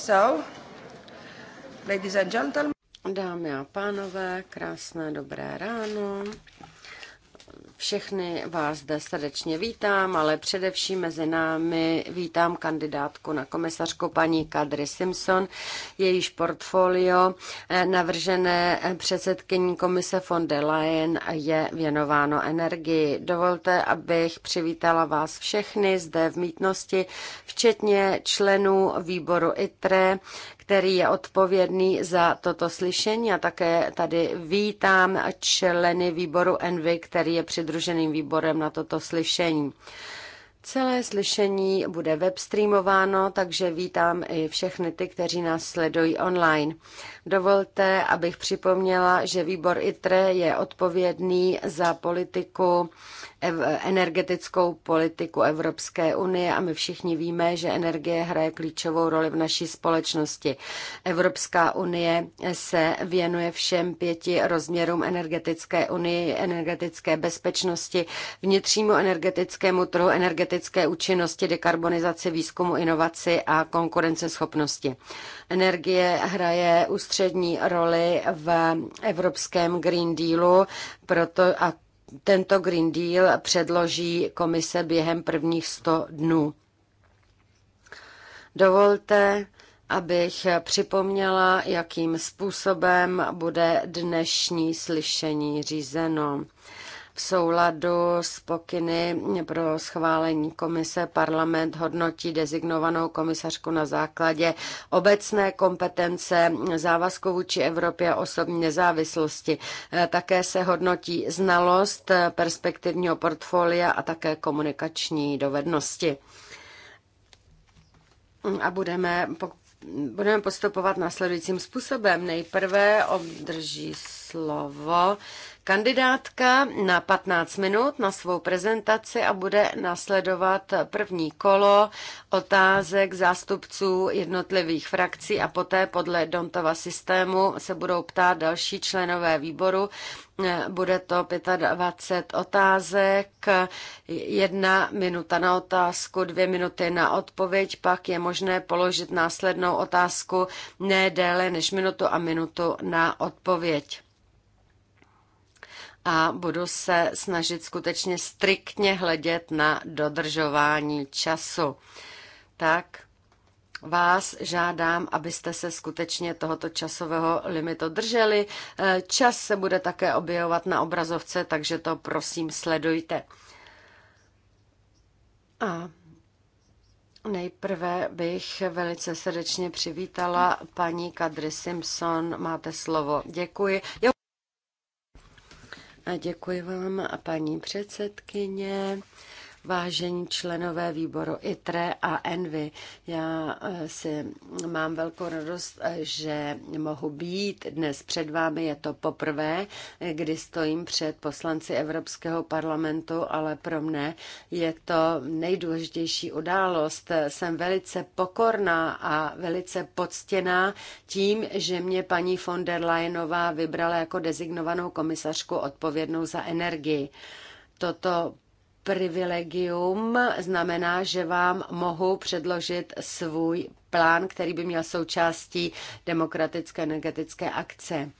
So, ladies and gentlemen. Dámy a pánové, krásné dobré ráno. Všechny vás zde srdečně vítám, ale především mezi námi vítám kandidátku na komisařku paní Kadry Simpson. Jejíž portfolio eh, navržené eh, předsedkyní komise von der Leyen je věnováno energii. Dovolte, abych přivítala vás všechny zde v mítnosti, včetně členů výboru ITRE, který je odpovědný za toto slyšení a také tady vítám členy výboru Envy, který je přidruženým výborem na toto slyšení. Celé slyšení bude webstreamováno, takže vítám i všechny ty, kteří nás sledují online. Dovolte, abych připomněla, že výbor ITRE je odpovědný za politiku energetickou politiku Evropské unie a my všichni víme, že energie hraje klíčovou roli v naší společnosti. Evropská unie se věnuje všem pěti rozměrům energetické unie, energetické bezpečnosti, vnitřnímu energetickému trhu, energetické účinnosti, dekarbonizaci, výzkumu, inovaci a konkurenceschopnosti. Energie hraje ústřední roli v Evropském Green Dealu proto a tento Green Deal předloží komise během prvních 100 dnů. Dovolte, abych připomněla, jakým způsobem bude dnešní slyšení řízeno. V souladu s pokyny pro schválení komise parlament hodnotí dezignovanou komisařku na základě obecné kompetence závazku vůči Evropě a osobní nezávislosti. Eh, také se hodnotí znalost perspektivního portfolia a také komunikační dovednosti. A budeme, budeme postupovat následujícím způsobem. Nejprve obdrží slovo kandidátka na 15 minut na svou prezentaci a bude nasledovat první kolo otázek zástupců jednotlivých frakcí a poté podle Dontova systému se budou ptát další členové výboru. Bude to 25 otázek, jedna minuta na otázku, dvě minuty na odpověď, pak je možné položit následnou otázku ne déle než minutu a minutu na odpověď a budu se snažit skutečně striktně hledět na dodržování času. Tak vás žádám, abyste se skutečně tohoto časového limitu drželi. E, čas se bude také objevovat na obrazovce, takže to prosím sledujte. A nejprve bych velice srdečně přivítala paní Kadry Simpson. Máte slovo. Děkuji. Jo. A děkuji vám, a paní předsedkyně vážení členové výboru ITRE a ENVY. Já eh, si mám velkou radost, eh, že mohu být dnes před vámi. Je to poprvé, eh, kdy stojím před poslanci Evropského parlamentu, ale pro mne je to nejdůležitější událost. Jsem velice pokorná a velice poctěná tím, že mě paní von der Leyenová vybrala jako designovanou komisařku odpovědnou za energii. Toto privilegium znamená, že vám mohu předložit svůj plán, který by měl součástí demokratické energetické akce.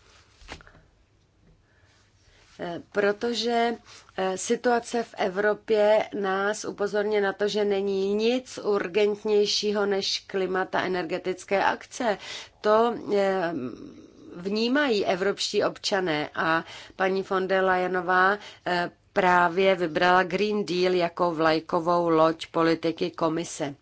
Eh, protože eh, situace v Evropě nás upozorně na to, že není nic urgentnějšího než klimata energetické akce. To eh, vnímají evropští občané a paní von der Leyenová právě vybrala Green Deal jako vlajkovou loď politiky komise.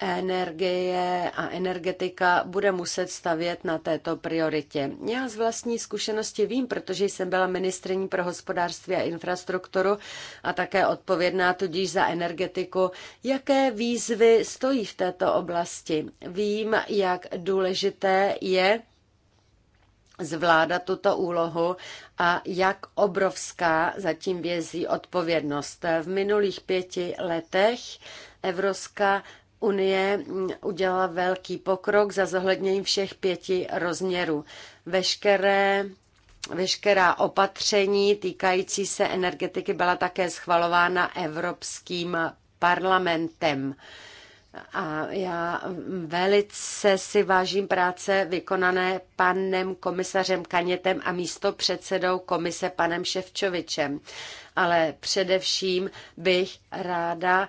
Energie a energetika bude muset stavět na této prioritě. Já z vlastní zkušenosti vím, protože jsem byla ministriní pro hospodářství a infrastrukturu a také odpovědná tudíž za energetiku, jaké výzvy stojí v této oblasti. Vím, jak důležité je zvládat tuto úlohu a jak obrovská zatím vězí odpovědnost. V minulých pěti letech Evropská Unie udělala velký pokrok za zohledněním všech pěti rozměrů. Veškeré Veškerá opatření týkající se energetiky byla také schvalována Evropským parlamentem. A já velice si vážím práce vykonané panem komisařem Kanětem a místo předsedou komise panem Ševčovičem. Ale především bych ráda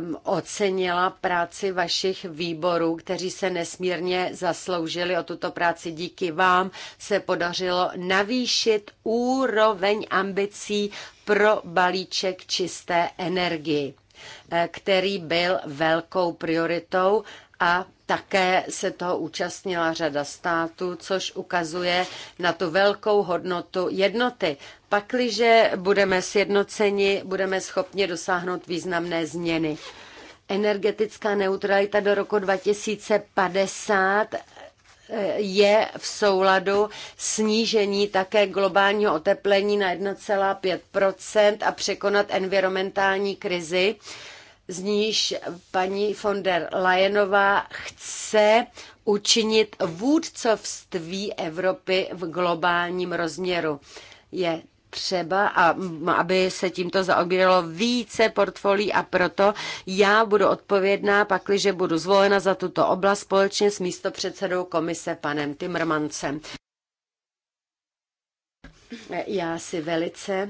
um, ocenila práci vašich výborů, kteří se nesmírně zasloužili o tuto práci. Díky vám se podařilo navýšit úroveň ambicí pro balíček čisté energii Eh, který byl velkou prioritou a také se toho účastnila řada států, což ukazuje na tu velkou hodnotu jednoty. Pakliže budeme sjednoceni, budeme schopni dosáhnout významné změny. Energetická neutralita do roku 2050 je v souladu snížení také globálního oteplení na 1,5 a překonat environmentální krizi, z níž paní von der Leyenová chce učinit vůdcovství Evropy v globálním rozměru. Je třeba, a, aby se tímto zaobíralo více portfolií a proto já budu odpovědná, pakliže budu zvolena za tuto oblast společně s místopředsedou komise panem Timrmancem. Já si velice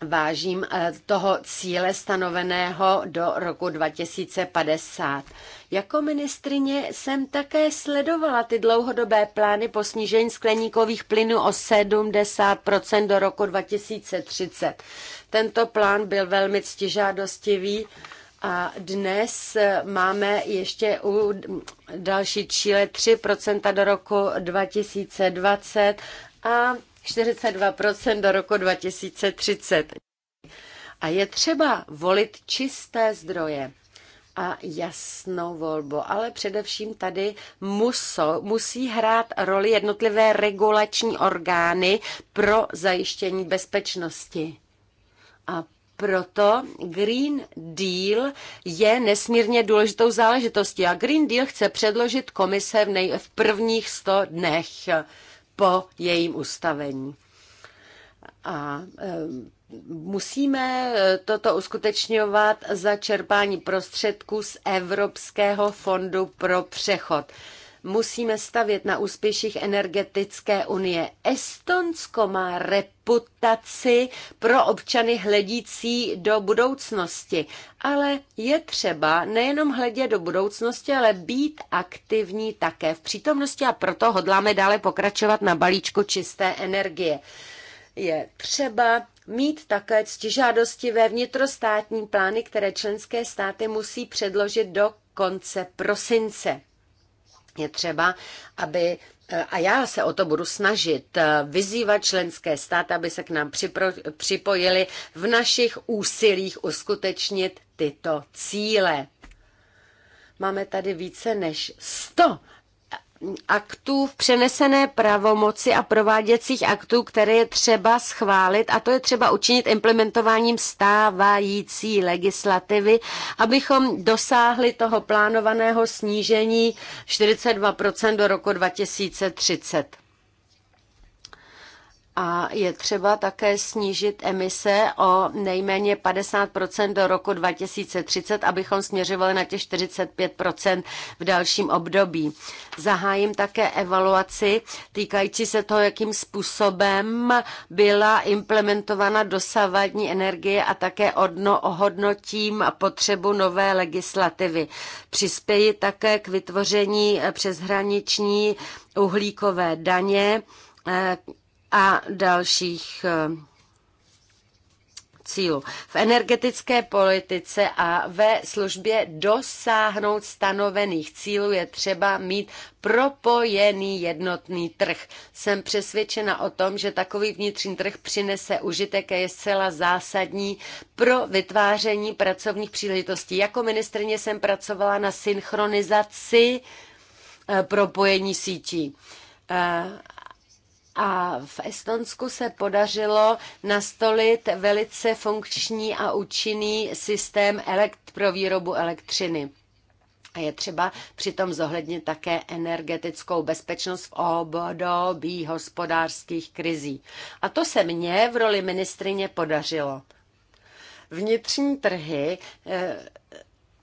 vážím eh, toho cíle stanoveného do roku 2050. Jako ministrině jsem také sledovala ty dlouhodobé plány po snížení skleníkových plynů o 70 do roku 2030. Tento plán byl velmi ctižádostivý. A dnes eh, máme ještě u další číle 3% do roku 2020 a 42% do roku 2030. A je třeba volit čisté zdroje a jasnou volbu, ale především tady muso, musí hrát roli jednotlivé regulační orgány pro zajištění bezpečnosti. A proto Green Deal je nesmírně důležitou záležitostí a Green Deal chce předložit komise v, nej, v prvních 100 dnech po jejím ustavení. A eh, musíme eh, toto uskutečňovat za čerpání prostředků z Evropského fondu pro přechod musíme stavět na úspěších energetické unie. Estonsko má reputaci pro občany hledící do budoucnosti, ale je třeba nejenom hledět do budoucnosti, ale být aktivní také v přítomnosti a proto hodláme dále pokračovat na balíčku čisté energie. Je třeba mít také ve vnitrostátní plány, které členské státy musí předložit do konce prosince je vlastně třeba, aby eh, a já se o to budu snažit eh, vyzývat členské státy, aby se k nám připro, připojili v našich úsilích uskutečnit tyto cíle. Máme tady více než 100 aktů v přenesené pravomoci a prováděcích aktů, které je třeba schválit a to je třeba učinit implementováním stávající legislativy, abychom dosáhli toho plánovaného snížení 42% do roku 2030 a je třeba také snížit emise o nejméně 50 do roku 2030, abychom směřovali na těch 45 v dalším období. Zahájím také evaluaci týkající se toho, jakým způsobem byla implementována dosavadní energie a také odno, ohodnotím potřebu nové legislativy. Přispěji také k vytvoření přeshraniční uhlíkové daně, a dalších eh, cílů. V energetické politice a ve službě dosáhnout stanovených cílů je třeba mít propojený jednotný trh. Jsem přesvědčena o tom, že takový vnitřní trh přinese užitek a je zcela zásadní pro vytváření pracovních příležitostí. Jako ministrně jsem pracovala na synchronizaci eh, propojení sítí eh, a v Estonsku se podařilo nastolit velice funkční a účinný systém elekt- pro výrobu elektřiny. A je třeba přitom zohlednit také energetickou bezpečnost v období hospodářských krizí. A to se mně v roli ministrině podařilo. Vnitřní trhy eh,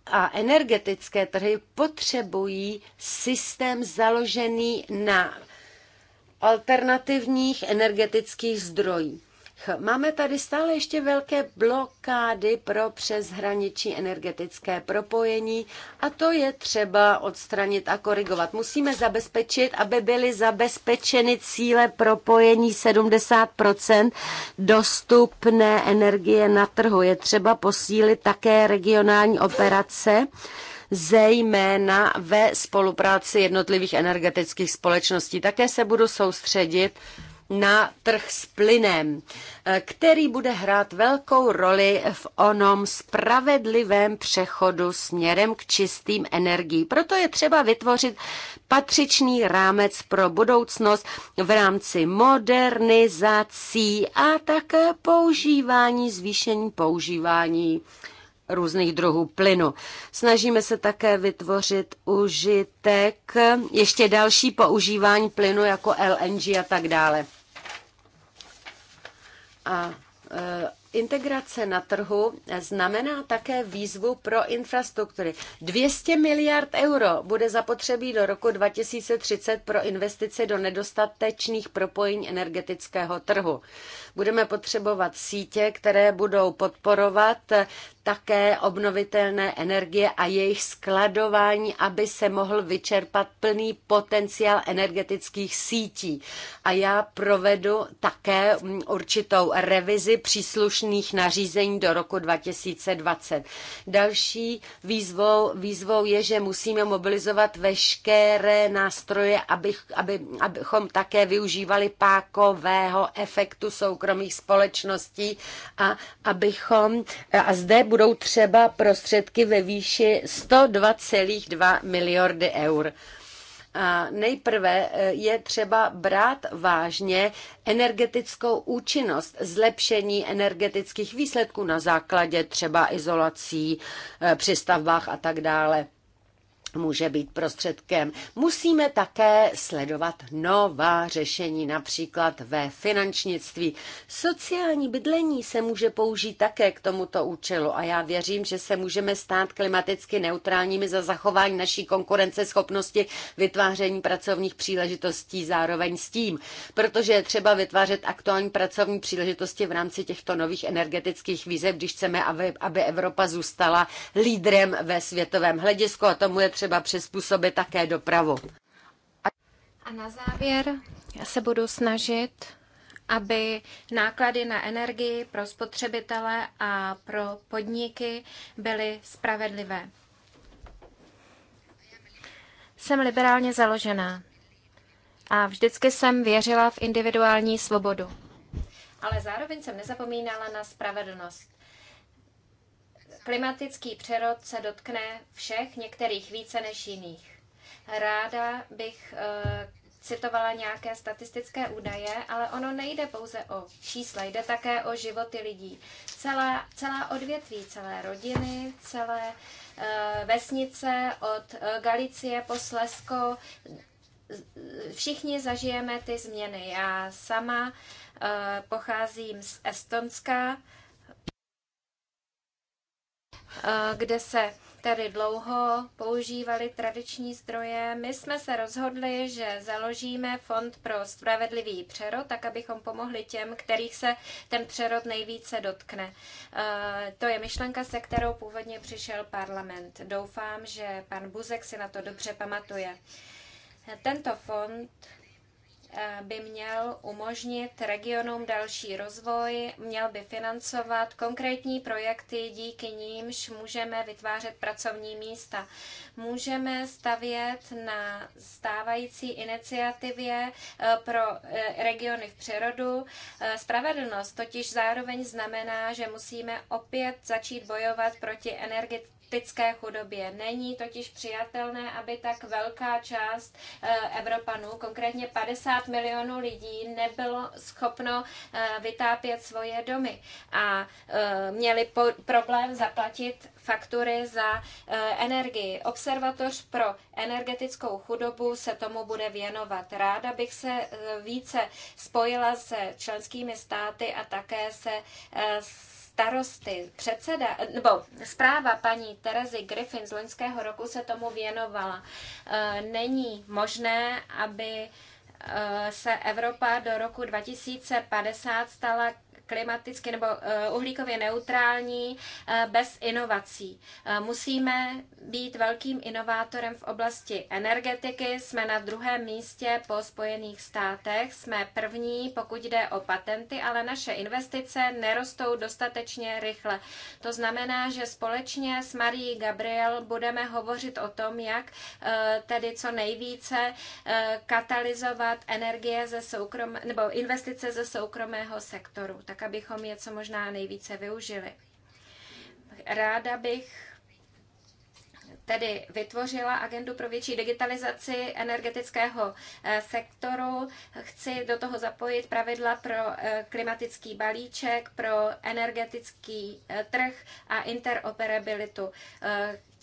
a energetické trhy potřebují systém založený na alternativních energetických zdrojů. Máme tady stále ještě velké blokády pro přeshraniční energetické propojení a to je třeba odstranit a korigovat. Musíme zabezpečit, aby byly zabezpečeny cíle propojení 70 dostupné energie na trhu. Je třeba posílit také regionální operace zejména ve spolupráci jednotlivých energetických společností. Také se budu soustředit na trh s plynem, eh, který bude hrát velkou roli v onom spravedlivém přechodu směrem k čistým energií. Proto je třeba vytvořit patřičný rámec pro budoucnost v rámci modernizací a také používání, zvýšení používání různých druhů plynu. Snažíme se také vytvořit užitek, ještě další používání plynu jako LNG a tak dále. A e, integrace na trhu znamená také výzvu pro infrastruktury. 200 miliard euro bude zapotřebí do roku 2030 pro investice do nedostatečných propojení energetického trhu. Budeme potřebovat sítě, které budou podporovat také obnovitelné energie a jejich skladování, aby se mohl vyčerpat plný potenciál energetických sítí. A já provedu také určitou revizi příslušných nařízení do roku 2020. Další výzvou, výzvou je, že musíme mobilizovat veškeré nástroje, abych, aby, abychom také využívali pákového efektu soukromí soukromých společností a abychom, a zde budou třeba prostředky ve výši 102,2 miliardy eur. A nejprve e, je třeba brát vážně energetickou účinnost, zlepšení energetických výsledků na základě třeba izolací e, při stavbách a tak dále může být prostředkem. Musíme také sledovat nová řešení, například ve finančnictví. Sociální bydlení se může použít také k tomuto účelu a já věřím, že se můžeme stát klimaticky neutrálními za zachování naší konkurenceschopnosti, vytváření pracovních příležitostí zároveň s tím, protože je třeba vytvářet aktuální pracovní příležitosti v rámci těchto nových energetických výzev, když chceme, aby, aby Evropa zůstala lídrem ve světovém hledisku a tomu je třeba třeba přizpůsobit také dopravu. A na závěr já se budu snažit, aby náklady na energii pro spotřebitele a pro podniky byly spravedlivé. Jsem liberálně založená a vždycky jsem věřila v individuální svobodu. Ale zároveň jsem nezapomínala na spravedlnost. Klimatický přerod se dotkne všech, některých více než jiných. Ráda bych eh, citovala nějaké statistické údaje, ale ono nejde pouze o čísla, jde také o životy lidí. Celá, celá odvětví, celé rodiny, celé uh, vesnice od eh, Galicie po Slesko, všichni zažijeme ty změny. Já sama uh, pocházím z Estonska, Eh, kde se tedy dlouho používali tradiční zdroje. My jsme se rozhodli, že založíme Fond pro spravedlivý přerod, tak abychom pomohli těm, kterých se ten přerod nejvíce dotkne. Eh, to je myšlenka, se kterou původně přišel parlament. Doufám, že pan Buzek si na to dobře pamatuje. Tento fond Eh, by měl umožnit regionům další rozvoj, měl by financovat konkrétní projekty, díky nímž můžeme vytvářet pracovní místa. Můžeme stavět na stávající iniciativě eh, pro eh, regiony v přerodu. Spravedlnost totiž zároveň znamená, že musíme opět začít bojovat proti energetické faktické chudobě. Není totiž přijatelné, aby tak velká část eh, Evropanů, konkrétně 50 milionů lidí, nebylo schopno eh, vytápět svoje domy a eh, měli problém zaplatit faktury za energii. Observatoř pro energetickou chudobu se tomu bude věnovat. Ráda bych se více spojila se členskými státy a také se s starosty. Předseda, nebo zpráva paní Terezy Griffin z loňského roku se tomu věnovala. E, není možné, aby e, se Evropa do roku 2050 stala klimaticky nebo eh, uhlíkově neutrální eh, bez inovací. Eh, musíme být velkým inovátorem v oblasti energetiky. Jsme na druhém místě po Spojených státech. Jsme první, pokud jde o patenty, ale naše investice nerostou dostatečně rychle. To znamená, že společně s Marí Gabriel budeme hovořit o tom, jak tedy co nejvíce katalyzovat energie ze soukrom, nebo investice ze soukromého sektoru, tak abychom je co možná nejvíce využili. Ráda bych tedy vytvořila agendu pro větší digitalizaci energetického eh, sektoru. Chci do toho zapojit pravidla pro eh, klimatický balíček, pro energetický eh, trh a interoperabilitu.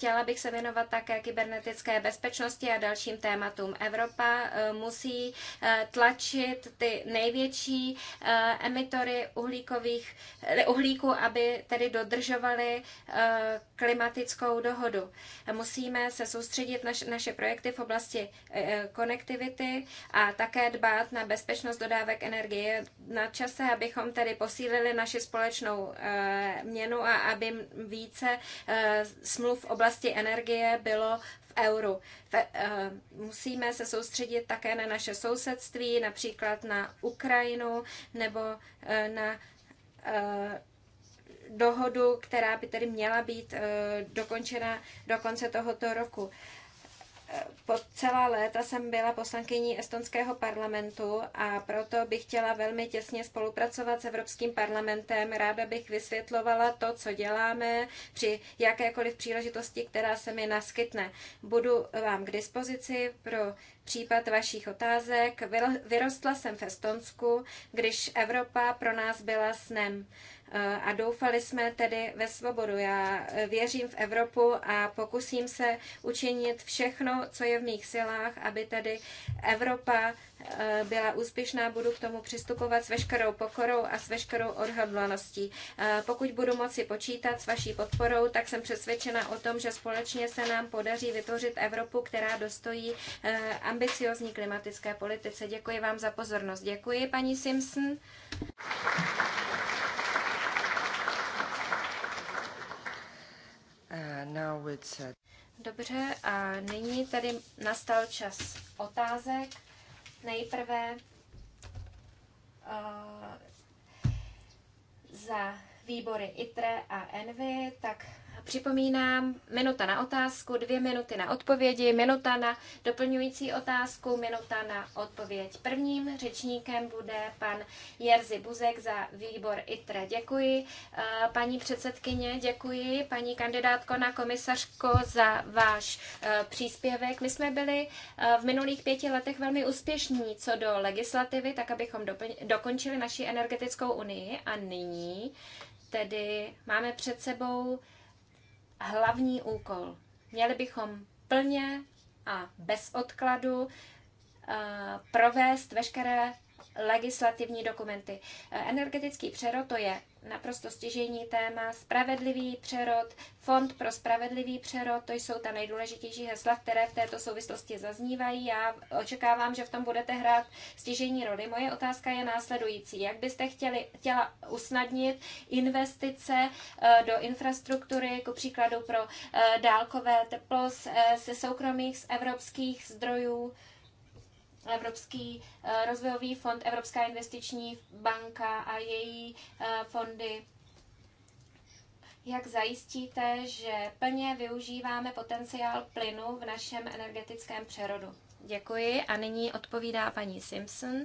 Chtěla bych se věnovat také kybernetické bezpečnosti a dalším tématům. Evropa eh, musí eh, tlačit ty největší eh, emitory uhlíkových, uhlíku, aby tedy dodržovali klimatickou dohodu. Musíme se soustředit naš, naše projekty v oblasti konektivity a také dbát na bezpečnost dodávek energie na čase, abychom tedy posílili naši společnou měnu a aby více smluv v oblasti oblasti energie bylo v euru. Eh, musíme se soustředit také na naše sousedství, například na Ukrajinu nebo eh, na eh, dohodu, která by tedy měla být dokončena do konce tohoto roku po celá léta jsem byla poslankyní estonského parlamentu a proto bych chtěla velmi těsně spolupracovat s Evropským parlamentem. Ráda bych vysvětlovala to, co děláme při jakékoliv příležitosti, která se mi naskytne. Budu vám k dispozici pro případ vašich otázek. Vyrostla jsem v Estonsku, když Evropa pro nás byla snem. Eh, a doufali jsme tedy ve svobodu. Já eh, věřím v Evropu a pokusím se učinit všechno, co je v mých silách, aby tedy Evropa eh, byla úspěšná, budu k tomu přistupovat s veškerou pokorou a s veškerou odhodlaností. Pokud budu moci počítat s vaší podporou, tak jsem přesvědčena o tom, že společně se nám podaří vytvořit Evropu, která dostojí ambiciozní klimatické politice. Děkuji vám za pozornost. Děkuji, paní Simpson. Uh, uh, Dobře, a nyní tady nastal čas otázek. Nejprve uh, za výbory ITRE a ENVY, tak Připomínám, minuta na otázku, dvě minuty na odpovědi, minuta na doplňující otázku, minuta na odpověď. Prvním řečníkem bude pan Jerzy Buzek za výbor ITRE. Děkuji, eh, paní předsedkyně, děkuji, paní kandidátko na komisařko za váš eh, příspěvek. My jsme byli eh, v minulých pěti letech velmi úspěšní co do legislativy, tak abychom dokončili naši energetickou unii a nyní tedy máme před sebou hlavní úkol. Měli bychom plně a bez odkladu eh, provést veškeré legislativní dokumenty. Eh, energetický přerod to je naprosto stěžení téma, spravedlivý přerod, fond pro spravedlivý přerod, to jsou ta nejdůležitější hesla, které v této souvislosti zaznívají. Já očekávám, že v tom budete hrát stěžení roli. Moje otázka je následující. Jak byste chtěli, chtěla usnadnit investice eh, do infrastruktury, ku příkladu pro eh, dálkové teplo se soukromých z evropských zdrojů? Evropský eh, rozvojový fond, Evropská investiční banka a její eh, fondy. Jak zajistíte, že plně využíváme potenciál plynu v našem energetickém přerodu? Děkuji a nyní odpovídá paní Simpson.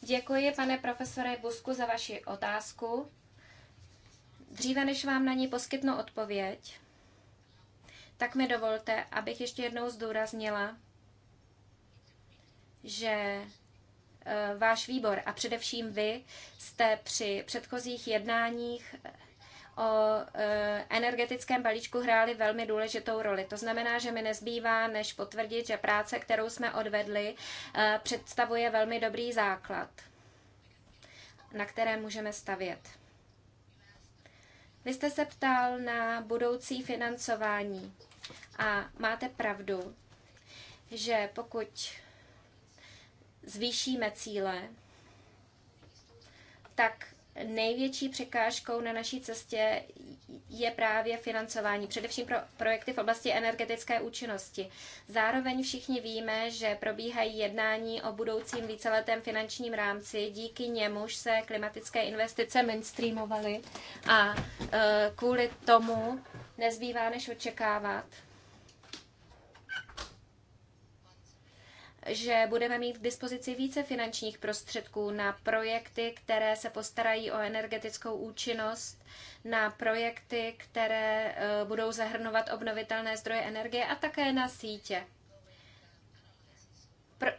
Děkuji, pane profesore Busku, za vaši otázku. Dříve než vám na ní poskytnu odpověď, tak mi dovolte, abych ještě jednou zdůraznila, že eh, váš výbor a především vy jste při předchozích jednáních eh, o eh, energetickém balíčku hráli velmi důležitou roli. To znamená, že mi nezbývá, než potvrdit, že práce, kterou jsme odvedli, představuje velmi dobrý základ, na kterém můžeme stavět. Vy jste se ptal na budoucí financování a máte pravdu, že pokud zvýšíme cíle, tak největší překážkou na naší cestě je právě financování, především pro projekty v oblasti energetické účinnosti. Zároveň všichni víme, že probíhají jednání o budoucím víceletém finančním rámci, díky němuž se klimatické investice mainstreamovaly a e, kvůli tomu nezbývá než očekávat, že budeme mít k dispozici více finančních prostředků na projekty, které se postarají o energetickou účinnost, na projekty, které eh, budou zahrnovat obnovitelné zdroje energie a také na sítě. Pr-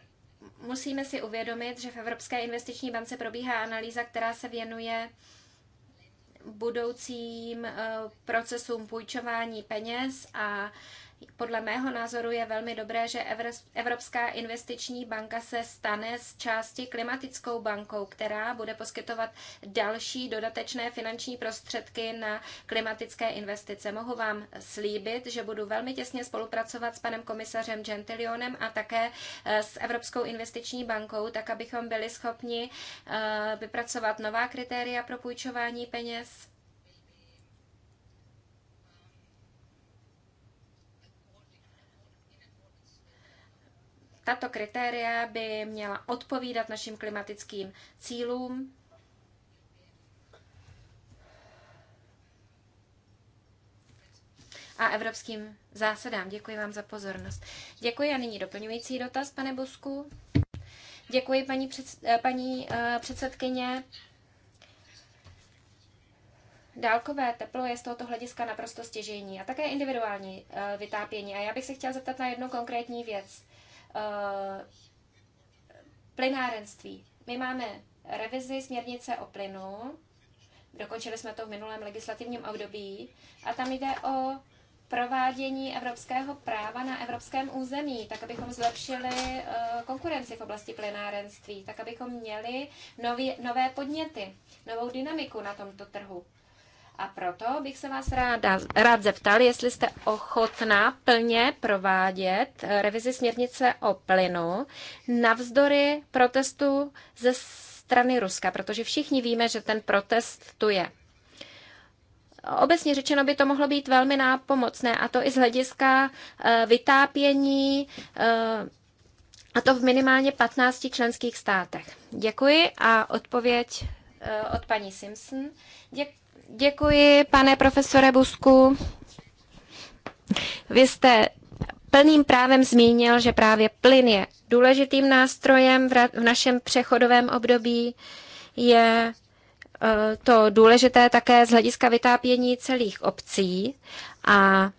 musíme si uvědomit, že v Evropské investiční bance probíhá analýza, která se věnuje budoucím eh, procesům půjčování peněz a podle mého názoru je velmi dobré, že Evropská investiční banka se stane z části klimatickou bankou, která bude poskytovat další dodatečné finanční prostředky na klimatické investice. Mohu vám slíbit, že budu velmi těsně spolupracovat s panem komisařem Gentilionem a také eh, s Evropskou investiční bankou, tak abychom byli schopni eh, vypracovat nová kritéria pro půjčování peněz Tato kritéria by měla odpovídat našim klimatickým cílům. a evropským zásadám. Děkuji vám za pozornost. Děkuji a nyní doplňující dotaz, pane Bosku. Děkuji, paní, před, eh, paní uh, předsedkyně. Dálkové teplo je z tohoto hlediska naprosto stěžení a také individuální eh, vytápění. A já bych se chtěla zeptat na jednu konkrétní věc. Eh, plynárenství. My máme revizi směrnice o plynu, dokončili jsme to v minulém legislativním období, a tam jde o provádění evropského práva na evropském území, tak abychom zlepšili eh, konkurenci v oblasti plynárenství, tak abychom měli nový, nové podněty, novou dynamiku na tomto trhu. A proto bych se vás ráda, rád zeptal, jestli jste ochotná plně provádět eh, revizi směrnice o plynu navzdory protestu ze strany Ruska, protože všichni víme, že ten protest tu je. Obecně řečeno by to mohlo být velmi nápomocné, a to i z hlediska eh, vytápění, eh, a to v minimálně 15 členských státech. Děkuji a odpověď od paní Simpson. Děkuji. Děkuji, pane profesore Busku. Vy jste plným právem zmínil, že právě plyn je důležitým nástrojem v našem přechodovém období. Je e, to důležité také z hlediska vytápění celých obcí a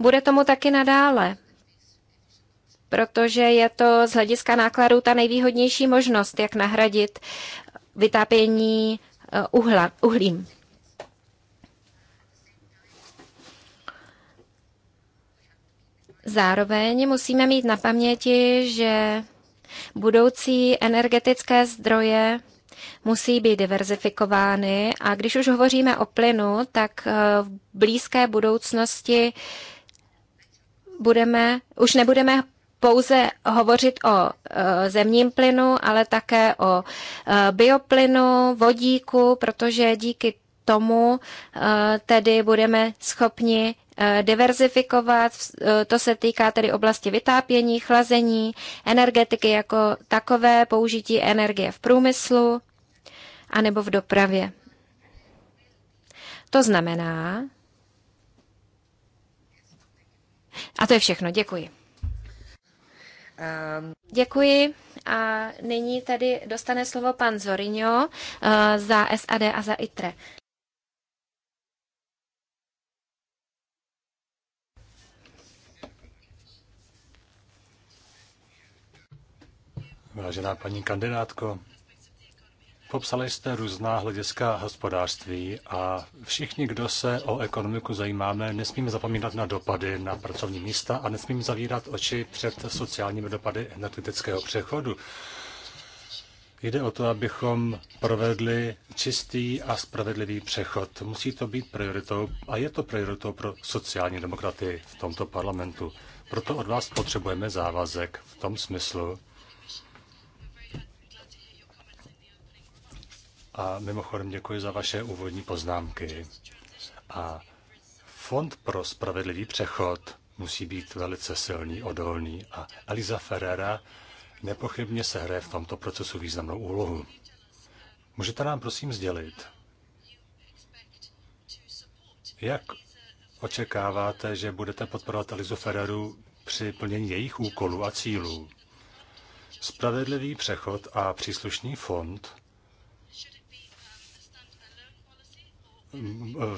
bude tomu taky nadále, protože je to z hlediska nákladů ta nejvýhodnější možnost, jak nahradit vytápění eh, uhla, uhlím. Zároveň musíme mít na paměti, že budoucí energetické zdroje musí být diverzifikovány a když už hovoříme o plynu, tak eh, v blízké budoucnosti budeme, už nebudeme pouze hovořit o e, zemním plynu, ale také o e, bioplynu, vodíku, protože díky tomu e, tedy budeme schopni diverzifikovat. To se týká tedy oblasti vytápění, chlazení, energetiky jako takové, použití energie v průmyslu anebo v dopravě. To znamená, a to je všechno, děkuji. Děkuji a nyní tady dostane slovo pan Zorino eh, za SAD a za ITRE. Vážená paní kandidátko, Popsali jste různá hlediska hospodářství a všichni, kdo se o ekonomiku zajímáme, nesmíme zapomínat na dopady na pracovní místa a nesmíme zavírat oči před sociálními dopady energetického přechodu. Jde o to, abychom provedli čistý a spravedlivý přechod. Musí to být prioritou a je to prioritou pro sociální demokraty v tomto parlamentu. Proto od vás potřebujeme závazek v tom smyslu, A mimochodem děkuji za vaše úvodní poznámky. A Fond pro spravedlivý přechod musí být velice silný, odolný a Eliza Ferrera nepochybně se hraje v tomto procesu významnou úlohu. Můžete nám prosím sdělit, jak očekáváte, že budete podporovat Elizu Ferreru při plnění jejich úkolů a cílů? Spravedlivý přechod a příslušný fond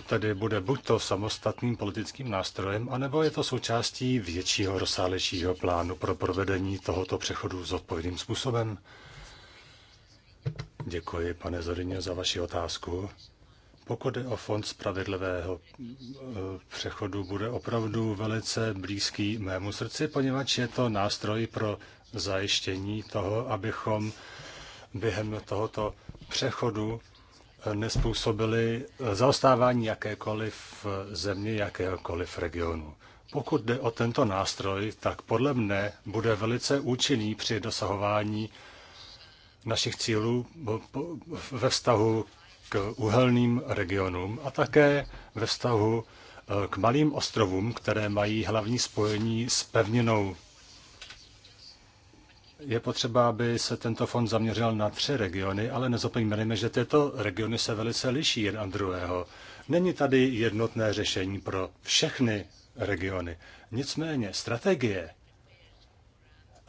tedy bude buď to samostatným politickým nástrojem, anebo je to součástí většího rozsálejšího plánu pro provedení tohoto přechodu s odpovědným způsobem? Děkuji, pane Zorině, za vaši otázku. Pokud je o fond spravedlivého eh, přechodu, bude opravdu velice blízký mému srdci, poněvadž je to nástroj pro zajištění toho, abychom během tohoto přechodu nespůsobily zaostávání jakékoliv země, jakéhokoliv regionu. Pokud jde o tento nástroj, tak podle mne bude velice účinný při dosahování našich cílů ve vztahu k uhelným regionům a také ve vztahu eh, k malým ostrovům, které mají hlavní spojení s pevninou je potřeba, aby se tento fond zaměřil na tři regiony, ale nezapomeňme, že tyto regiony se velice liší jeden od druhého. Není tady jednotné řešení pro všechny regiony. Nicméně strategie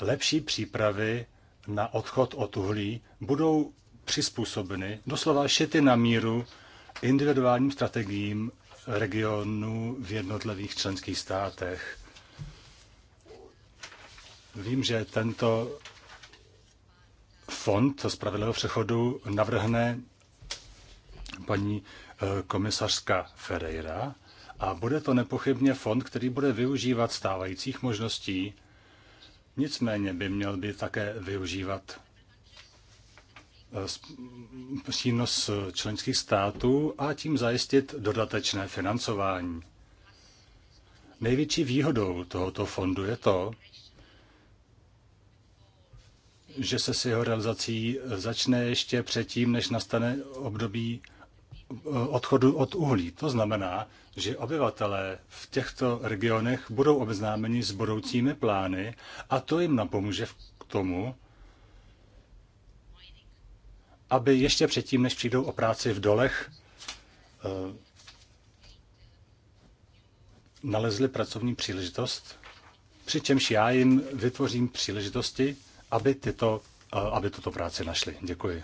lepší přípravy na odchod od uhlí budou přizpůsobeny, doslova šity na míru, individuálním strategiím regionů v jednotlivých členských státech. Vím, že tento fond spravedlivého přechodu navrhne paní eh, komisařka Ferreira a bude to nepochybně fond, který bude využívat stávajících možností, nicméně by měl by také využívat eh, přínos eh, členských států a tím zajistit dodatečné financování. Největší výhodou tohoto fondu je to, že se s jeho realizací začne ještě předtím, než nastane období eh, odchodu od uhlí. To znamená, že obyvatelé v těchto regionech budou obeznámeni s budoucími plány a to jim napomůže k tomu, aby ještě předtím, než přijdou o práci v dolech, eh, nalezli pracovní příležitost, přičemž já jim vytvořím příležitosti, aby, tyto, aby tuto práci našli. Děkuji.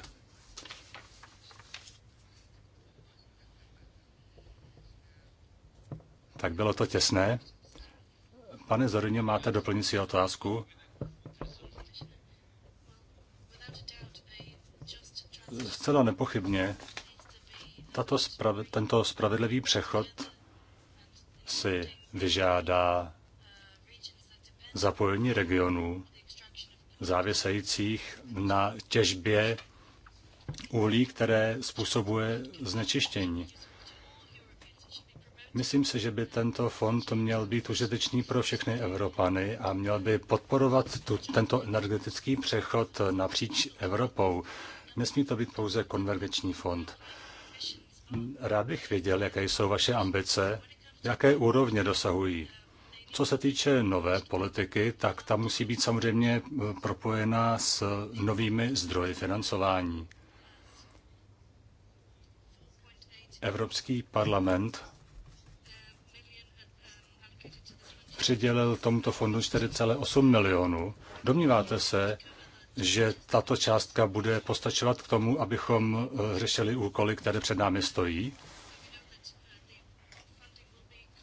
Tak bylo to těsné. Pane Zorině, máte doplňující otázku? Zcela nepochybně tato sprav, tento spravedlivý přechod si vyžádá zapojení regionů, závisejících na těžbě uhlí, které způsobuje znečištění. Myslím si, že by tento fond měl být užitečný pro všechny Evropany a měl by podporovat tu, tento energetický přechod napříč Evropou. Nesmí to být pouze konvergenční fond. Rád bych věděl, jaké jsou vaše ambice, jaké úrovně dosahují. Co se týče nové politiky, tak ta musí být samozřejmě eh, propojena s novými zdroji financování. Evropský parlament přidělil tomuto fondu 4,8 milionů. Domníváte se, že tato částka bude postačovat k tomu, abychom eh, řešili úkoly, které před námi stojí?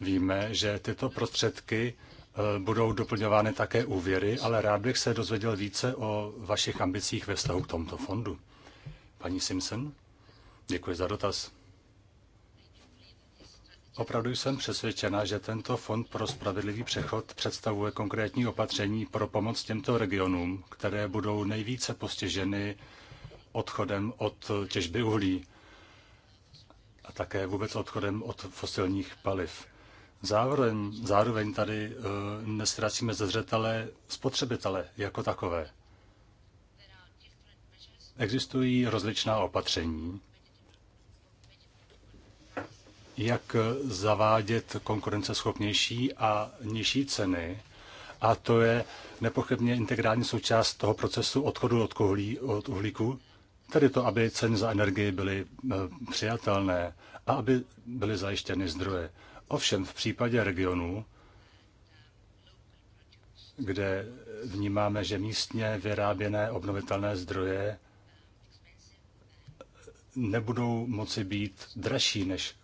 Víme, že tyto prostředky eh, budou doplňovány také úvěry, ale rád bych se dozvěděl více o vašich ambicích ve vztahu k tomto fondu. Paní Simpson, děkuji za dotaz. Opravdu jsem přesvědčena, že tento fond pro spravedlivý přechod představuje konkrétní opatření pro pomoc těmto regionům, které budou nejvíce postiženy odchodem od těžby uhlí a také vůbec odchodem od fosilních paliv. Zároveň, zároveň tady eh, nestrácíme ze zřetele spotřebitele jako takové. Existují rozličná opatření, jak eh, zavádět konkurenceschopnější a nižší ceny. A to je nepochybně integrální součást toho procesu odchodu od, kohlí, od uhlíku, tedy to, aby ceny za energii byly eh, přijatelné a aby byly zajištěny zdroje. Ovšem v případě regionů, kde vnímáme, že místně vyráběné obnovitelné zdroje nebudou moci být dražší než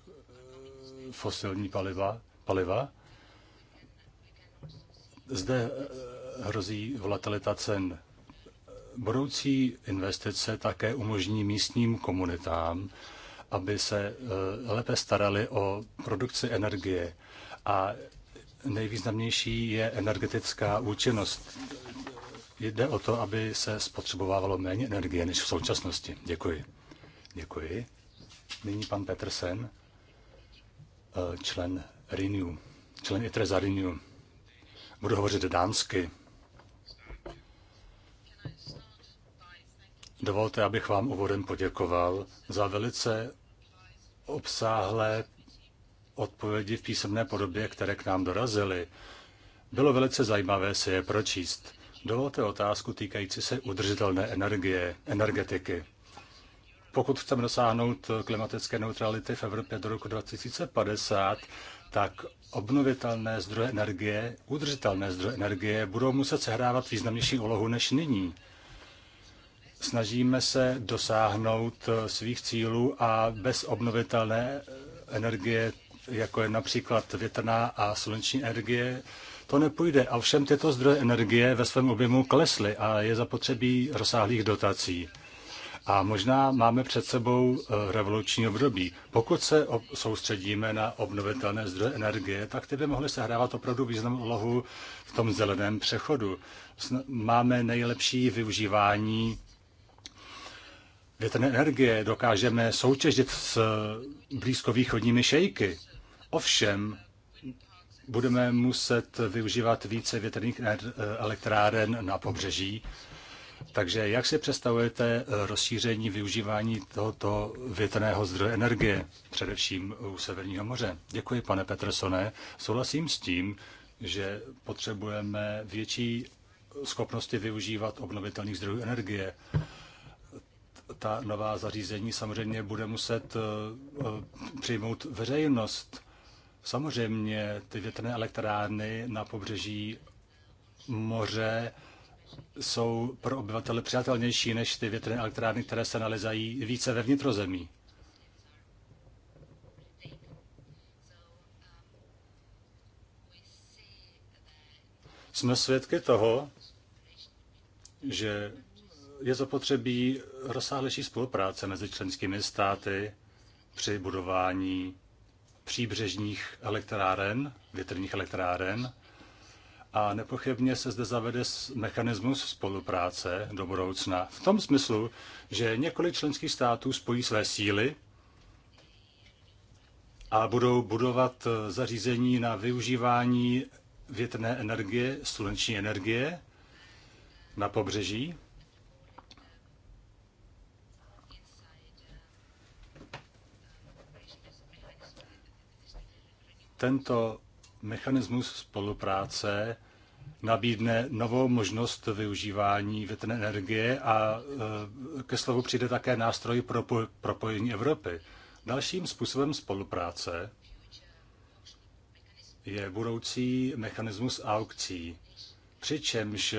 fosilní paliva, paliva. Zde hrozí volatilita cen. Budoucí investice také umožní místním komunitám aby se eh, lépe starali o produkci energie. A nejvýznamnější je energetická účinnost. Jde o to, aby se spotřebovávalo méně energie než v současnosti. Děkuji. Děkuji. Nyní pan Petersen, eh, člen Renew, člen ITRESA Renew. Budu hovořit dánsky. Dovolte, abych vám úvodem poděkoval za velice obsáhlé odpovědi v písemné podobě, které k nám dorazily. Bylo velice zajímavé se je pročíst. Dovolte otázku týkající se udržitelné energie, energetiky. Pokud chceme dosáhnout klimatické neutrality v Evropě do roku 2050, tak obnovitelné zdroje energie, udržitelné zdroje energie budou muset sehrávat významnější úlohu než nyní. Snažíme se dosáhnout eh, svých cílů a bez obnovitelné energie, jako je například větrná a sluneční energie, to nepůjde. A všem tyto zdroje energie ve svém objemu klesly a je zapotřebí rozsáhlých dotací. A možná máme před sebou eh, revoluční období. Pokud se soustředíme na obnovitelné zdroje energie, tak ty by mohly sehrávat opravdu významnou úlohu v tom zeleném přechodu. Máme nejlepší využívání větrné energie dokážeme soutěžit s blízkovýchodními šejky. Ovšem, budeme muset využívat více větrných elektráren na pobřeží. Takže jak si představujete rozšíření využívání tohoto větrného zdroje energie, především u Severního moře? Děkuji, pane Petersone. Souhlasím s tím, že potřebujeme větší schopnosti využívat obnovitelných zdrojů energie ta nová zařízení samozřejmě bude muset eh, eh, přijmout veřejnost. Samozřejmě ty větrné elektrárny na pobřeží moře jsou pro obyvatele přijatelnější než ty větrné elektrárny, které se nalezají více ve vnitrozemí. Jsme svědky toho, že je zapotřebí rozsáhlejší spolupráce mezi členskými státy při budování příbřežních elektráren, větrných elektráren. A nepochybně se zde zavede mechanismus spolupráce do budoucna. V tom smyslu, že několik členských států spojí své síly a budou budovat eh, zařízení na využívání větrné energie, sluneční energie na pobřeží tento mechanismus spolupráce nabídne novou možnost využívání větrné energie a e, ke slovu přijde také nástroj pro propojení Evropy. Dalším způsobem spolupráce je budoucí mechanismus aukcí, přičemž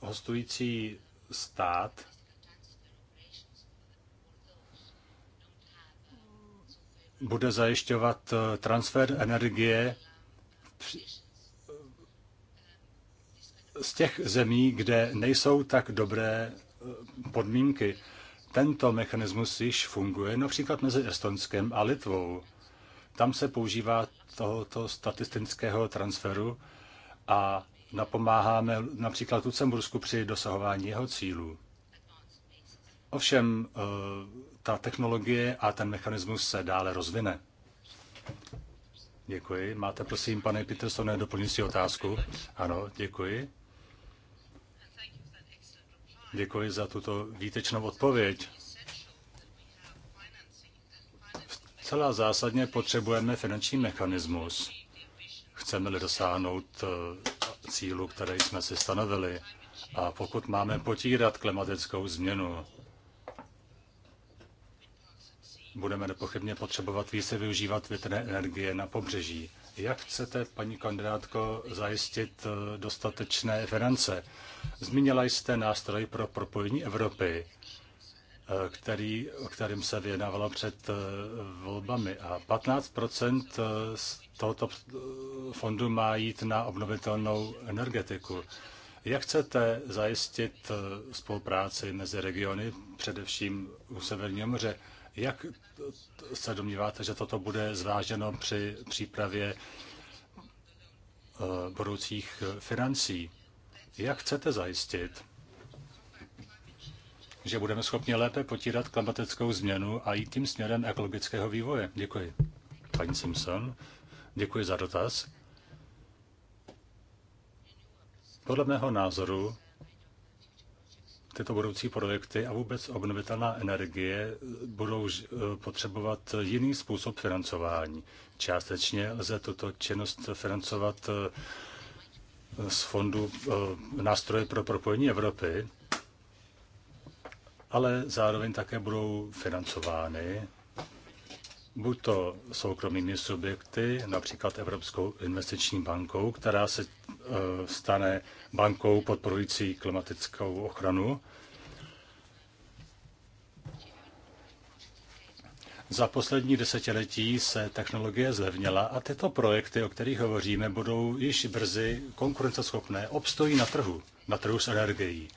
hostující stát bude zajišťovat eh, transfer energie z těch zemí, kde nejsou tak dobré eh, podmínky. Tento mechanismus již funguje například mezi Estonskem a Litvou. Tam se používá tohoto statistického transferu a napomáháme například Lucembursku při dosahování jeho cílů. Ovšem eh, ta technologie a ten mechanismus se dále rozvine. Děkuji. Máte, prosím, pane Petersone, doplňující otázku? Ano, děkuji. Děkuji za tuto výtečnou odpověď. Celá zásadně potřebujeme finanční mechanismus. Chceme-li dosáhnout eh, cílu, které jsme si stanovili. A pokud máme potírat klimatickou změnu, budeme nepochybně potřebovat více využívat větrné energie na pobřeží. Jak chcete, paní kandidátko, zajistit eh, dostatečné finance? Zmínila jste nástroj pro propojení Evropy, eh, který, o kterým se vyjednávalo před eh, volbami. A 15 z tohoto fondu má jít na obnovitelnou energetiku. Jak chcete zajistit spolupráci mezi regiony, především u Severního moře? Jak se domníváte, že toto bude zváženo při přípravě eh, budoucích financí? Jak chcete zajistit, že budeme schopni lépe potírat klimatickou změnu a jít tím směrem ekologického vývoje? Děkuji. Paní Simpson, děkuji za dotaz. Podle mého názoru tyto budoucí projekty a vůbec obnovitelná energie budou eh, potřebovat jiný způsob financování. Částečně lze tuto činnost financovat eh, z fondu eh, nástroje pro propojení Evropy, ale zároveň také budou financovány buď to soukromými subjekty, například Evropskou investiční bankou, která se e, stane bankou podporující klimatickou ochranu. Za poslední desetiletí se technologie zlevnila a tyto projekty, o kterých hovoříme, budou již brzy konkurenceschopné, obstojí na trhu, na trhu s energií.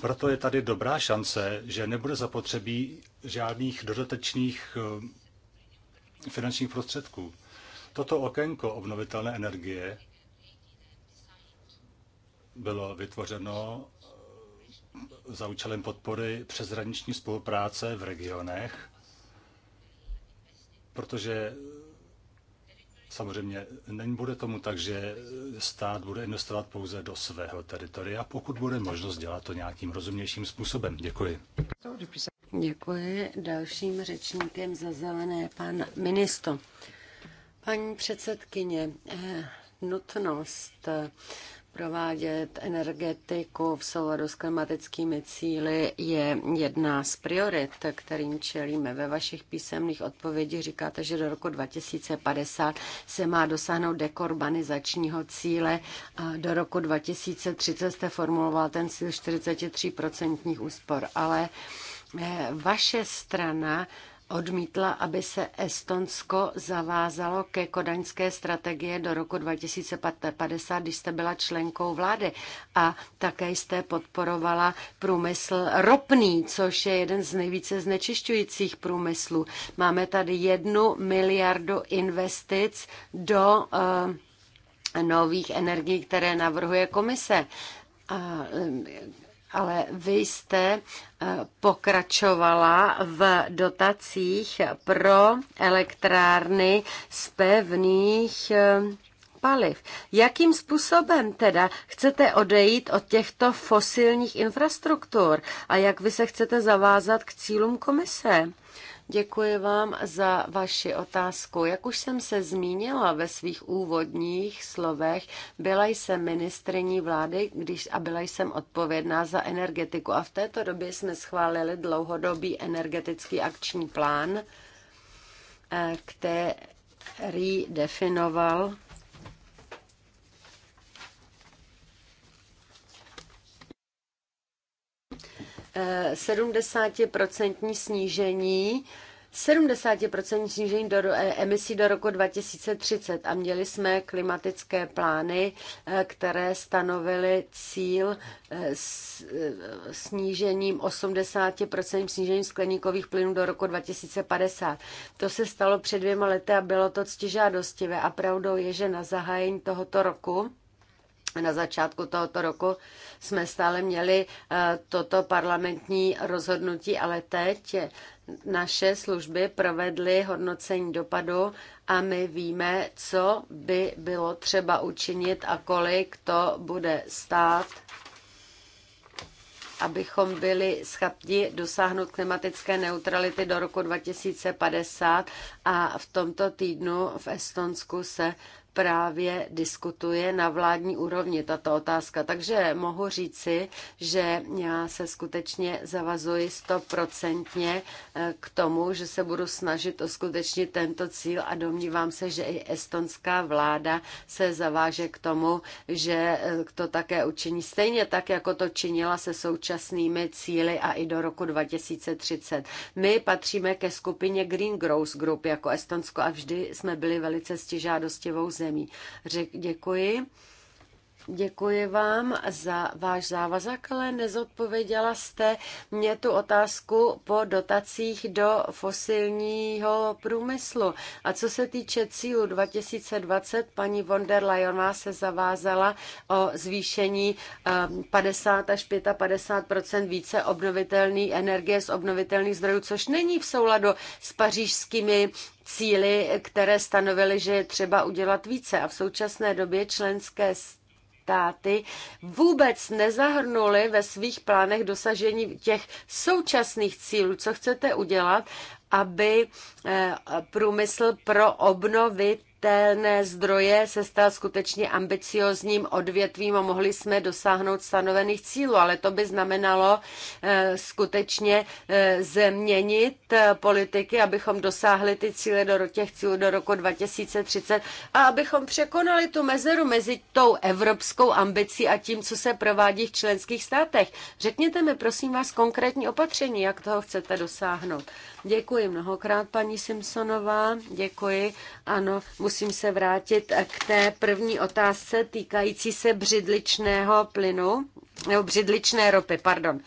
Proto je tady dobrá šance, že nebude zapotřebí žádných dodatečných e, finančních prostředků. Toto okénko obnovitelné energie bylo vytvořeno eh, za účelem podpory přeshraniční spolupráce v regionech, protože Samozřejmě nebude tomu tak, že stát bude investovat pouze do svého teritoria, pokud bude možnost dělat to nějakým rozumnějším způsobem. Děkuji. Děkuji. Dalším řečníkem za zelené pan ministr. Paní předsedkyně, eh, nutnost Provádět energetiku v souladu s klimatickými cíly je jedna z priorit, kterým čelíme. Ve vašich písemných odpovědích říkáte, že do roku 2050 se má dosáhnout dekorbanizačního cíle a do roku 2030 jste formuloval ten cíl 43% úspor, ale eh, vaše strana odmítla, aby se Estonsko zavázalo ke kodaňské strategie do roku 2050, když jste byla členkou vlády. A také jste podporovala průmysl ropný, což je jeden z nejvíce znečišťujících průmyslů. Máme tady jednu miliardu investic do uh, nových energií, které navrhuje komise. A ale vy jste eh, pokračovala v dotacích pro elektrárny z pevných eh, paliv. Jakým způsobem teda chcete odejít od těchto fosilních infrastruktur a jak vy se chcete zavázat k cílům komise? Děkuji vám za vaši otázku. Jak už jsem se zmínila ve svých úvodních slovech, byla jsem ministriní vlády když, a byla jsem odpovědná za energetiku. A v této době jsme schválili dlouhodobý energetický akční plán, eh, který definoval 70% snížení 70% snížení do, e, emisí do roku 2030 a měli jsme klimatické plány, e, které stanovily cíl e, snížením 80% snížení skleníkových plynů do roku 2050. To se stalo před dvěma lety a bylo to ctižádostivé a pravdou je, že na zahájení tohoto roku na začátku tohoto roku jsme stále měli eh, toto parlamentní rozhodnutí, ale teď naše služby provedly hodnocení dopadu a my víme, co by bylo třeba učinit a kolik to bude stát abychom byli schopni dosáhnout klimatické neutrality do roku 2050 a v tomto týdnu v Estonsku se právě diskutuje na vládní úrovni tato otázka. Takže mohu říci, že já se skutečně zavazuji stoprocentně eh, k tomu, že se budu snažit uskutečnit tento cíl a domnívám se, že i estonská vláda se zaváže k tomu, že eh, to také učiní stejně tak, jako to činila se současnými cíly a i do roku 2030. My patříme ke skupině Green Growth Group jako Estonsko a vždy jsme byli velice stěžádostivou země zemí. Řek, děkuji. Děkuji vám za váš závazek, ale nezodpověděla jste mě tu otázku po dotacích do fosilního průmyslu. A co se týče cílu 2020, paní von der Leyenová se zavázala o zvýšení 50 ehm, až 55 více obnovitelné energie z obnovitelných zdrojů, což není v souladu s pařížskými cíly, které stanovily, že je třeba udělat více. A v současné době členské státy vůbec nezahrnuly ve svých plánech dosažení těch současných cílů. Co chcete udělat, aby eh, průmysl pro obnovit obnovitelné zdroje se stal skutečně ambiciozním odvětvím a mohli jsme dosáhnout stanovených cílů, ale to by znamenalo eh, skutečně eh, změnit eh, politiky, abychom dosáhli ty cíle do těch cílů do roku 2030 a abychom překonali tu mezeru mezi tou evropskou ambicí a tím, co se provádí v členských státech. Řekněte mi, prosím vás, konkrétní opatření, jak toho chcete dosáhnout. Děkuji mnohokrát, paní Simpsonová. Děkuji. Ano, musím se vrátit k té první otázce týkající se břidličného plynu, nebo břidličné ropy, pardon.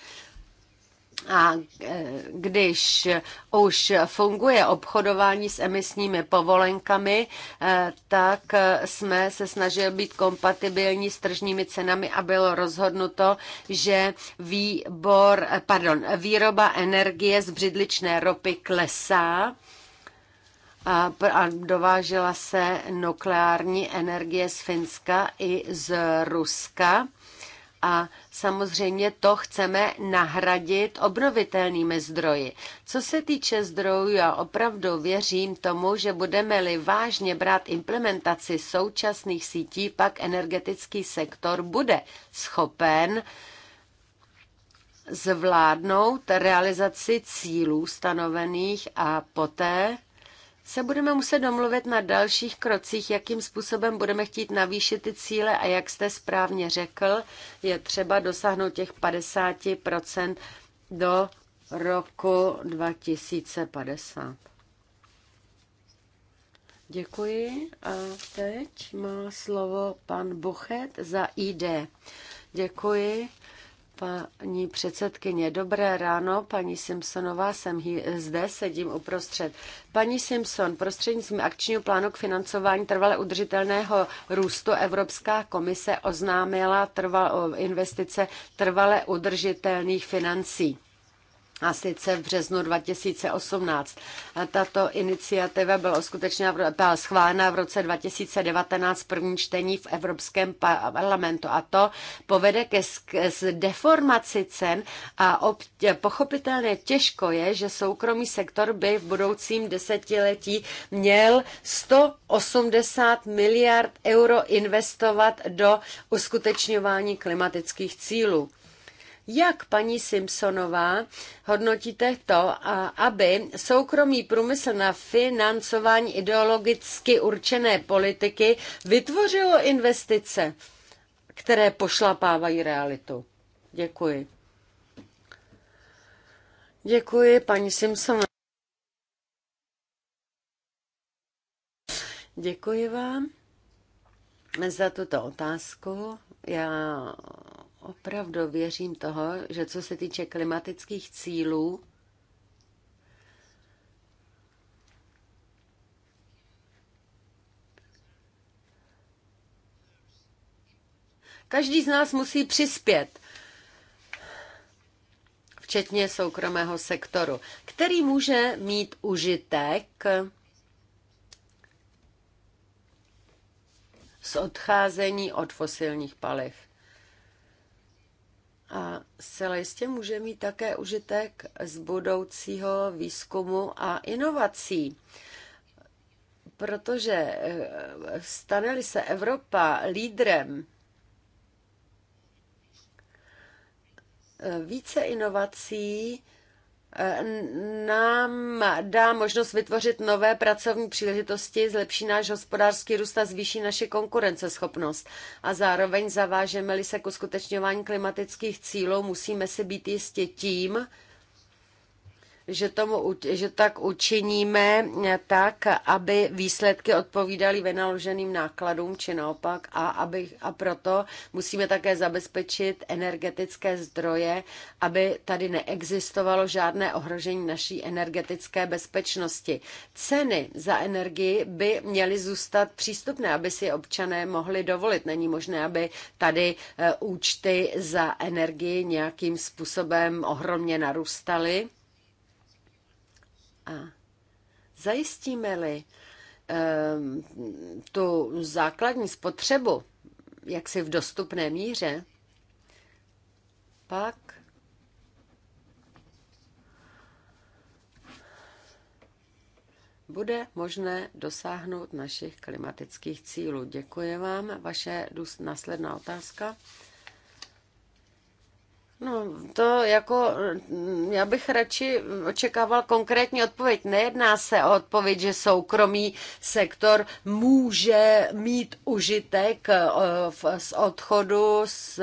A e, když už funguje obchodování s emisními povolenkami, e, tak e, jsme se snažili být kompatibilní s tržními cenami a bylo rozhodnuto, že výbor, pardon, výroba energie z břidličné ropy klesá a, dovážela se nukleární energie z Finska i z Ruska a samozřejmě to chceme nahradit obnovitelnými zdroji. Co se týče zdrojů, já opravdu věřím tomu, že budeme-li vážně brát implementaci současných sítí, pak energetický sektor bude schopen zvládnout realizaci cílů stanovených a poté se budeme muset domluvit na dalších krocích, jakým způsobem budeme chtít navýšit ty cíle a jak jste správně řekl, je třeba dosáhnout těch 50% do roku 2050. Děkuji a teď má slovo pan Buchet za ID. Děkuji. Paní předsedkyně, dobré ráno, paní Simpsonová, jsem zde, sedím uprostřed. Paní Simpson, prostřednictvím akčního plánu k financování trvale udržitelného růstu Evropská komise oznámila trval, investice trvale udržitelných financí a sice v březnu 2018. Tato iniciativa byla skutečně byla schválena v roce 2019 první čtení v Evropském parlamentu a to povede ke deformaci cen a ob, pochopitelně těžko je, že soukromý sektor by v budoucím desetiletí měl 180 miliard euro investovat do uskutečňování klimatických cílů. Jak paní Simpsonová hodnotíte to, aby soukromý průmysl na financování ideologicky určené politiky vytvořilo investice, které pošlapávají realitu? Děkuji. Děkuji, paní Simpsonová. Děkuji vám za tuto otázku. Já opravdu věřím toho, že co se týče klimatických cílů, Každý z nás musí přispět, včetně soukromého sektoru, který může mít užitek z odcházení od fosilních paliv. A zcela jistě může mít také užitek z budoucího výzkumu a inovací. Protože eh, stane-li se Evropa lídrem eh, více inovací, nám dá možnost vytvořit nové pracovní příležitosti, zlepší náš hospodářský růst a zvýší naše konkurenceschopnost. A zároveň zavážeme-li se k uskutečňování klimatických cílů, musíme si být jistě tím, že, tomu, že tak učiníme tak, aby výsledky odpovídaly vynaloženým nákladům, či naopak, a, aby, a proto musíme také zabezpečit energetické zdroje, aby tady neexistovalo žádné ohrožení naší energetické bezpečnosti. Ceny za energii by měly zůstat přístupné, aby si občané mohli dovolit. Není možné, aby tady eh, účty za energii nějakým způsobem ohromně narůstaly a zajistíme-li ehm, tu základní spotřebu, jaksi v dostupné míře, pak bude možné dosáhnout našich klimatických cílů. Děkuji vám. Vaše následná otázka. No, to jako, já bych radši očekával konkrétní odpověď. Nejedná se o odpověď, že soukromý sektor může mít užitek eh, z odchodu z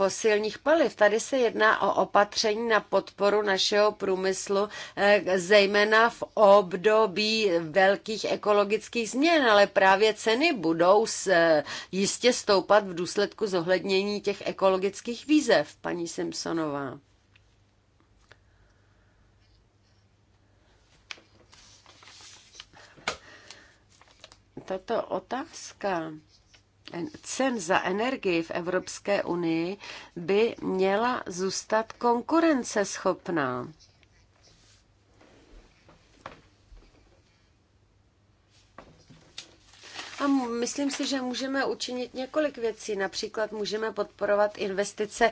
fosilních paliv. Tady se jedná o opatření na podporu našeho průmyslu, eh, zejména v období velkých ekologických změn, ale právě ceny budou eh, jistě stoupat v důsledku zohlednění těch ekologických výzev, paní Simpsonová. Tato otázka cen za energii v Evropské unii by měla zůstat konkurenceschopná. A myslím si, že můžeme učinit několik věcí. Například můžeme podporovat investice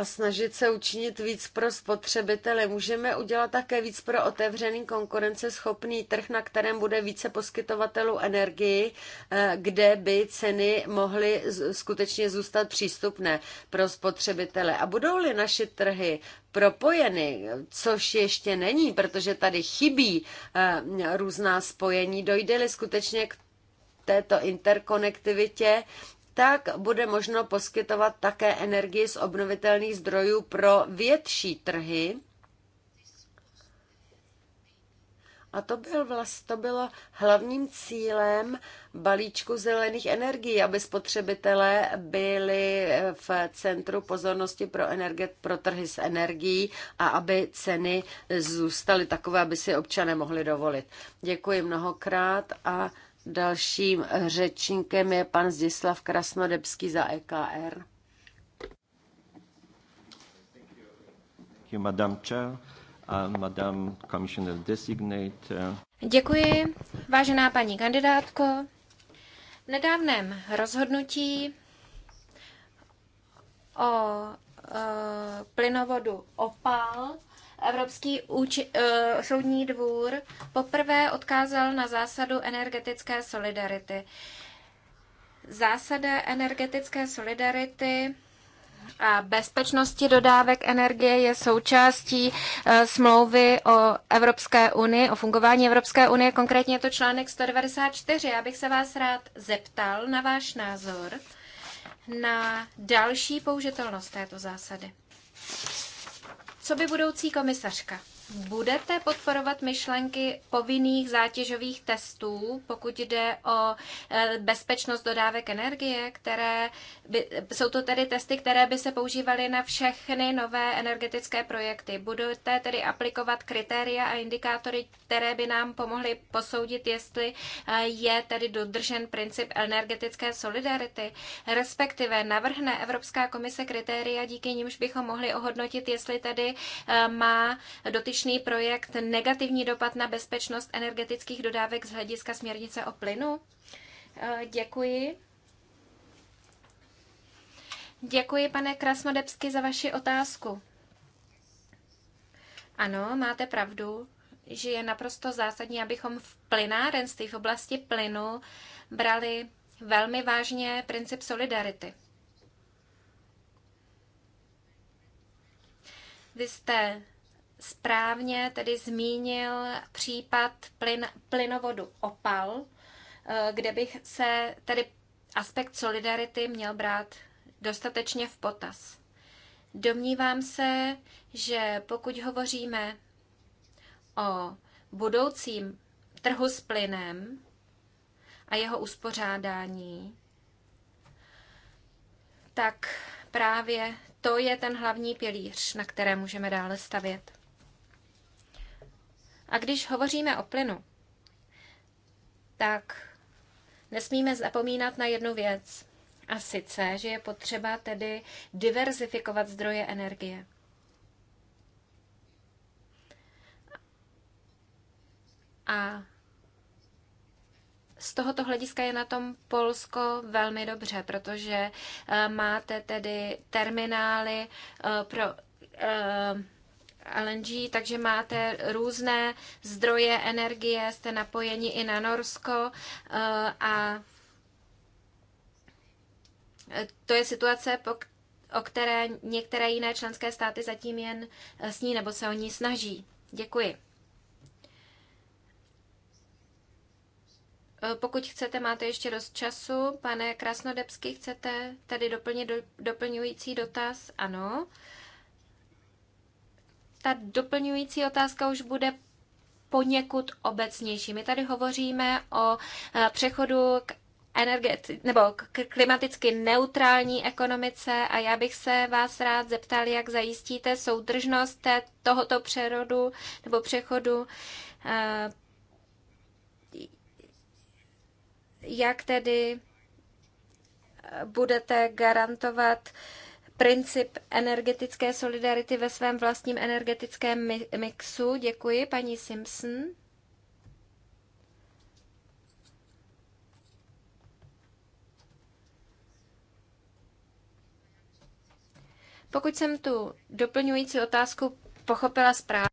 a snažit se učinit víc pro spotřebitele. Můžeme udělat také víc pro otevřený konkurenceschopný trh, na kterém bude více poskytovatelů energii, eh, kde by ceny mohly skutečně zůstat přístupné pro spotřebitele. A budou-li naše trhy propojeny, což ještě není, protože tady chybí eh, různá spojení, dojde-li skutečně k této interkonektivitě, tak bude možno poskytovat také energii z obnovitelných zdrojů pro větší trhy. A to, byl vlast, to bylo hlavním cílem balíčku zelených energií, aby spotřebitelé byli eh, v centru pozornosti pro, energie pro trhy s energií a aby ceny zůstaly takové, aby si občané mohli dovolit. Děkuji mnohokrát a Dalším řečníkem je pan Zdislav Krasnodebský za EKR. Děkuji, vážená paní kandidátko. V nedávném rozhodnutí o e, plynovodu Opal Evropský úč- uh, eh, soudní dvůr poprvé odkázal na zásadu energetické solidarity. Zásada energetické solidarity a bezpečnosti dodávek energie je součástí eh, smlouvy o Evropské unii, o fungování Evropské unie, konkrétně je to článek 194. Já bych se vás rád zeptal na váš názor na další použitelnost této zásady. Co by budoucí komisařka? budete podporovat myšlenky povinných zátěžových testů, pokud jde o e, bezpečnost dodávek energie, které by, jsou to tedy testy, které by se používaly na všechny nové energetické projekty. Budete tedy aplikovat kritéria a indikátory, které by nám pomohly posoudit, jestli e, je tedy dodržen princip energetické solidarity, respektive navrhne Evropská komise kritéria, díky nimž bychom mohli ohodnotit, jestli tedy e, má dotyčný úspěšný projekt negativní dopad na bezpečnost energetických dodávek z hlediska směrnice o plynu? Eh, děkuji. Děkuji, pane Krasnodebsky, za vaši otázku. Ano, máte pravdu, že je naprosto zásadní, abychom v plynárenství, v oblasti plynu, brali velmi vážně princip solidarity. Vy jste správně tedy zmínil případ plyn, plynovodu Opal, eh, kde bych se tedy aspekt solidarity měl brát dostatečně v potaz. Domnívám se, že pokud hovoříme o budoucím trhu s plynem a jeho uspořádání, tak právě to je ten hlavní pilíř, na které můžeme dále stavět. A když hovoříme o plynu, tak nesmíme zapomínat na jednu věc. A sice, že je potřeba tedy diverzifikovat zdroje energie. A z tohoto hlediska je na tom Polsko velmi dobře, protože eh, máte tedy terminály eh, pro eh, LNG, takže máte různé zdroje energie, jste napojeni i na Norsko eh, a eh, to je situace, o které některé jiné členské státy zatím jen eh, sní nebo se o ní snaží. Děkuji. Pokud chcete, máte ještě dost času. Pane Krasnodebsky, chcete tady doplnit do, doplňující dotaz? Ano. Uh, ta doplňující otázka už bude poněkud obecnější. My tady hovoříme o eh, přechodu k energeti- nebo k klimaticky neutrální ekonomice a já bych se vás rád zeptal, jak zajistíte soudržnost té, tohoto přerodu nebo přechodu, eh, jak tedy eh, budete garantovat princip energetické solidarity ve svém vlastním energetickém mixu. Děkuji, paní Simpson. Pokud jsem tu doplňující otázku pochopila správně,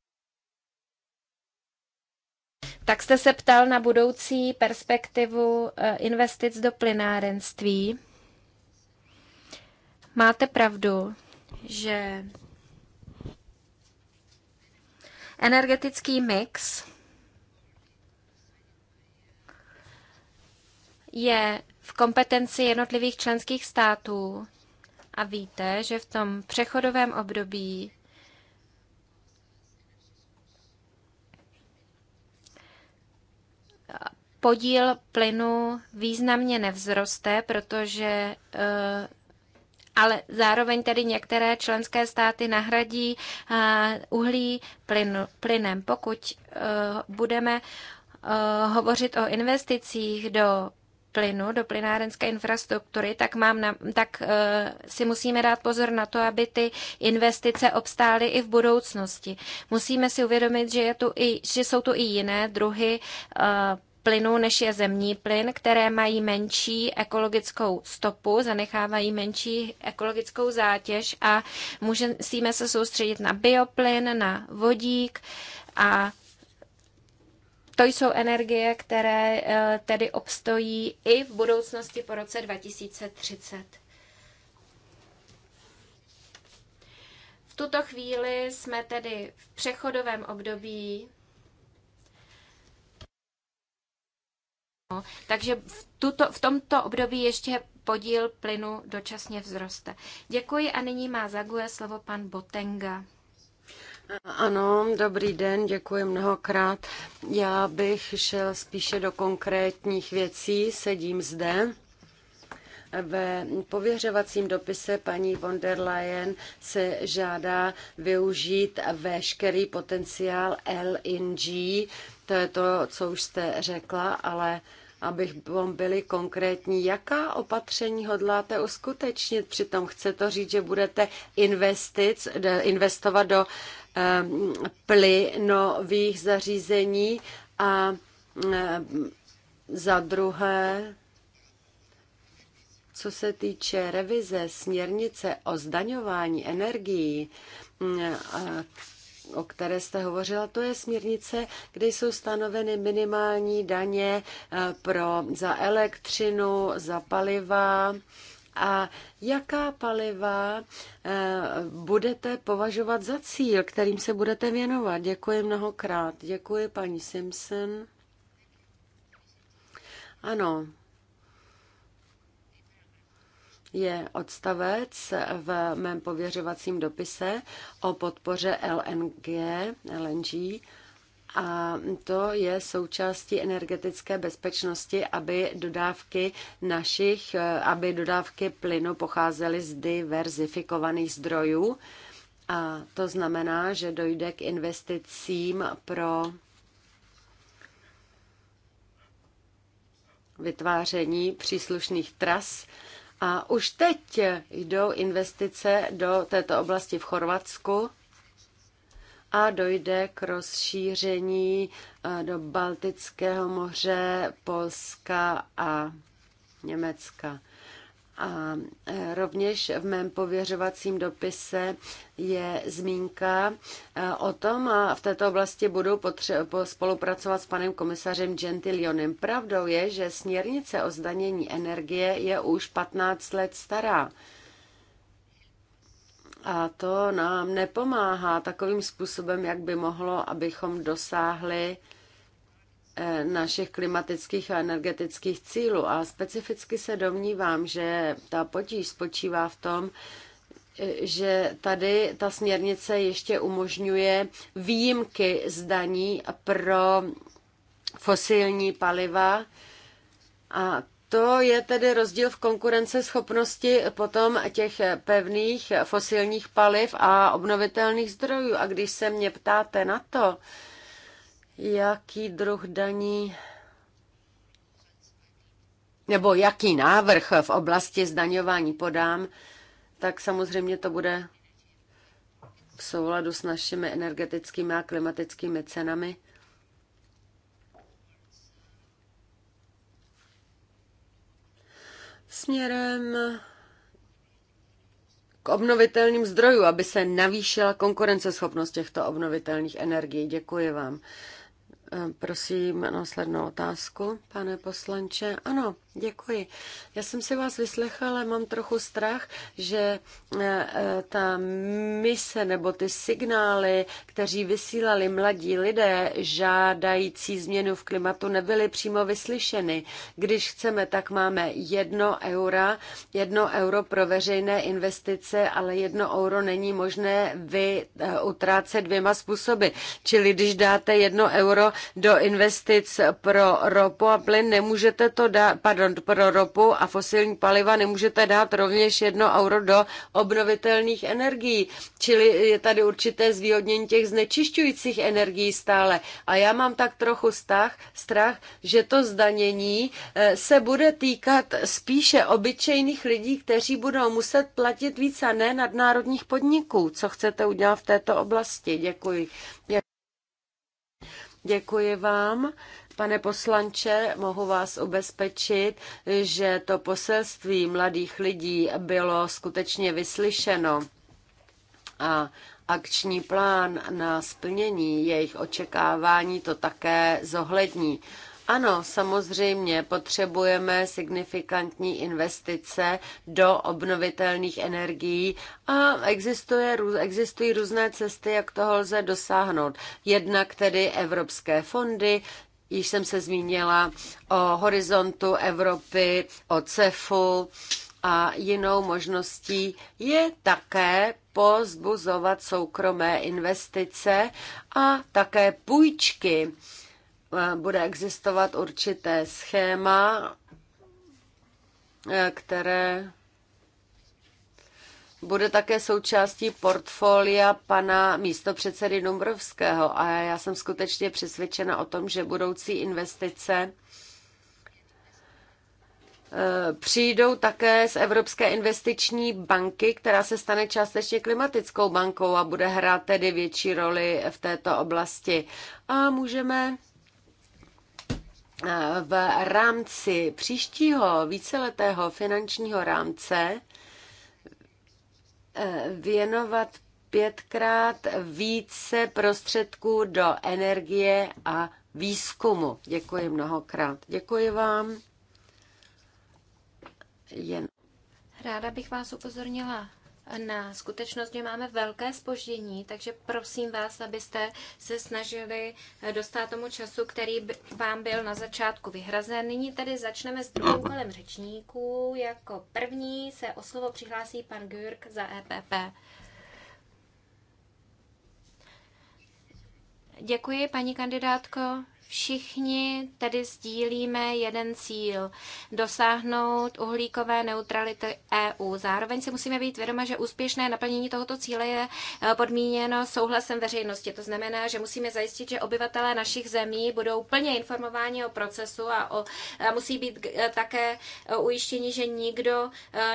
tak jste se ptal na budoucí perspektivu eh, investic do plynárenství. Máte pravdu, že energetický mix je v kompetenci jednotlivých členských států a víte, že v tom přechodovém období podíl plynu významně nevzroste, protože eh, ale zároveň tedy některé členské státy nahradí eh, uhlí plyn, plynem. Pokud eh, budeme eh, hovořit o investicích do plynu, do plynárenské infrastruktury, tak, mám na, tak si musíme dát pozor na to, aby ty investice obstály i v budoucnosti. Musíme si uvědomit, že, je tu i, že jsou tu i jiné druhy plynu, než je zemní plyn, které mají menší ekologickou stopu, zanechávají menší ekologickou zátěž a musíme se soustředit na bioplyn, na vodík a to jsou energie, které eh, tedy obstojí i v budoucnosti po roce 2030. V tuto chvíli jsme tedy v přechodovém období takže v, tuto, v tomto období ještě podíl plynu dočasně vzroste. Děkuji a nyní má zaguje slovo pan Botenga. Ano, dobrý den, děkuji mnohokrát. Já bych šel spíše do konkrétních věcí, sedím zde. Ve pověřovacím dopise paní von der Leyen se žádá využít veškerý potenciál LNG to je to, co už jste řekla, ale abych vám byli konkrétní, jaká opatření hodláte uskutečnit? Přitom chce to říct, že budete investic, investovat do um, plynových zařízení a um, za druhé, co se týče revize směrnice o zdaňování energií, ehm, o které jste hovořila, to je směrnice, kde jsou stanoveny minimální daně eh, pro, za elektřinu, za paliva, a jaká paliva eh, budete považovat za cíl, kterým se budete věnovat. Děkuji mnohokrát. Děkuji paní Simpson. Ano, je odstavec v mém pověřovacím dopise o podpoře LNG, LNG a to je součástí energetické bezpečnosti, aby dodávky našich, aby dodávky plynu pocházely z diverzifikovaných zdrojů. A to znamená, že dojde k investicím pro vytváření příslušných tras, a už teď jdou investice do této oblasti v Chorvatsku a dojde k rozšíření eh, do Baltického moře, Polska a Německa. A e, rovněž v mém pověřovacím dopise je zmínka e, o tom a v této oblasti budu spolupracovat s panem komisařem Gentilionem. Pravdou je, že směrnice o zdanění energie je už 15 let stará. A to nám nepomáhá takovým způsobem, jak by mohlo, abychom dosáhli Eh, našich klimatických a energetických cílů. A specificky se domnívám, že ta potíž spočívá v tom, eh, že tady ta směrnice ještě umožňuje výjimky zdaní pro fosilní paliva. A to je tedy rozdíl v konkurenceschopnosti potom těch pevných fosilních paliv a obnovitelných zdrojů. A když se mě ptáte na to, jaký druh daní nebo jaký návrh v oblasti zdaňování podám, tak samozřejmě to bude v souladu s našimi energetickými a klimatickými cenami. Směrem k obnovitelným zdrojům, aby se navýšila konkurenceschopnost těchto obnovitelných energií. Děkuji vám. Prosím, následnou otázku, pane poslanče. Ano, Děkuji. Já jsem si vás vyslechla, ale mám trochu strach, že eh, eh, ta mise nebo ty signály, kteří vysílali mladí lidé žádající změnu v klimatu, nebyly přímo vyslyšeny. Když chceme, tak máme jedno eura, jedno euro pro veřejné investice, ale jedno euro není možné vy eh, utrácet dvěma způsoby. Čili když dáte jedno euro do investic pro ropu a plyn, nemůžete to dát, pardon, pro ropu a fosilní paliva nemůžete dát rovněž jedno euro do obnovitelných energií. Čili je tady určité zvýhodnění těch znečišťujících energií stále. A já mám tak trochu stach, strach, že to zdanění eh, se bude týkat spíše obyčejných lidí, kteří budou muset platit více a ne nadnárodních podniků. Co chcete udělat v této oblasti? Děkuji. Děkuji vám. Pane poslanče, mohu vás ubezpečit, že to poselství mladých lidí bylo skutečně vyslyšeno a akční plán na splnění jejich očekávání to také zohlední. Ano, samozřejmě potřebujeme signifikantní investice do obnovitelných energií a existuje, existují různé cesty, jak toho lze dosáhnout. Jednak tedy evropské fondy, Již jsem se zmínila o horizontu Evropy, o CEFu a jinou možností je také pozbuzovat soukromé investice a také půjčky. Eh, Bude existovat určité schéma, eh, které bude také součástí portfolia pana místopředsedy Dombrovského a já jsem skutečně přesvědčena o tom, že budoucí investice e, přijdou také z Evropské investiční banky, která se stane částečně klimatickou bankou a bude hrát tedy větší roli v této oblasti. A můžeme e, v rámci příštího víceletého finančního rámce věnovat pětkrát více prostředků do energie a výzkumu. Děkuji mnohokrát. Děkuji vám. Jen. Ráda bych vás upozornila na skutečnost, že máme velké spoždění, takže prosím vás, abyste se snažili eh, dostat tomu času, který vám byl na začátku vyhrazen. Nyní tedy začneme s druhým kolem řečníků. Jako první se o slovo přihlásí pan Gürk za EPP. Děkuji, paní kandidátko. Všichni tedy sdílíme jeden cíl dosáhnout uhlíkové neutrality EU. Zároveň si musíme být vědoma, že úspěšné naplnění tohoto cíle je e, podmíněno souhlasem veřejnosti. To znamená, že musíme zajistit, že obyvatelé našich zemí budou plně informováni o procesu a, o, a musí být e, také e, ujištěni, že nikdo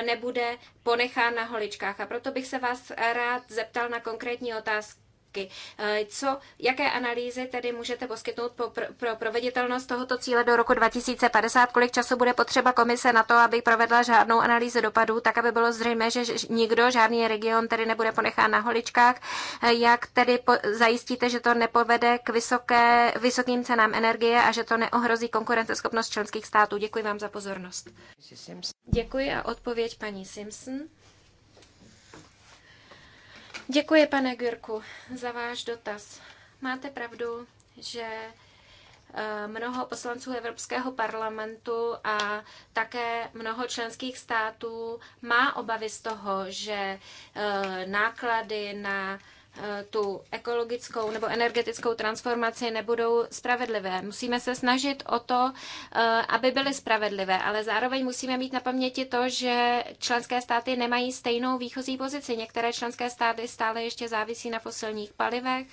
nebude ponechán na holičkách. A proto bych se vás rád zeptal na konkrétní otázky výsledky. Eh, co, jaké analýzy tedy můžete poskytnout pro, pro proveditelnost tohoto cíle do roku 2050? Kolik času bude potřeba komise na to, aby provedla žádnou analýzu dopadů, tak aby bylo zřejmé, že nikdo, žádný region tedy nebude ponechán na holičkách? Eh, jak tedy po, zajistíte, že to nepovede k vysoké, vysokým cenám energie a že to neohrozí konkurenceschopnost členských států? Děkuji vám za pozornost. Děkuji a odpověď paní Simpson. Děkuji, pane Gyrku, za váš dotaz. Máte pravdu, že eh, mnoho poslanců Evropského parlamentu a také mnoho členských států má obavy z toho, že eh, náklady na Eh, tu ekologickou nebo energetickou transformaci nebudou spravedlivé. Musíme se snažit o to, eh, aby byly spravedlivé, ale zároveň musíme mít na paměti to, že členské státy nemají stejnou výchozí pozici. Některé členské státy stále ještě závisí na fosilních palivech,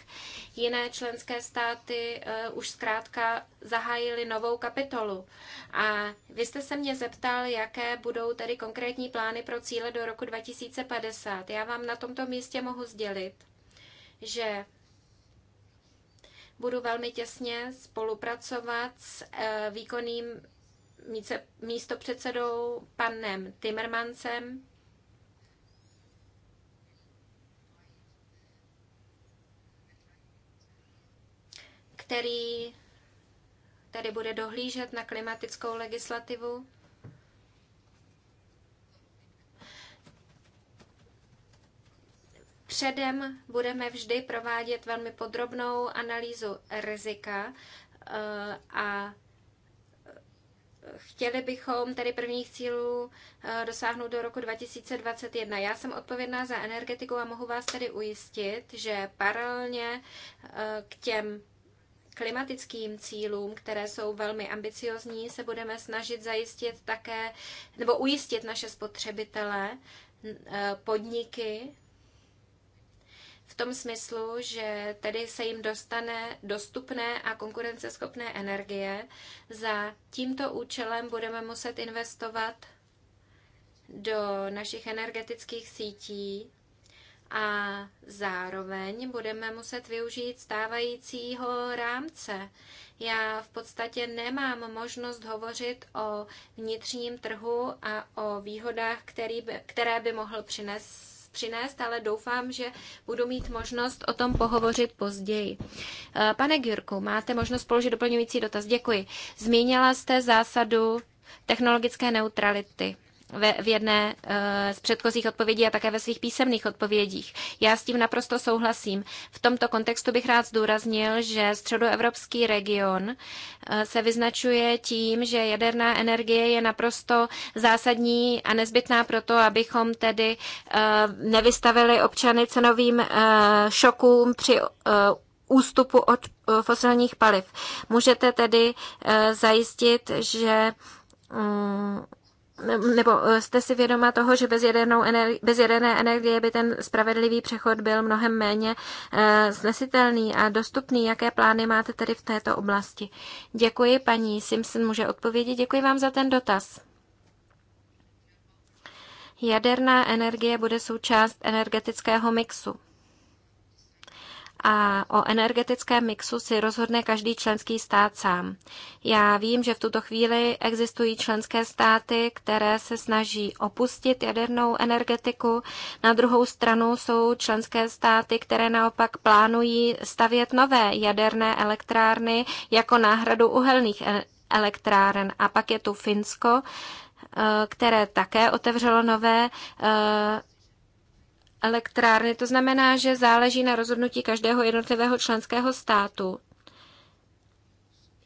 jiné členské státy eh, už zkrátka zahájily novou kapitolu. A vy jste se mě zeptal, jaké budou tedy konkrétní plány pro cíle do roku 2050. Já vám na tomto místě mohu sdělit, že budu velmi těsně spolupracovat s eh, výkonným místopředsedou panem Timmermansem. který tady bude dohlížet na klimatickou legislativu. Předem budeme vždy provádět velmi podrobnou analýzu rizika eh, a eh, chtěli bychom tedy prvních cílů eh, dosáhnout do roku 2021. Já jsem odpovědná za energetiku a mohu vás tedy ujistit, že paralelně k těm klimatickým cílům, které jsou velmi ambiciozní, se budeme snažit zajistit také, nebo ujistit naše spotřebitele, podniky v tom smyslu, že tedy se jim dostane dostupné a konkurenceschopné energie. Za tímto účelem budeme muset investovat do našich energetických sítí a zároveň budeme muset využít stávajícího rámce. Já v podstatě nemám možnost hovořit o vnitřním trhu a o výhodách, který by, které by mohl přinést přinést, ale doufám, že budu mít možnost o tom pohovořit později. Eh, pane Gyrku, máte možnost položit doplňující dotaz. Děkuji. Zmínila jste zásadu technologické neutrality ve, v jedné eh, z předchozích odpovědí a také ve svých písemných odpovědích. Já s tím naprosto souhlasím. V tomto kontextu bych rád zdůraznil, že středoevropský region eh, se vyznačuje tím, že jaderná energie je naprosto zásadní a nezbytná proto, abychom tedy eh, nevystavili občany cenovým šokům při ústupu od fosilních paliv. Můžete tedy zajistit, že mm, nebo eh, jste si vědoma toho, že bez, energi- bez jaderné energie by ten spravedlivý přechod byl mnohem méně uh, eh, snesitelný a dostupný. Jaké plány máte tedy v této oblasti? Děkuji, paní Simpson může odpovědět. Děkuji vám za ten dotaz. Jaderná energie bude součást energetického mixu a o energetickém mixu si rozhodne každý členský stát sám. Já vím, že v tuto chvíli existují členské státy, které se snaží opustit jadernou energetiku. Na druhou stranu jsou členské státy, které naopak plánují stavět nové jaderné elektrárny jako náhradu uhelných e- elektráren. A pak je tu Finsko, e- které také otevřelo nové e- elektrárny. To znamená, že záleží na rozhodnutí každého jednotlivého členského státu,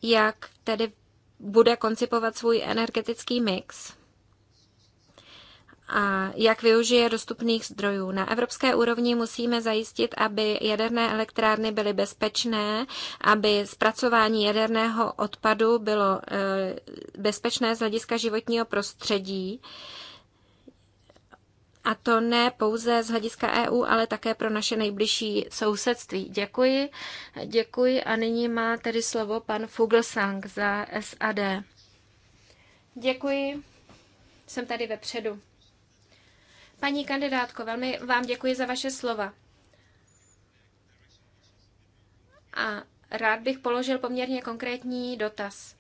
jak tedy bude koncipovat svůj energetický mix a jak využije dostupných zdrojů. Na evropské úrovni musíme zajistit, aby jaderné elektrárny byly bezpečné, aby zpracování jaderného odpadu bylo eh, bezpečné z hlediska životního prostředí. A to ne pouze z hlediska EU, ale také pro naše nejbližší sousedství. Děkuji. Děkuji a nyní má tedy slovo pan Fuglsang za SAD. Děkuji. Jsem tady vepředu. Paní kandidátko, velmi vám děkuji za vaše slova. A rád bych položil poměrně konkrétní dotaz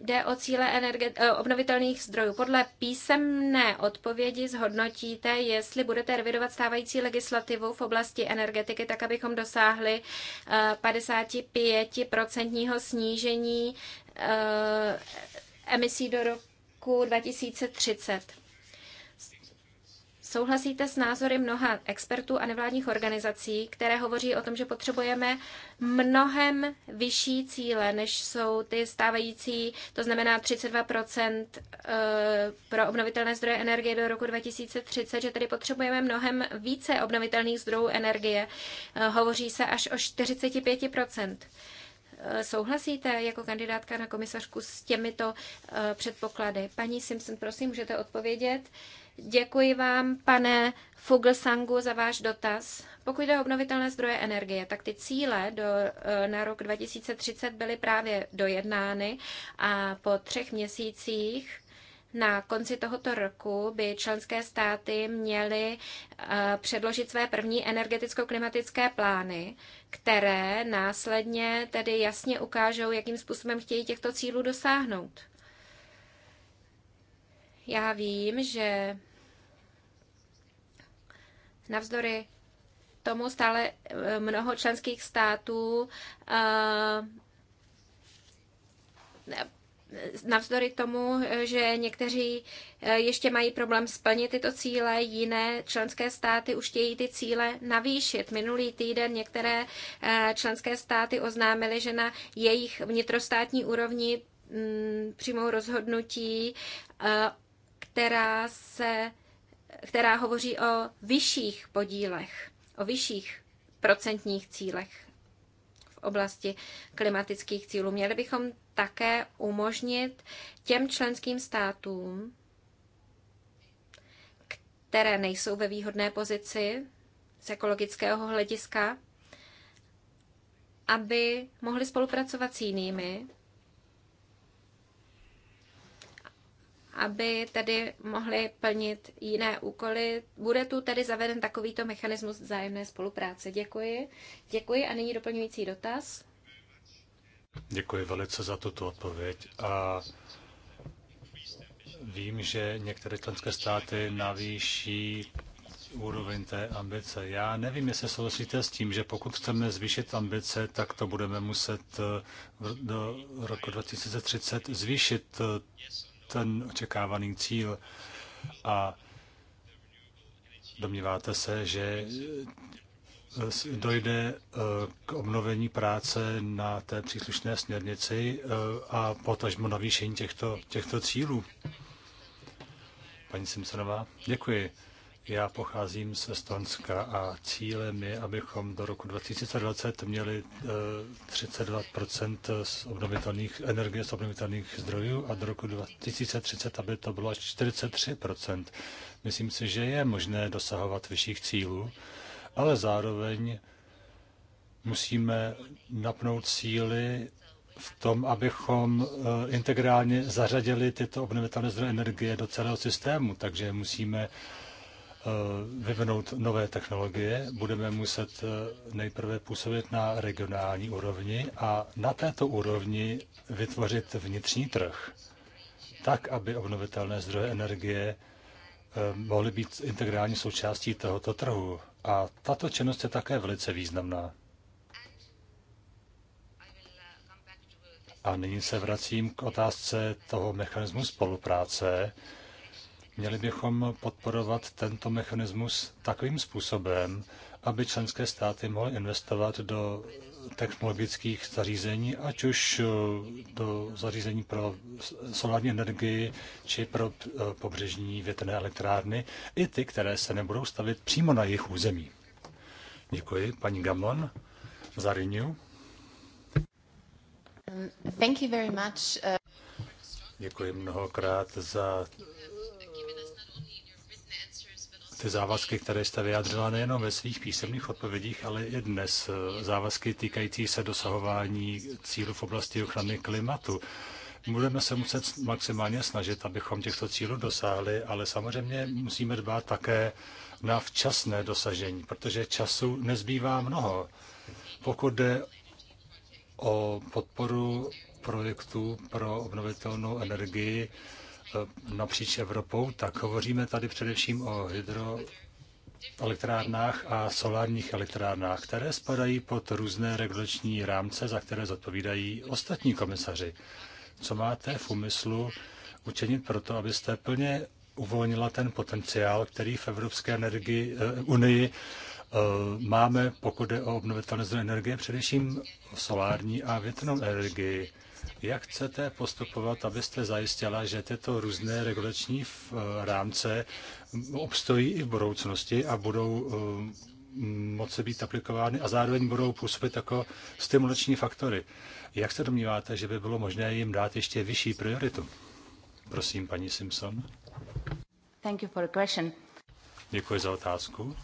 jde o cíle eh, obnovitelných zdrojů. Podle písemné odpovědi zhodnotíte, jestli budete revidovat stávající legislativu v oblasti energetiky, tak abychom dosáhli 55% eh, snížení eh, emisí do roku 2030. Souhlasíte s názory mnoha expertů a nevládních organizací, které hovoří o tom, že potřebujeme mnohem vyšší cíle, než jsou ty stávající, to znamená 32 eh, pro obnovitelné zdroje energie do roku 2030, že tedy potřebujeme mnohem více obnovitelných zdrojů energie. Eh, hovoří se až o 45 eh, Souhlasíte jako kandidátka na komisařku s těmito předpoklady? Paní Simpson, prosím, můžete odpovědět. Děkuji vám, pane Fuglsangu, za váš dotaz. Pokud jde o obnovitelné zdroje energie, tak ty cíle do, eh, na rok 2030 byly právě dojednány a po třech měsících na konci tohoto roku by členské státy měly eh, předložit své první energeticko-klimatické plány, které následně tedy jasně ukážou, jakým způsobem chtějí těchto cílů dosáhnout. Já vím, že Navzdory tomu stále eh, mnoho členských států eh, navzdory tomu, že někteří eh, ještě mají problém splnit tyto cíle, jiné členské státy už chtějí ty cíle navýšit. Minulý týden některé členské státy oznámily, že na jejich vnitrostátní úrovni mm, přijmou rozhodnutí, která se která hovoří o vyšších podílech, o vyšších procentních cílech v oblasti klimatických cílů. Měli bychom také umožnit těm členským státům, které nejsou ve výhodné pozici z ekologického hlediska, aby mohli spolupracovat s jinými aby tedy mohli plnit jiné úkoly. Bude tu tedy zaveden takovýto mechanismus vzájemné spolupráce. Děkuji. Děkuji a nyní doplňující dotaz. Děkuji velice za tuto odpověď. A vím, že některé členské státy navýší úroveň té ambice. Já nevím, jestli souhlasíte s tím, že pokud chceme zvýšit ambice, tak to budeme muset do roku 2030 zvýšit ten očekávaný cíl a domníváte se, že dojde eh, k obnovení práce na té příslušné směrnici eh, a potažmo navýšení těchto, těchto cílů. Paní Simsonová, děkuji. Já pocházím z Estonska a cílem je, abychom do roku 2020 měli 32 eh, z obnovitelných energie z obnovitelných zdrojů a do roku 2030, aby to bylo až 43 Myslím si, že je možné dosahovat vyšších cílů, ale zároveň musíme napnout síly v tom, abychom eh, integrálně zařadili tyto obnovitelné zdroje energie do celého systému, takže musíme Eh, vyvinout nové technologie, budeme muset eh, nejprve působit na regionální úrovni a na této úrovni vytvořit vnitřní trh, tak, aby obnovitelné zdroje energie eh, mohly být integrální součástí tohoto trhu. A tato činnost je také velice významná. A nyní se vracím k otázce toho mechanismu spolupráce, Měli bychom podporovat tento mechanismus takovým způsobem, aby členské státy mohly investovat do technologických zařízení, ať už eh, do zařízení pro solární energii či pro eh, pobřežní větrné elektrárny, i ty, které se nebudou stavit přímo na jejich území. Děkuji, paní Gamon, za eh. Děkuji mnohokrát za ty závazky, které jste vyjádřila nejenom ve svých písemných odpovědích, ale i dnes. Eh, závazky týkající se dosahování cílů v oblasti ochrany klimatu. Budeme se muset maximálně snažit, abychom těchto cílů dosáhli, ale samozřejmě musíme dbát také na včasné dosažení, protože času nezbývá mnoho. Pokud jde o podporu projektů pro obnovitelnou energii, Eh, napříč Evropou, tak hovoříme tady především o hydro elektrárnách a solárních elektrárnách, které spadají pod různé regulační rámce, za které zodpovídají ostatní komisaři. Co máte v úmyslu učinit pro to, abyste plně uvolnila ten potenciál, který v Evropské energii, eh, unii eh, máme, pokud jde o obnovitelné zdroje energie, především solární a větrnou energii. Jak chcete postupovat, abyste zajistila, že tyto různé regulační eh, rámce obstojí i v budoucnosti a budou eh, moci být aplikovány a zároveň budou působit jako stimulační faktory? Jak se domníváte, že by bylo možné jim dát ještě vyšší prioritu? Prosím, paní Simpson. Thank you for the question. Děkuji za otázku.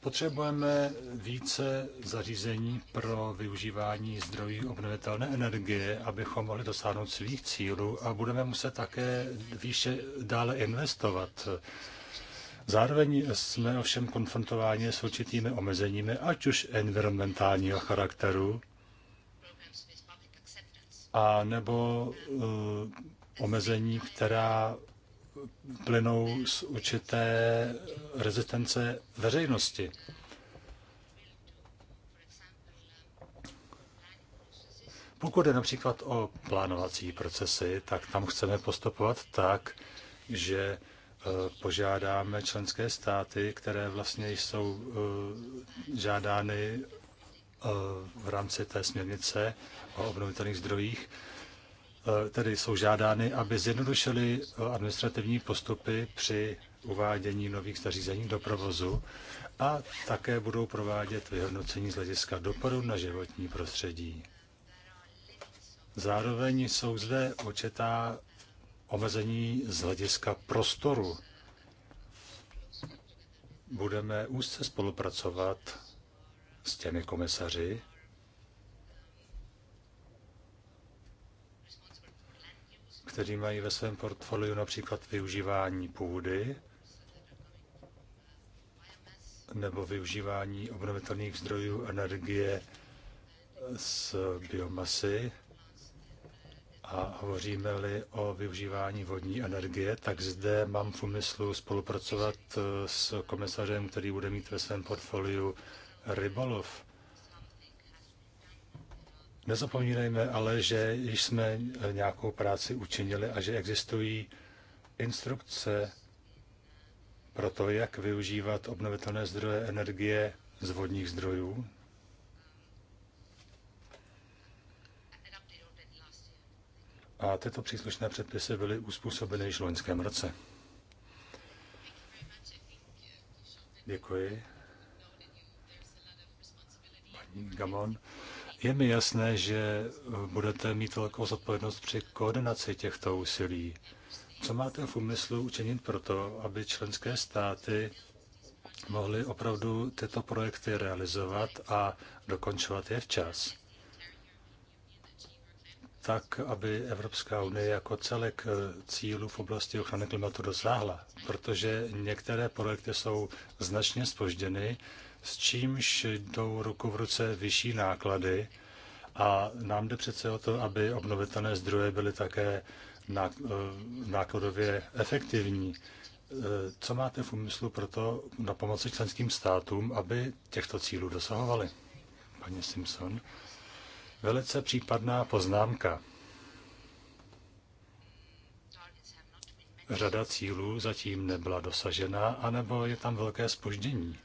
Potřebujeme více zařízení pro využívání zdrojů obnovitelné energie, abychom mohli dosáhnout svých cílů a budeme muset také výše dále investovat. Zároveň jsme ovšem konfrontováni s určitými omezeními, ať už environmentálního charakteru, a nebo uh, omezení, která plynou z určité rezistence veřejnosti. Pokud je například o plánovací procesy, tak tam chceme postupovat tak, že e, požádáme členské státy, které vlastně jsou e, žádány e, v rámci té směrnice o obnovitelných zdrojích, Eh, tedy jsou žádány, aby zjednodušili eh, administrativní postupy při uvádění nových zařízení do provozu a také budou provádět vyhodnocení z hlediska dopadu na životní prostředí. Zároveň jsou zde očetá omezení z hlediska prostoru. Budeme úzce spolupracovat s těmi komisaři, kteří mají ve svém portfoliu například využívání půdy nebo využívání obnovitelných zdrojů energie z biomasy. A hovoříme-li o využívání vodní energie, tak zde mám v úmyslu spolupracovat s komisařem, který bude mít ve svém portfoliu rybolov. Nezapomínejme ale, že již jsme eh, nějakou práci učinili a že existují instrukce pro to, jak využívat obnovitelné zdroje energie z vodních zdrojů. A tyto příslušné předpisy byly uspůsobeny již v loňském roce. Děkuji. Paní Gamon. Je mi jasné, že eh, budete mít velkou zodpovědnost při koordinaci těchto úsilí. Co máte v úmyslu učinit proto, aby členské státy mohly opravdu tyto projekty realizovat a dokončovat je včas? tak, aby Evropská unie jako celek eh, cílů v oblasti ochrany klimatu dosáhla, protože některé projekty jsou značně spožděny, s čímž jdou ruku v ruce vyšší náklady a nám jde přece o to, aby obnovitelné zdroje byly také eh, nákladově efektivní. Eh, co máte v úmyslu pro to na pomoci členským státům, aby těchto cílů dosahovali? Paní Simpson. Velice případná poznámka. Řada cílů zatím nebyla dosažena, anebo je tam velké spoždění.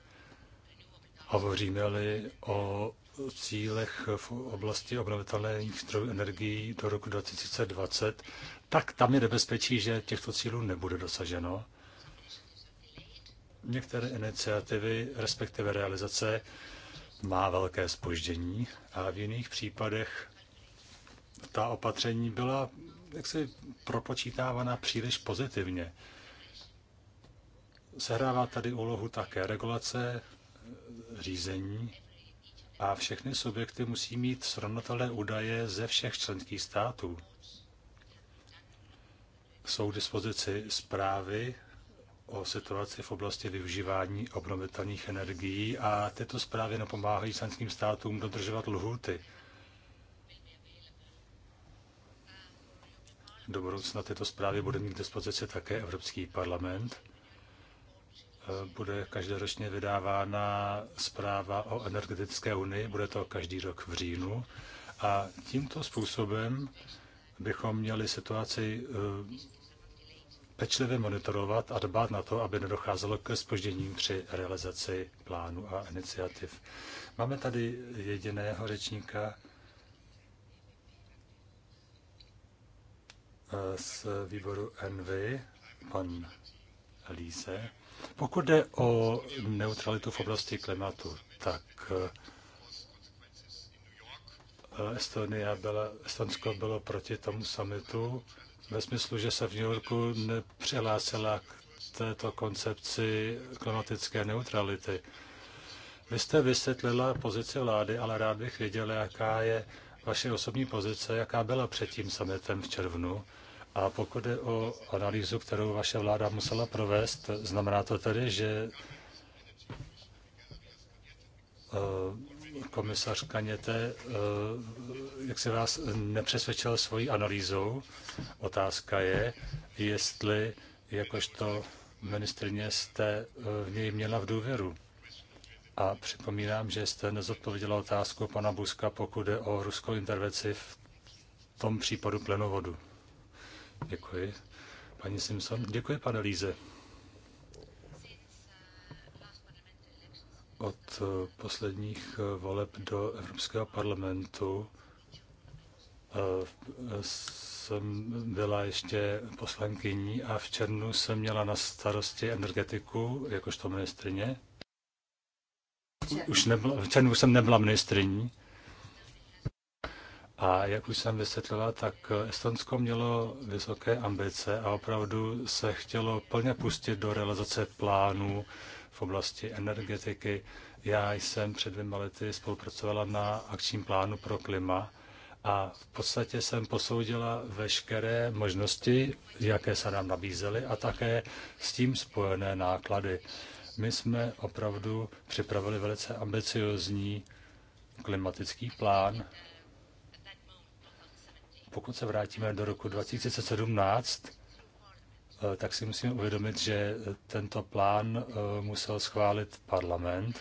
Hovoříme-li o cílech v oblasti obnovitelných zdrojů energií do roku 2020, tak tam je nebezpečí, že těchto cílů nebude dosaženo. Některé iniciativy, respektive realizace, má velké spoždění a v jiných případech ta opatření byla jaksi propočítávána příliš pozitivně. Sehrává tady úlohu také regulace, řízení a všechny subjekty musí mít srovnatelné údaje ze všech členských států. Jsou k dispozici zprávy o situaci v oblasti využívání obnovitelných energií a tyto zprávy napomáhají členským státům dodržovat lhuty. Do budoucna tyto zprávy bude mít k dispozici také Evropský parlament bude každoročně vydávána zpráva o energetické unii, bude to každý rok v říjnu. A tímto způsobem bychom měli situaci eh, pečlivě monitorovat a dbát na to, aby nedocházelo ke spožděním při realizaci plánu a iniciativ. Máme tady jediného řečníka eh, z výboru NV, pan Líse. Pokud jde o neutralitu v oblasti klimatu, tak eh, Estonia byla, Estonsko bylo proti tomu summitu ve smyslu, že se v New Yorku nepřihlásila k této koncepci klimatické neutrality. Vy jste vysvětlila pozici vlády, ale rád bych věděl, jaká je vaše osobní pozice, jaká byla před tím summitem v červnu a pokud je o analýzu, kterou vaše vláda musela provést, znamená to tedy, že eh, komisař Kaněte, eh, jak se vás nepřesvědčil svojí analýzou, otázka je, jestli jakožto ministrně jste eh, v něj měla v důvěru. A připomínám, že jste nezodpověděla otázku pana Buska, pokud je o ruskou intervenci v tom případu plenovodu. Děkuji. Paní Simpson, děkuji, pane Líze. Od eh, posledních eh, voleb do Evropského parlamentu eh, jsem byla ještě poslankyní a v Černu jsem měla na starosti energetiku jakožto ministrině. Už nebyla, v Černu jsem nebyla ministriní a jak už jsem vysvětlila, tak Estonsko mělo vysoké ambice a opravdu se chtělo plně pustit do realizace plánů v oblasti energetiky. Já jsem před dvěma lety spolupracovala na akčním plánu pro klima a v podstatě jsem posoudila veškeré možnosti, jaké se nám nabízely a také s tím spojené náklady. My jsme opravdu připravili velice ambiciozní klimatický plán, pokud se vrátíme do roku 2017, eh, tak si musíme uvědomit, že eh, tento plán eh, musel schválit parlament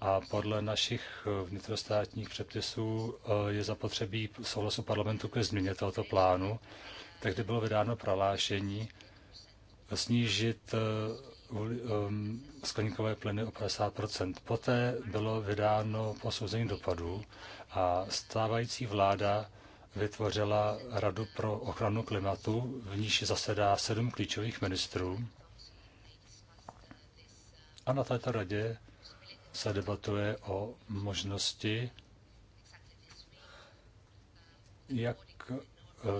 a podle našich vnitrostátních předpisů je zapotřebí souhlasu parlamentu ke změně tohoto plánu. Tehdy bylo vydáno prohlášení snížit ehm, skleníkové plyny o 50 Poté bylo vydáno posouzení dopadů a stávající vláda vytvořila Radu pro ochranu klimatu, v níž zasedá sedm klíčových ministrů. A na této radě se debatuje o možnosti, jak eh,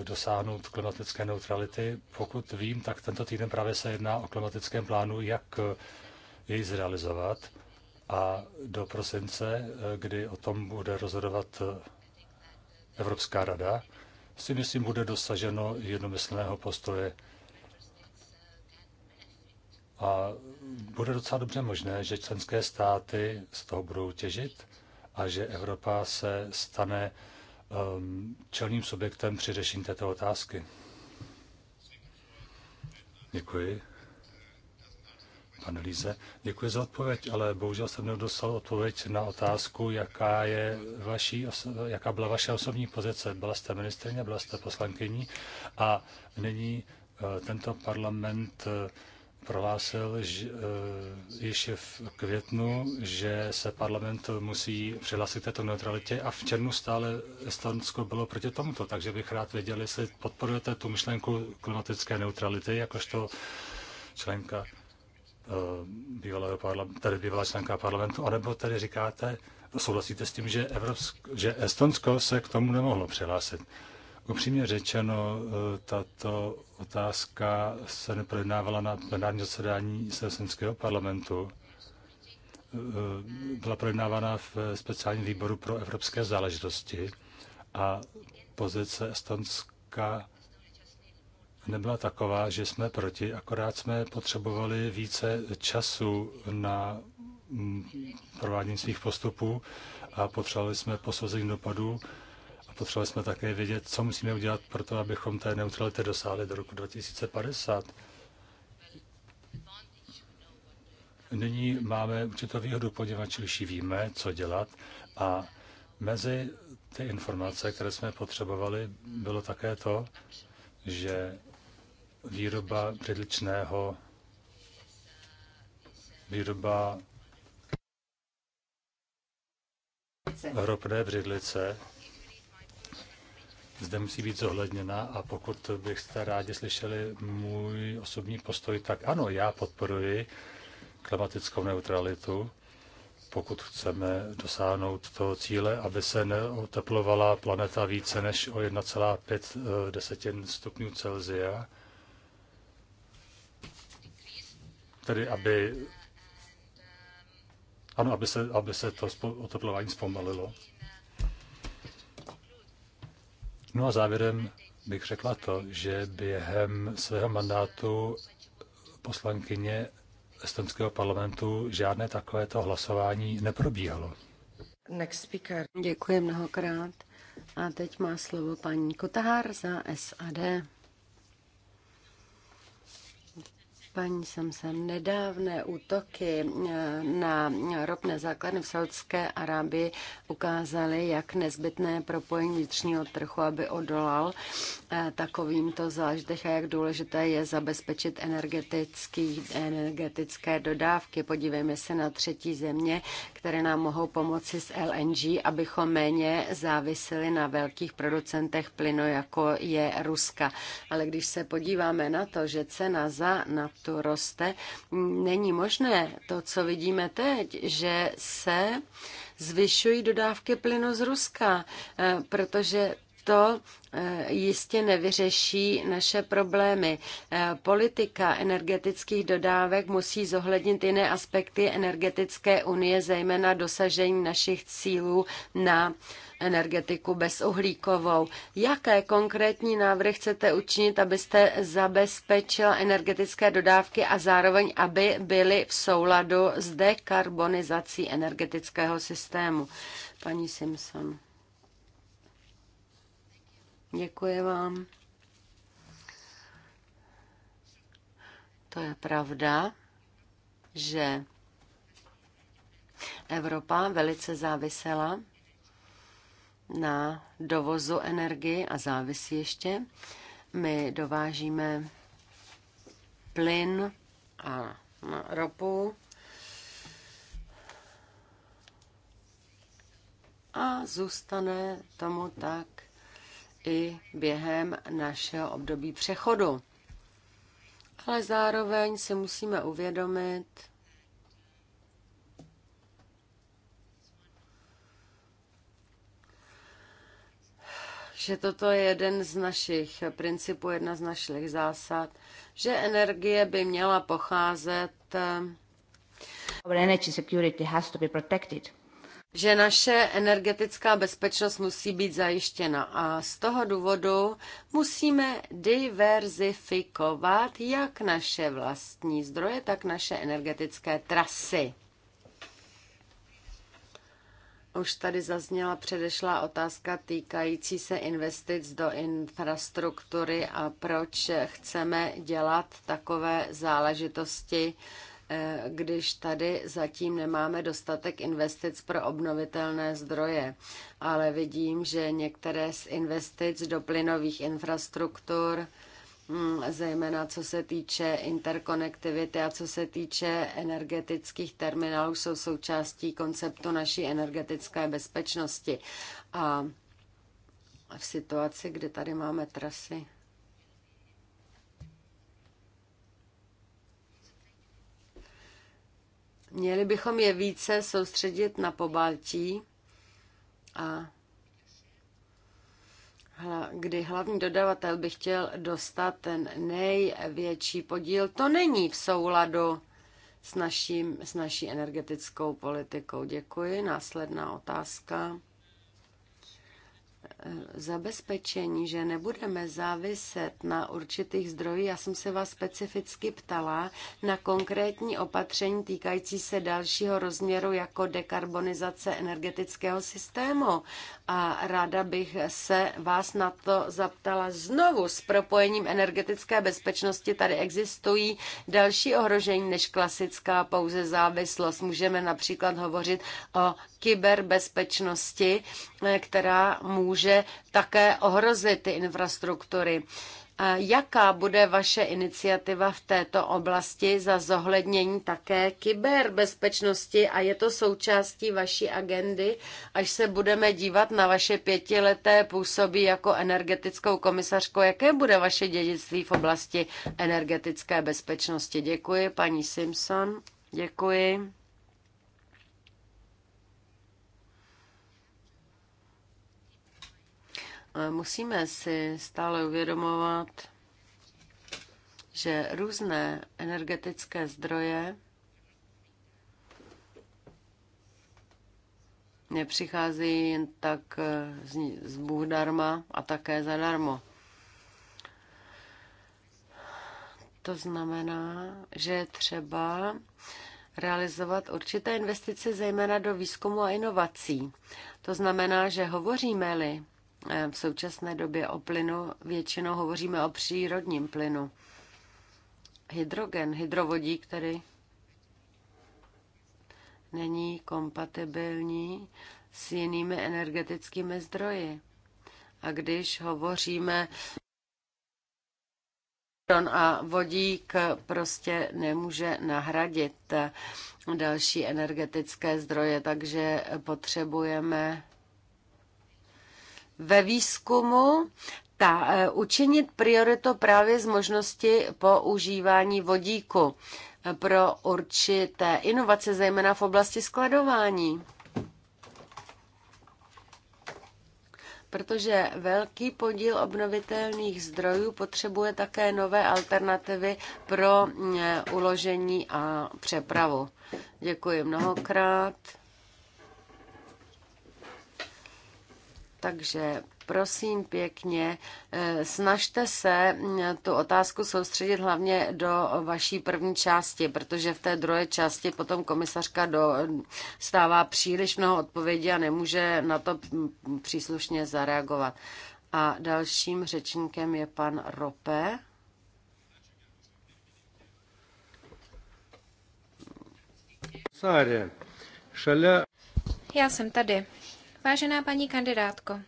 dosáhnout klimatické neutrality. Pokud vím, tak tento týden právě se jedná o klimatickém plánu, jak eh, jej zrealizovat. A do prosince, eh, kdy o tom bude rozhodovat Evropská rada, si myslím, bude dosaženo jednomyslného postoje. A bude docela dobře možné, že členské státy z toho budou těžit a že Evropa se stane um, čelným subjektem při řešení této otázky. Děkuji analýze. Děkuji za odpověď, ale bohužel jsem nedostal odpověď na otázku, jaká, je vaší, jaká byla vaše osobní pozice. Byla jste ministrině, byla jste poslankyní a nyní eh, tento parlament eh, prohlásil že, eh, již v květnu, že se parlament musí přihlásit k této neutralitě a v červnu stále Estonsko bylo proti tomuto, takže bych rád věděl, jestli podporujete tu myšlenku klimatické neutrality jakožto členka Eh, bývalého parlamentu, tady bývalá členka parlamentu, anebo tady říkáte, souhlasíte s tím, že, Evropsk, že Estonsko se k tomu nemohlo přihlásit. Upřímně řečeno, eh, tato otázka se neprojednávala na plenární zasedání Estonského parlamentu. Eh, byla projednávána v speciálním výboru pro evropské záležitosti a pozice Estonska nebyla taková, že jsme proti, akorát jsme potřebovali více času na mm, provádění svých postupů a potřebovali jsme posouzení dopadů a potřebovali jsme také vědět, co musíme udělat pro to, abychom té neutrality dosáhli do roku 2050. Nyní máme určitou výhodu, poněvadž už víme, co dělat a mezi ty informace, které jsme potřebovali, bylo také to, že výroba předličného, výroba ropné břidlice zde musí být zohledněna a pokud byste rádi slyšeli můj osobní postoj, tak ano, já podporuji klimatickou neutralitu, pokud chceme dosáhnout toho cíle, aby se neoteplovala planeta více než o 1,5 eh, desetin stupňů Celsia tedy aby, ano, aby se, aby se to oteplování zpomalilo. No a závěrem bych řekla to, že během svého mandátu poslankyně estonského parlamentu žádné takovéto hlasování neprobíhalo. Next speaker. Děkuji mnohokrát. A teď má slovo paní Kotahar za SAD. paní se nedávné útoky eh, na ropné základny v Saudské Arábii ukázaly, jak nezbytné propojení vnitřního trhu, aby odolal eh, takovýmto záždech a jak důležité je zabezpečit energetický, energetické dodávky. Podívejme se na třetí země, které nám mohou pomoci s LNG, abychom méně záviseli na velkých producentech plynu, jako je Ruska. Ale když se podíváme na to, že cena za to tu roste, není možné to, co vidíme teď, že se zvyšují dodávky plynu z Ruska, eh, protože to eh, jistě nevyřeší naše problémy. Eh, politika energetických dodávek musí zohlednit jiné aspekty energetické unie, zejména dosažení našich cílů na energetiku bezuhlíkovou. Jaké konkrétní návrhy chcete učinit, abyste zabezpečila energetické dodávky a zároveň, aby byly v souladu s dekarbonizací energetického systému? Paní Simpson. Děkuji vám. To je pravda, že Evropa velice závisela na dovozu energie a závisí ještě. My dovážíme plyn a ropu a zůstane tomu tak i během našeho období přechodu. Ale zároveň si musíme uvědomit, že toto je jeden z našich principů, jedna z našich zásad, že energie by měla pocházet. Our energy security has to be protected že naše energetická bezpečnost musí být zajištěna a z toho důvodu musíme diverzifikovat jak naše vlastní zdroje, tak naše energetické trasy. Už tady zazněla předešlá otázka týkající se investic do infrastruktury a proč chceme dělat takové záležitosti Eh, když tady zatím nemáme dostatek investic pro obnovitelné zdroje. Ale vidím, že některé z investic do plynových infrastruktur, mm, zejména co se týče interkonektivity a co se týče energetických terminálů, jsou součástí konceptu naší energetické bezpečnosti. A v situaci, kdy tady máme trasy, Měli bychom je více soustředit na pobaltí, a kdy hlavní dodavatel by chtěl dostat ten největší podíl, to není v souladu s, naším, s naší energetickou politikou. Děkuji. Následná otázka zabezpečení, že nebudeme záviset na určitých zdrojích. Já jsem se vás specificky ptala na konkrétní opatření týkající se dalšího rozměru jako dekarbonizace energetického systému. A ráda bych se vás na to zaptala znovu. S propojením energetické bezpečnosti tady existují další ohrožení než klasická pouze závislost. Můžeme například hovořit o kyberbezpečnosti, která může může také ohrozit ty infrastruktury. Jaká bude vaše iniciativa v této oblasti za zohlednění také kyberbezpečnosti a je to součástí vaší agendy, až se budeme dívat na vaše pětileté působí jako energetickou komisařku? Jaké bude vaše dědictví v oblasti energetické bezpečnosti? Děkuji, paní Simpson. Děkuji. Musíme si stále uvědomovat, že různé energetické zdroje nepřicházejí jen tak eh, z Bůh darma a také zadarmo. To znamená, že je třeba realizovat určité investice, zejména do výzkumu a inovací. To znamená, že hovoříme-li Eh, v současné době o plynu většinou hovoříme o přírodním plynu. Hydrogen, hydrovodík tedy, není kompatibilní s jinými energetickými zdroji. A když hovoříme a vodík prostě nemůže nahradit další energetické zdroje, takže potřebujeme ve výzkumu ta, e, učinit prioritu právě z možnosti používání vodíku e, pro určité inovace, zejména v oblasti skladování. protože velký podíl obnovitelných zdrojů potřebuje také nové alternativy pro e, uložení a přepravu. Děkuji mnohokrát. Takže prosím pěkně, eh, snažte se eh, tu otázku soustředit hlavně do vaší první části, protože v té druhé části potom komisařka do, stává příliš mnoho odpovědí a nemůže na to příslušně zareagovat. A dalším řečníkem je pan Rope. Já jsem tady. Vážená paní kandidátko,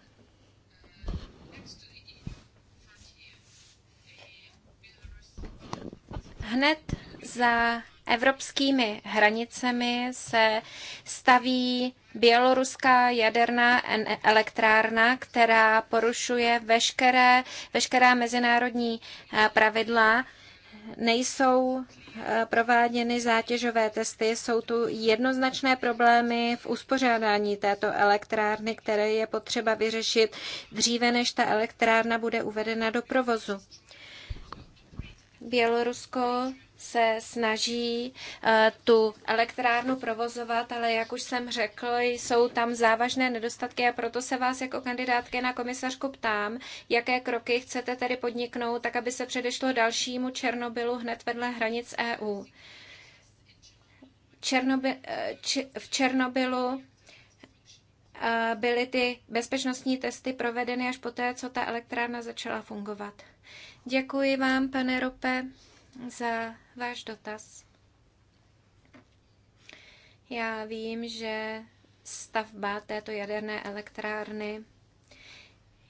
hned za evropskými hranicemi se staví běloruská jaderná elektrárna, která porušuje veškeré, veškerá mezinárodní eh, pravidla nejsou eh, prováděny zátěžové testy, jsou tu jednoznačné problémy v uspořádání této elektrárny, které je potřeba vyřešit dříve, než ta elektrárna bude uvedena do provozu. Bělorusko se snaží eh, tu elektrárnu provozovat, ale jak už jsem řekl, jsou tam závažné nedostatky a proto se vás jako kandidátky na komisařku ptám, jaké kroky chcete tedy podniknout, tak aby se předešlo dalšímu Černobylu hned vedle hranic EU. Černoby, eh, v Černobylu eh, byly ty bezpečnostní testy provedeny až poté, co ta elektrárna začala fungovat. Děkuji vám, pane Rope za váš dotaz. Já vím, že stavba této jaderné elektrárny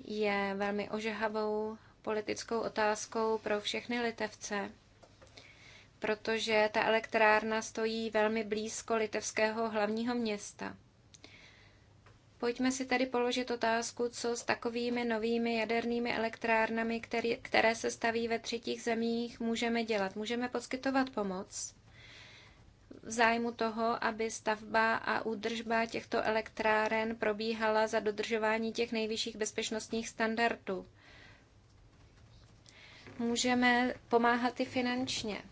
je velmi ožehavou politickou otázkou pro všechny litevce, protože ta elektrárna stojí velmi blízko litevského hlavního města. Pojďme si tedy položit otázku, co s takovými novými jadernými elektrárnami, který, které se staví ve třetích zemích, můžeme dělat. Můžeme poskytovat pomoc v zájmu toho, aby stavba a údržba těchto elektráren probíhala za dodržování těch nejvyšších bezpečnostních standardů. Můžeme pomáhat i finančně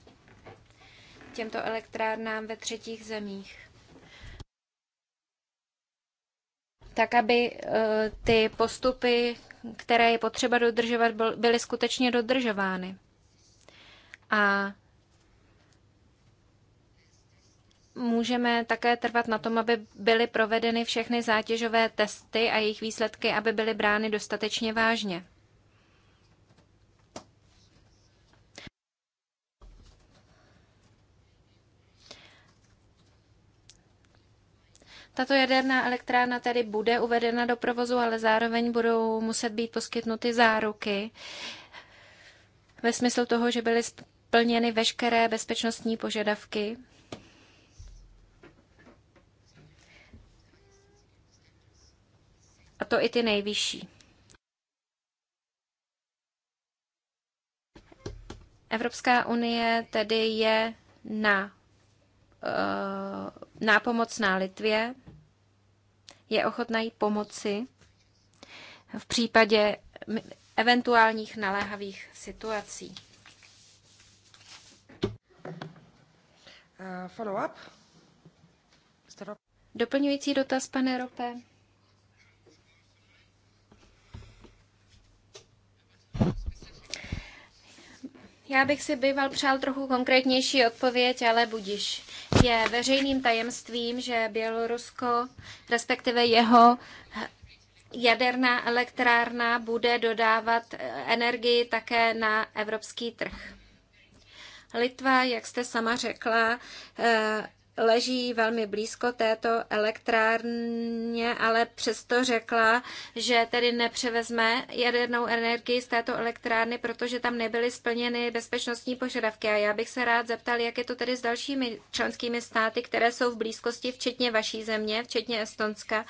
těmto elektrárnám ve třetích zemích. tak aby eh, ty postupy, které je potřeba dodržovat, byly skutečně dodržovány. A můžeme také trvat na tom, aby byly provedeny všechny zátěžové testy a jejich výsledky, aby byly brány dostatečně vážně. Tato jaderná elektrárna tedy bude uvedena do provozu, ale zároveň budou muset být poskytnuty záruky ve smyslu toho, že byly splněny veškeré bezpečnostní požadavky. A to i ty nejvyšší. Evropská unie tedy je na eh, nápomocná Litvě je ochotná jí pomoci v případě eventuálních naléhavých situací. Uh, Follow-up? Doplňující dotaz, pane Rope. Já bych si býval přál trochu konkrétnější odpověď, ale budiš. Je veřejným tajemstvím, že Bělorusko, respektive jeho jaderná elektrárna, bude dodávat energii také na evropský trh. Litva, jak jste sama řekla, eh, leží velmi blízko této elektrárně, ale přesto řekla, že tedy nepřevezme jadernou energii z této elektrárny, protože tam nebyly splněny bezpečnostní požadavky. A já bych se rád zeptal, jak je to tedy s dalšími členskými státy, které jsou v blízkosti, včetně vaší země, včetně Estonska.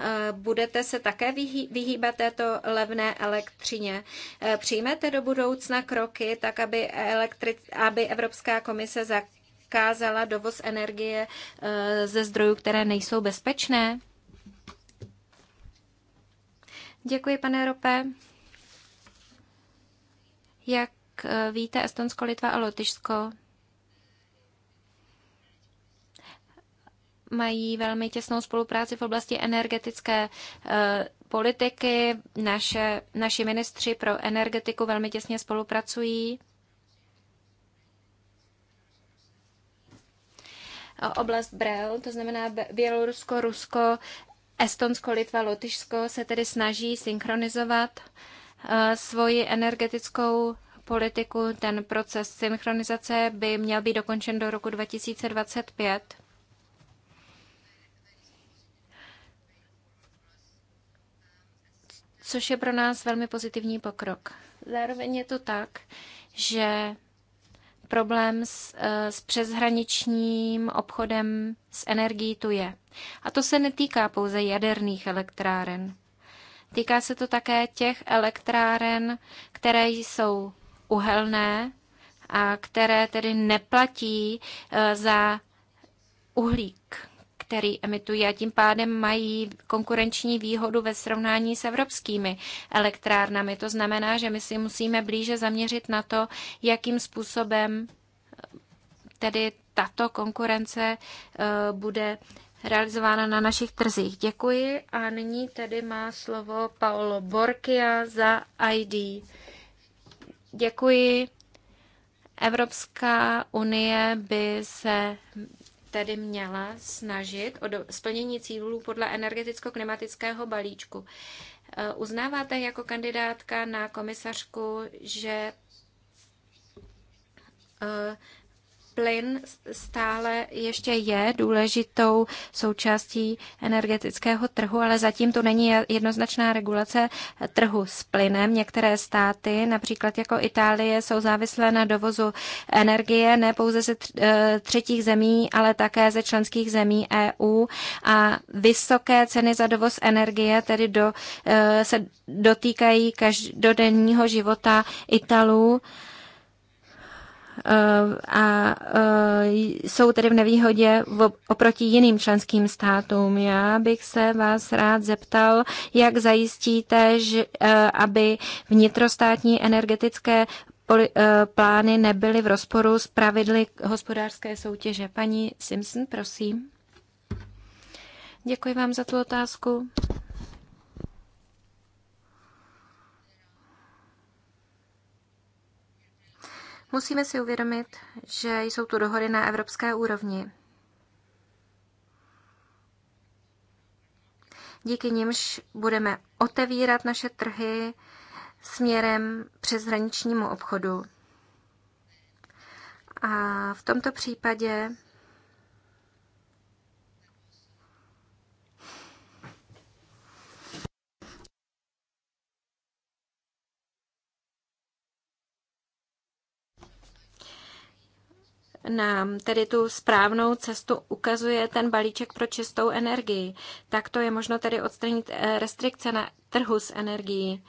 Eh, budete se také vyhýbat této levné elektřině? Eh, přijmete do budoucna kroky, tak aby, elektri- aby Evropská komise za zakázala dovoz energie eh, ze zdrojů, které nejsou bezpečné? Děkuji, pane Rope. Jak eh, víte, Estonsko, Litva a Lotyšsko mají velmi těsnou spolupráci v oblasti energetické eh, politiky. Naše, naši ministři pro energetiku velmi těsně spolupracují. oblast Brel, to znamená Bělorusko, Rusko, Estonsko, Litva, Lotyšsko se tedy snaží synchronizovat eh, svoji energetickou politiku. Ten proces synchronizace by měl být dokončen do roku 2025. což je pro nás velmi pozitivní pokrok. Zároveň je to tak, že problém s, eh, s přeshraničním obchodem s energií tu je. A to se netýká pouze jaderných elektráren. Týká se to také těch elektráren, které jsou uhelné a které tedy neplatí eh, za uhlík který emitují a tím pádem mají konkurenční výhodu ve srovnání s evropskými elektrárnami. To znamená, že my si musíme blíže zaměřit na to, jakým způsobem eh, tedy tato konkurence eh, bude realizována na našich trzích. Děkuji a nyní tedy má slovo Paolo Borkia za ID. Děkuji. Evropská unie by se tedy měla snažit o splnění cílů podle energeticko-klimatického balíčku. E, uznáváte jako kandidátka na komisařku, že e, plyn stále ještě je důležitou součástí energetického trhu, ale zatím to není jednoznačná regulace trhu s plynem. Některé státy, například jako Itálie, jsou závislé na dovozu energie ne pouze ze eh, třetích zemí, ale také ze členských zemí EU a vysoké ceny za dovoz energie tedy do, eh, se dotýkají každodenního života Italů a jsou tedy v nevýhodě oproti jiným členským státům. Já bych se vás rád zeptal, jak zajistíte, že, e, aby vnitrostátní energetické e, plány nebyly v rozporu s pravidly hospodářské soutěže. Paní Simpson, prosím. Děkuji vám za tu otázku. Musíme si uvědomit, že jsou tu dohody na evropské úrovni. Díky nimž budeme otevírat naše trhy směrem přeshraničnímu obchodu. A v tomto případě nám tedy tu správnou cestu ukazuje ten balíček pro čistou energii. Tak to je možno tedy odstranit eh, restrikce na trhu s energií.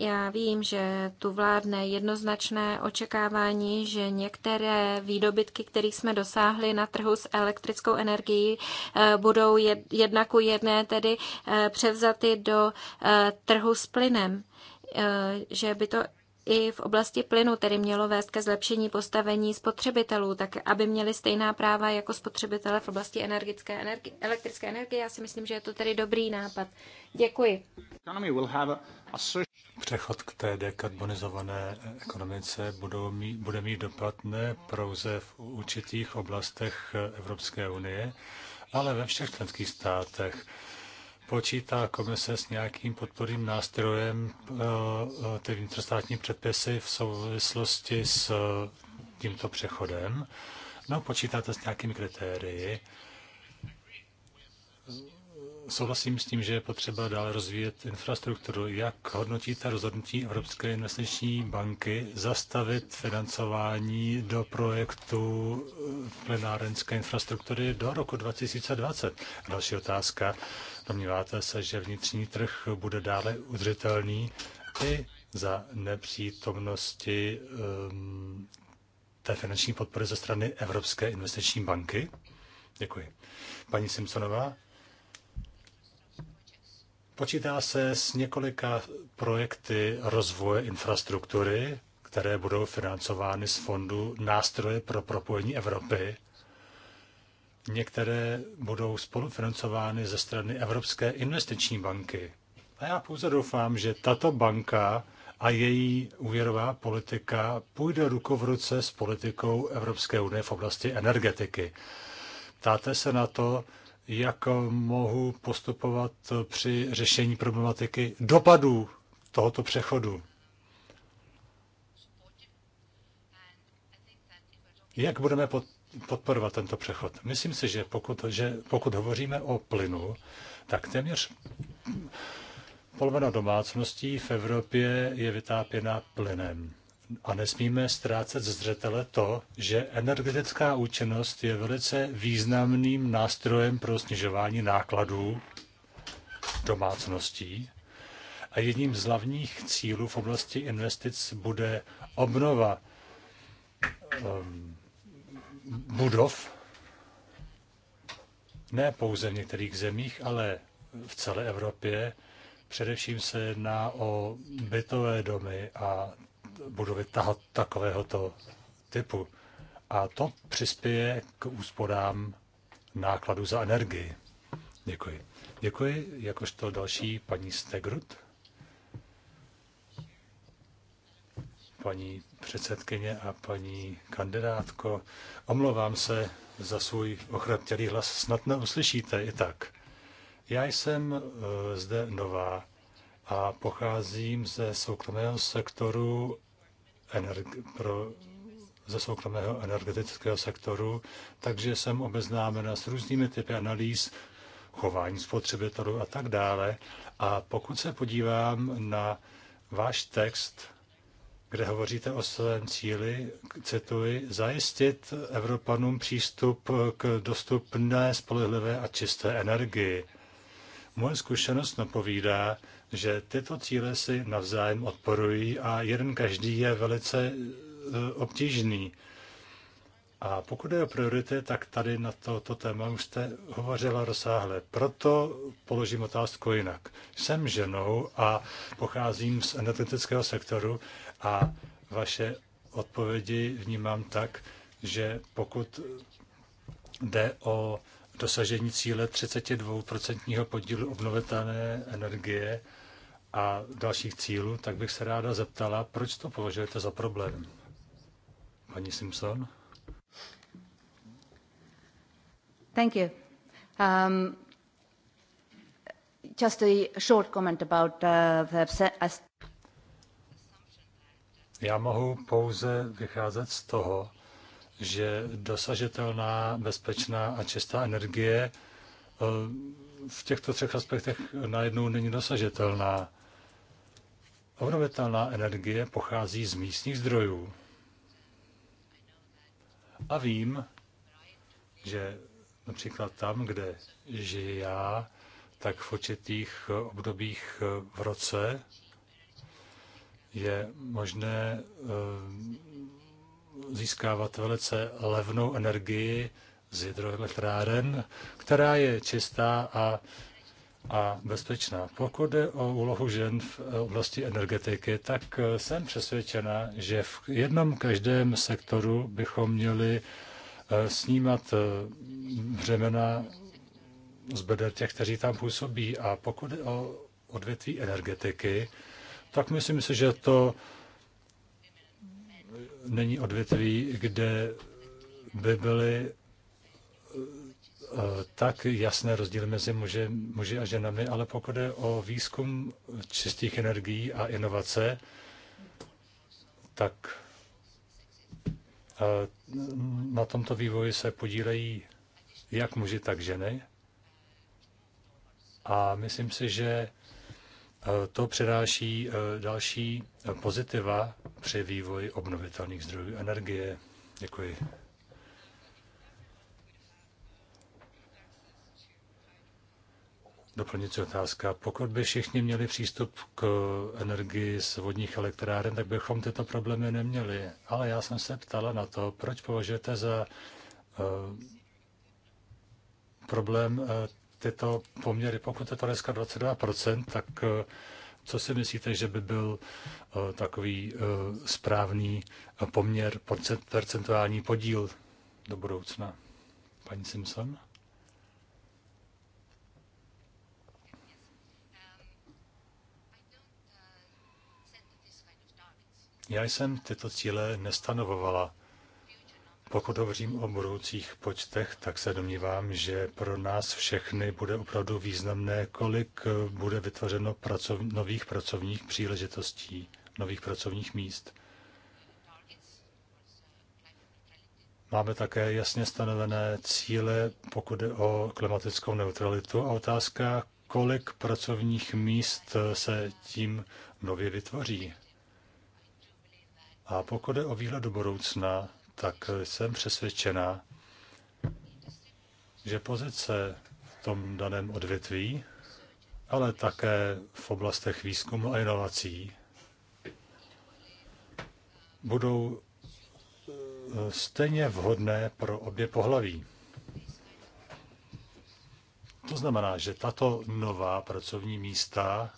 Já vím, že tu vládne jednoznačné očekávání, že některé výdobytky, kterých jsme dosáhli na trhu s elektrickou energií, eh, budou jedna ku jedné tedy eh, převzaty do trhu s plynem že by to i v oblasti plynu, tedy mělo vést ke zlepšení postavení spotřebitelů, tak aby měli stejná práva jako spotřebitele v oblasti energetické energi- elektrické energie. Já si myslím, že je to tedy dobrý nápad. Děkuji. Přechod k té dekarbonizované ekonomice budou mít, bude mít dopad ne prouze v určitých oblastech Evropské unie, ale ve všech členských státech. Počítá komise s nějakým podporným nástrojem eh, eh, ty vnitrostátní předpisy v souvislosti s eh, tímto přechodem? No, počítáte s nějakými kritérii. Souhlasím s tím, že je potřeba dále rozvíjet infrastrukturu. Jak hodnotíte rozhodnutí Evropské investiční banky zastavit financování do projektu plenárenské infrastruktury do roku 2020? Další otázka. Domníváte se, že vnitřní trh bude dále udržitelný i za nepřítomnosti um, té finanční podpory ze strany Evropské investiční banky? Děkuji. Paní Simpsonová? Počítá se s několika projekty rozvoje infrastruktury, které budou financovány z fondu Nástroje pro propojení Evropy. Některé budou spolufinancovány ze strany Evropské investiční banky. A já pouze doufám, že tato banka a její úvěrová politika půjde ruku v ruce s politikou Evropské unie v oblasti energetiky. Ptáte se na to, jak mohu postupovat při řešení problematiky dopadů tohoto přechodu. Jak budeme pod podporovat tento přechod. Myslím si, že pokud, že pokud hovoříme o plynu, tak téměř polovina domácností v Evropě je vytápěna plynem. A nesmíme ztrácet zřetele to, že energetická účinnost je velice významným nástrojem pro snižování nákladů domácností. A jedním z hlavních cílů v oblasti investic bude obnova um, budov, ne pouze v některých zemích, ale v celé Evropě. Především se jedná o bytové domy a budovy takovéhoto typu. A to přispěje k úsporám nákladu za energii. Děkuji. Děkuji, jakožto další paní Stegrut. paní předsedkyně a paní kandidátko. Omlouvám se za svůj ochraptělý hlas, snad neuslyšíte i tak. Já jsem e, zde nová a pocházím ze soukromého sektoru energi- pro, ze soukromého energetického sektoru, takže jsem obeznámena s různými typy analýz, chování spotřebitelů a tak dále. A pokud se podívám na váš text, kde hovoříte o svém cíli, cituji, zajistit Evropanům přístup k dostupné, spolehlivé a čisté energii. Moje zkušenost napovídá, že tyto cíle si navzájem odporují a jeden každý je velice e, obtížný. A pokud je o priority, tak tady na toto téma už jste hovořila rozsáhle. Proto položím otázku jinak. Jsem ženou a pocházím z energetického sektoru a vaše odpovědi vnímám tak, že pokud jde o dosažení cíle 32% podílu obnovitelné energie a dalších cílů, tak bych se ráda zeptala, proč to považujete za problém? Paní Simpson? Thank you. Um, just a short comment about uh, the já mohu pouze vycházet z toho, že dosažitelná, bezpečná a čistá energie eh, v těchto třech aspektech najednou není dosažitelná. Obnovitelná energie pochází z místních zdrojů. A vím, že například tam, kde žiji já, tak v určitých obdobích v roce je možné eh, získávat velice levnou energii z hydroelektráren, která je čistá a, a bezpečná. Pokud jde o úlohu žen v eh, oblasti energetiky, tak eh, jsem přesvědčena, že v jednom každém sektoru bychom měli snímat břemena z beder těch, kteří tam působí. A pokud jde o odvětví energetiky, tak myslím si, že to není odvětví, kde by byly eh, tak jasné rozdíly mezi muži, muži a ženami, ale pokud je o výzkum čistých energií a inovace, tak eh, na tomto vývoji se podílejí jak muži, tak ženy. A myslím si, že to přináší eh, další eh, pozitiva při vývoji obnovitelných zdrojů energie. Děkuji. Doplňující otázka. Pokud by všichni měli přístup k energii z vodních elektráren, tak bychom tyto problémy neměli. Ale já jsem se ptala na to, proč považujete za uh, problém uh, tyto poměry. Pokud je to dneska 22%, tak eh, co si myslíte, že by byl eh, takový eh, správný poměr, percentuální podíl do budoucna? Paní Simpson? Um, uh, Já jsem tyto cíle nestanovovala. Pokud hovořím o budoucích počtech, tak se domnívám, že pro nás všechny bude opravdu významné, kolik bude vytvořeno pracov, nových pracovních příležitostí, nových pracovních míst. Máme také jasně stanovené cíle, pokud je o klimatickou neutralitu a otázka, kolik pracovních míst se tím nově vytvoří. A pokud je o výhled do budoucna, tak jsem přesvědčena, že pozice v tom daném odvětví, ale také v oblastech výzkumu a inovací, budou eh, stejně vhodné pro obě pohlaví. To znamená, že tato nová pracovní místa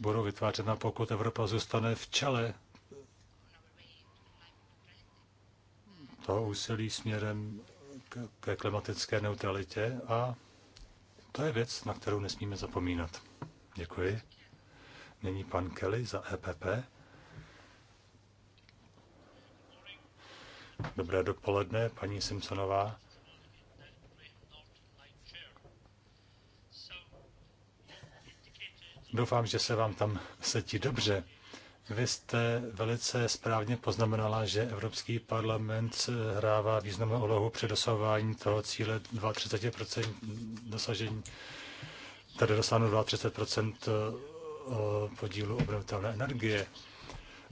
budou vytvářena, pokud Evropa zůstane v čele to úsilí směrem ke klimatické neutralitě a to je věc, na kterou nesmíme zapomínat. Děkuji. Nyní pan Kelly za EPP. Dobré dopoledne, paní Simpsonová. Doufám, že se vám tam setí dobře. Vy jste velice správně poznamenala, že Evropský parlament hrává významnou úlohu při dosahování toho cíle 32% dosažení, tedy dosáhnout 32% eh, podílu obnovitelné energie.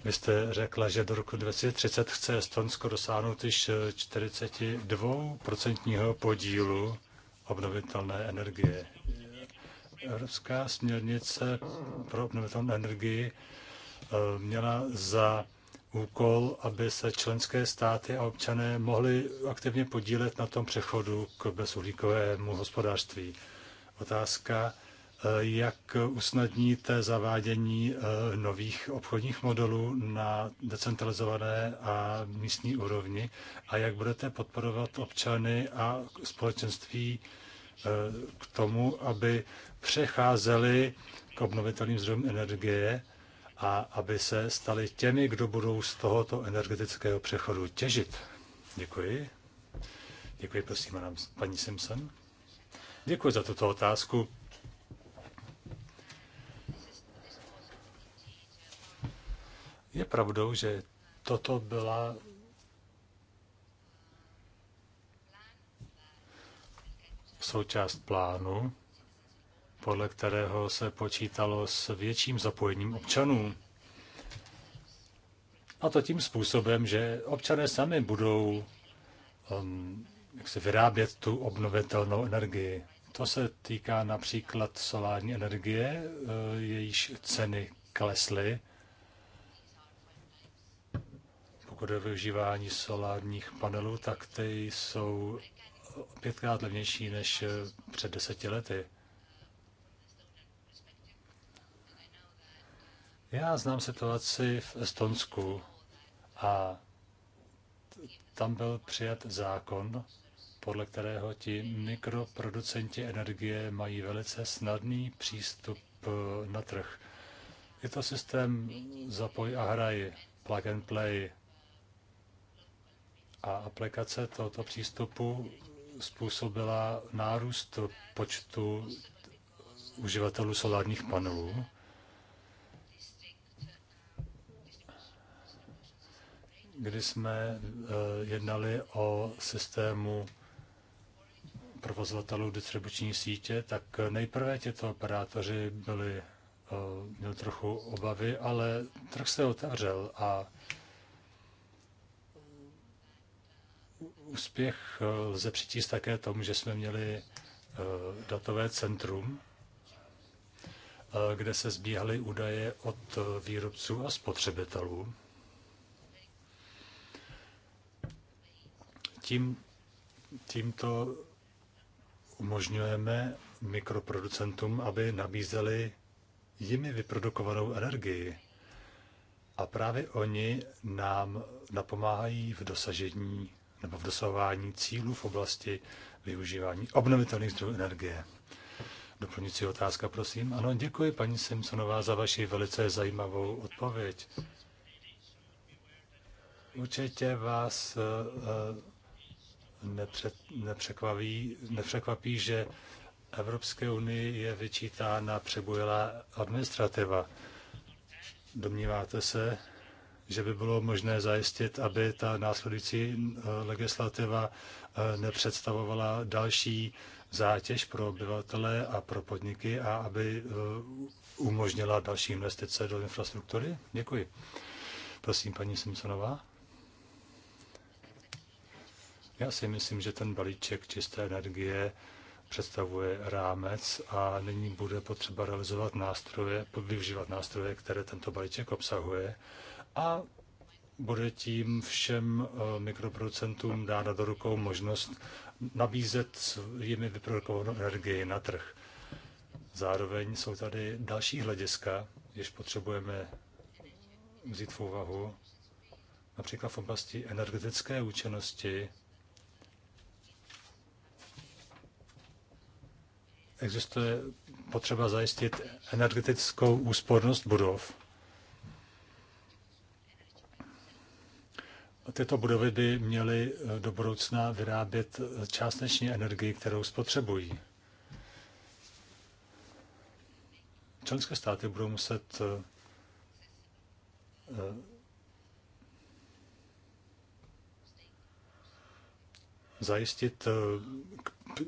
Vy jste řekla, že do roku 2030 chce Estonsko dosáhnout již 42% podílu obnovitelné energie. Evropská směrnice pro obnovitelnou energii Eh, měla za úkol, aby se členské státy a občané mohli aktivně podílet na tom přechodu k bezuhlíkovému hospodářství. Otázka, eh, jak usnadníte zavádění eh, nových obchodních modelů na decentralizované a místní úrovni a jak budete podporovat občany a společenství k tomu, aby přecházeli k obnovitelným zdrojům energie a aby se stali těmi, kdo budou z tohoto energetického přechodu těžit. Děkuji. Děkuji, prosím, nám, paní Simpson. Děkuji za tuto otázku. Je pravdou, že toto byla součást plánu podle kterého se počítalo s větším zapojením občanů. A to tím způsobem, že občané sami budou um, jak se vyrábět tu obnovitelnou energii. To se týká například solární energie, eh, jejíž ceny klesly. Pokud je využívání solárních panelů, tak ty jsou pětkrát levnější než před deseti lety. Já znám situaci v Estonsku a tam byl přijat zákon, podle kterého ti mikroproducenti energie mají velice snadný přístup eh, na trh. Je to systém zapoj a hraj, plug and play. A aplikace tohoto přístupu způsobila nárůst počtu uživatelů solárních panelů. kdy jsme eh, jednali o systému provozovatelů distribuční sítě, tak eh, nejprve těto operátoři byli, eh, měli trochu obavy, ale trh se otevřel a úspěch lze přitíst také tomu, že jsme měli datové centrum, kde se zbíhaly údaje od výrobců a spotřebitelů. Tím, tímto umožňujeme mikroproducentům, aby nabízeli jimi vyprodukovanou energii. A právě oni nám napomáhají v dosažení nebo v dosahování cílů v oblasti využívání obnovitelných zdrojů energie. Doplňující otázka, prosím. Ano, děkuji, paní Simpsonová, za vaši velice zajímavou odpověď. Určitě vás eh, nepře, nepřekvaví, nepřekvapí, že Evropské unii je vyčítána přebujelá administrativa. Domníváte se, že by bylo možné zajistit, aby ta následující eh, legislativa eh, nepředstavovala další zátěž pro obyvatele a pro podniky a aby eh, umožnila další investice do infrastruktury? Děkuji. Prosím, paní Simpsonová. Já si myslím, že ten balíček čisté energie představuje rámec a nyní bude potřeba realizovat nástroje, využívat nástroje, které tento balíček obsahuje a bude tím všem eh, mikroproducentům dána do rukou možnost nabízet jimi vyprodukovanou energii na trh. Zároveň jsou tady další hlediska, jež potřebujeme vzít v úvahu. Například v oblasti energetické účinnosti existuje potřeba zajistit energetickou úspornost budov. Tyto budovy by měly eh, do budoucna vyrábět eh, částečně energii, kterou spotřebují. Členské státy budou muset eh, zajistit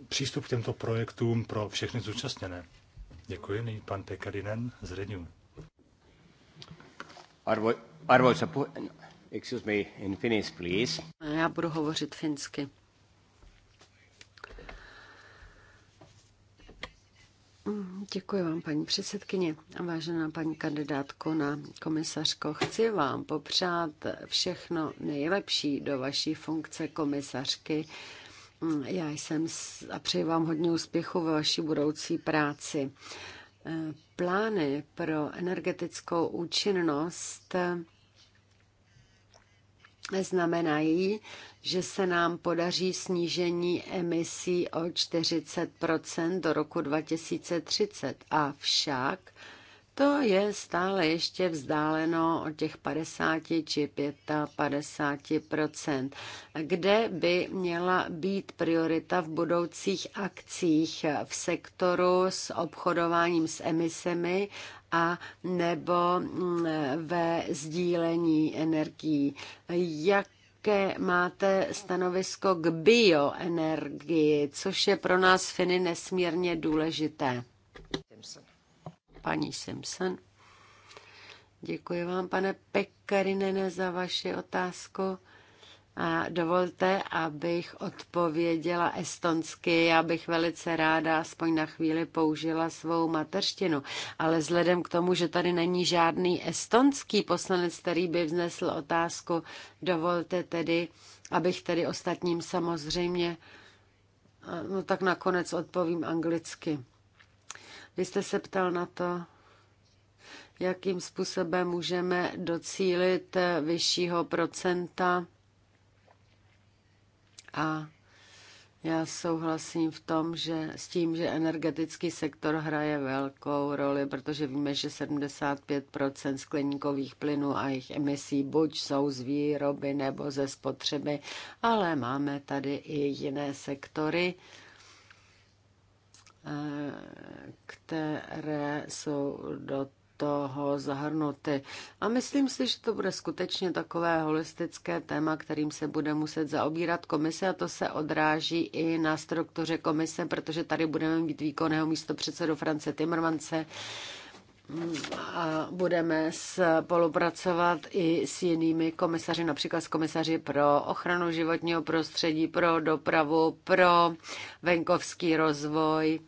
přístup k těmto projektům pro všechny zúčastněné. Děkuji. Nyní pan Pekarinen z Renew. Arvo, arvoisa Excuse me, in Finnish, please. Já budu hovořit finsky. Děkuji vám, paní předsedkyně a vážená paní kandidátko na komisařko. Chci vám popřát všechno nejlepší do vaší funkce komisařky já jsem a přeji vám hodně úspěchu ve vaší budoucí práci. Plány pro energetickou účinnost znamenají, že se nám podaří snížení emisí o 40 do roku 2030. Avšak to je stále ještě vzdáleno od těch 50 či 55 kde by měla být priorita v budoucích akcích v sektoru s obchodováním s emisemi a nebo mm, ve sdílení energií. Jak jaké máte stanovisko k bioenergii, což je pro nás Finy nesmírně důležité paní Simpson. Děkuji vám, pane Pekarinene, za vaši otázku. A dovolte, abych odpověděla estonsky. Já bych velice ráda aspoň na chvíli použila svou mateřštinu. Ale vzhledem k tomu, že tady není žádný estonský poslanec, který by vznesl otázku, dovolte tedy, abych tedy ostatním samozřejmě, no tak nakonec odpovím anglicky. Vy jste se ptal na to, jakým způsobem můžeme docílit vyššího procenta. A já souhlasím v tom, že s tím, že energetický sektor hraje velkou roli, protože víme, že 75 skleníkových plynů a jejich emisí buď jsou z výroby nebo ze spotřeby, ale máme tady i jiné sektory, které jsou do toho zahrnuty. A myslím si, že to bude skutečně takové holistické téma, kterým se bude muset zaobírat komise a to se odráží i na struktuře komise, protože tady budeme mít výkonného místo předsedu France Timmermanse a budeme spolupracovat i s jinými komisaři, například s komisaři pro ochranu životního prostředí, pro dopravu, pro venkovský rozvoj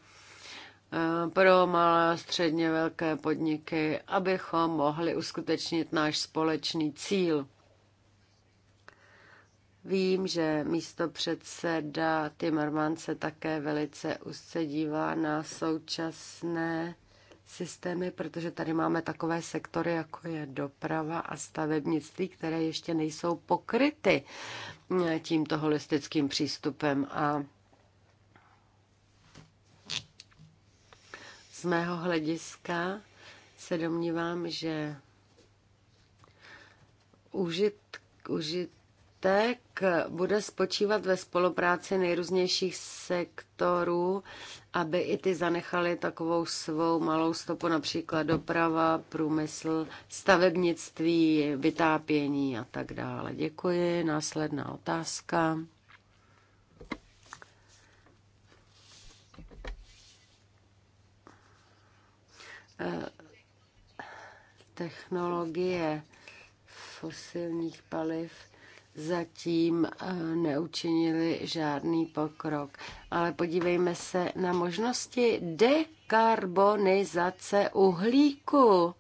Eh, pro malé a středně velké podniky, abychom mohli uskutečnit náš společný cíl. Vím, že místo předseda Timmerman se také velice úzce na současné systémy, protože tady máme takové sektory, jako je doprava a stavebnictví, které ještě nejsou pokryty eh, tímto holistickým přístupem. A Z mého hlediska se domnívám, že užit, užitek bude spočívat ve spolupráci nejrůznějších sektorů, aby i ty zanechali takovou svou malou stopu, například doprava, průmysl, stavebnictví, vytápění a tak dále. Děkuji. Následná otázka. Eh, technologie fosilních paliv zatím eh, neučinili žádný pokrok. Ale podívejme se na možnosti dekarbonizace uhlíku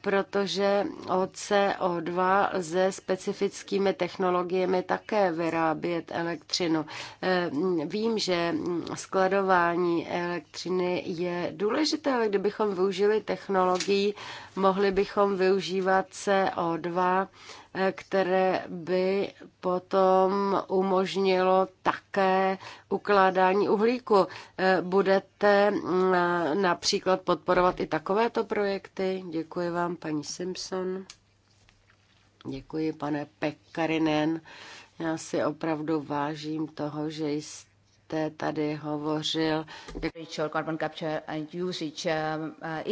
protože CO2 lze specifickými technologiemi také vyrábět elektřinu. Eh, vím, že skladování elektřiny je důležité, ale kdybychom využili technologii, mohli bychom využívat CO2 Eh, které by potom umožnilo také ukládání uhlíku. Eh, budete mm, například podporovat i takovéto projekty? Děkuji vám, paní Simpson. Děkuji, pane Pekarinen. Já si opravdu vážím toho, že jste jste tady hovořil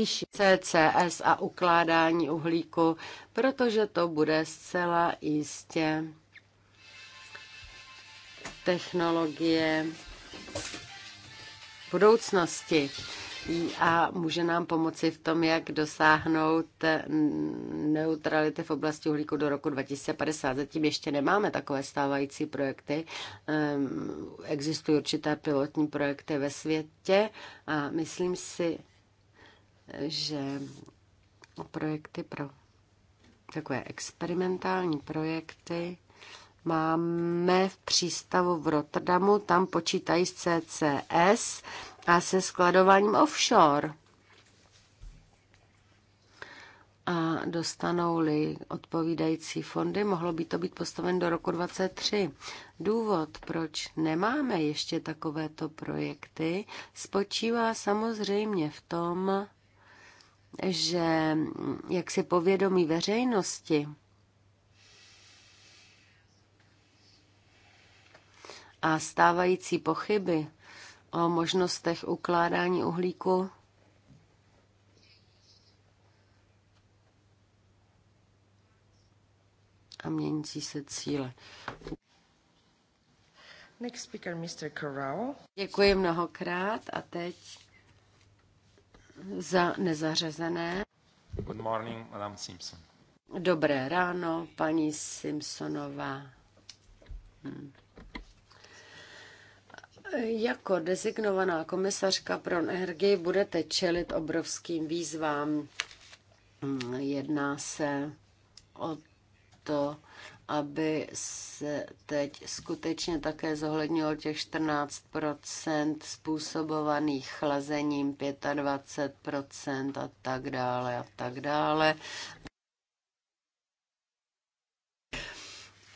CCS eh, a ukládání uhlíku, protože to bude zcela jistě technologie budoucnosti a může nám pomoci v tom, jak dosáhnout neutrality v oblasti uhlíku do roku 2050. Zatím ještě nemáme takové stávající projekty. Ehm, existují určité pilotní projekty ve světě a myslím si, že projekty pro takové experimentální projekty máme v přístavu v Rotterdamu, tam počítají s CCS a se skladováním offshore. A dostanou-li odpovídající fondy, mohlo by to být postaven do roku 2023. Důvod, proč nemáme ještě takovéto projekty, spočívá samozřejmě v tom, že jak si povědomí veřejnosti a stávající pochyby o možnostech ukládání uhlíku. a měnící se cíle. Next speaker, Mr. Corral. Děkuji mnohokrát a teď za nezařazené. Good morning, Madame Simpson. Dobré ráno, paní Simpsonová. Hmm. Jako designovaná komisařka pro energii budete čelit obrovským výzvám. Jedná se o to, aby se teď skutečně také zohlednilo těch 14 způsobovaných chlazením, 25 a tak dále a tak dále.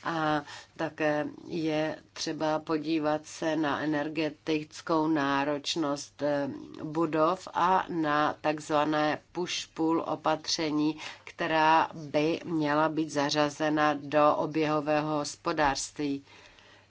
A také je třeba podívat se na energetickou náročnost eh, budov a na takzvané push-pull opatření, která by měla být zařazena do oběhového hospodářství.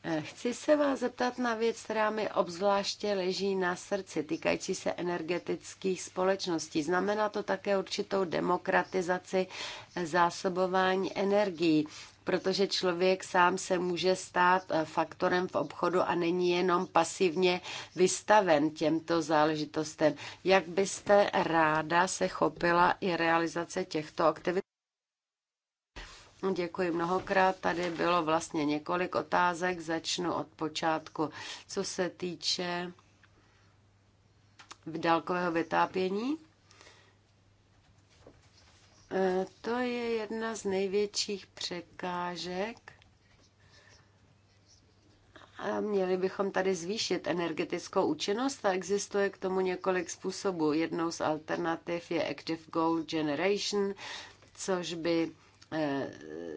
Eh, chci se vás zeptat na věc, která mi obzvláště leží na srdci, týkající se energetických společností. Znamená to také určitou demokratizaci eh, zásobování energií protože člověk sám se může stát eh, faktorem v obchodu a není jenom pasivně vystaven těmto záležitostem. Jak byste ráda se chopila i realizace těchto aktivit? No, děkuji mnohokrát. Tady bylo vlastně několik otázek. Začnu od počátku. Co se týče dálkového vytápění, E, to je jedna z největších překážek. A měli bychom tady zvýšit energetickou účinnost a existuje k tomu několik způsobů. Jednou z alternativ je Active Goal Generation, což by e,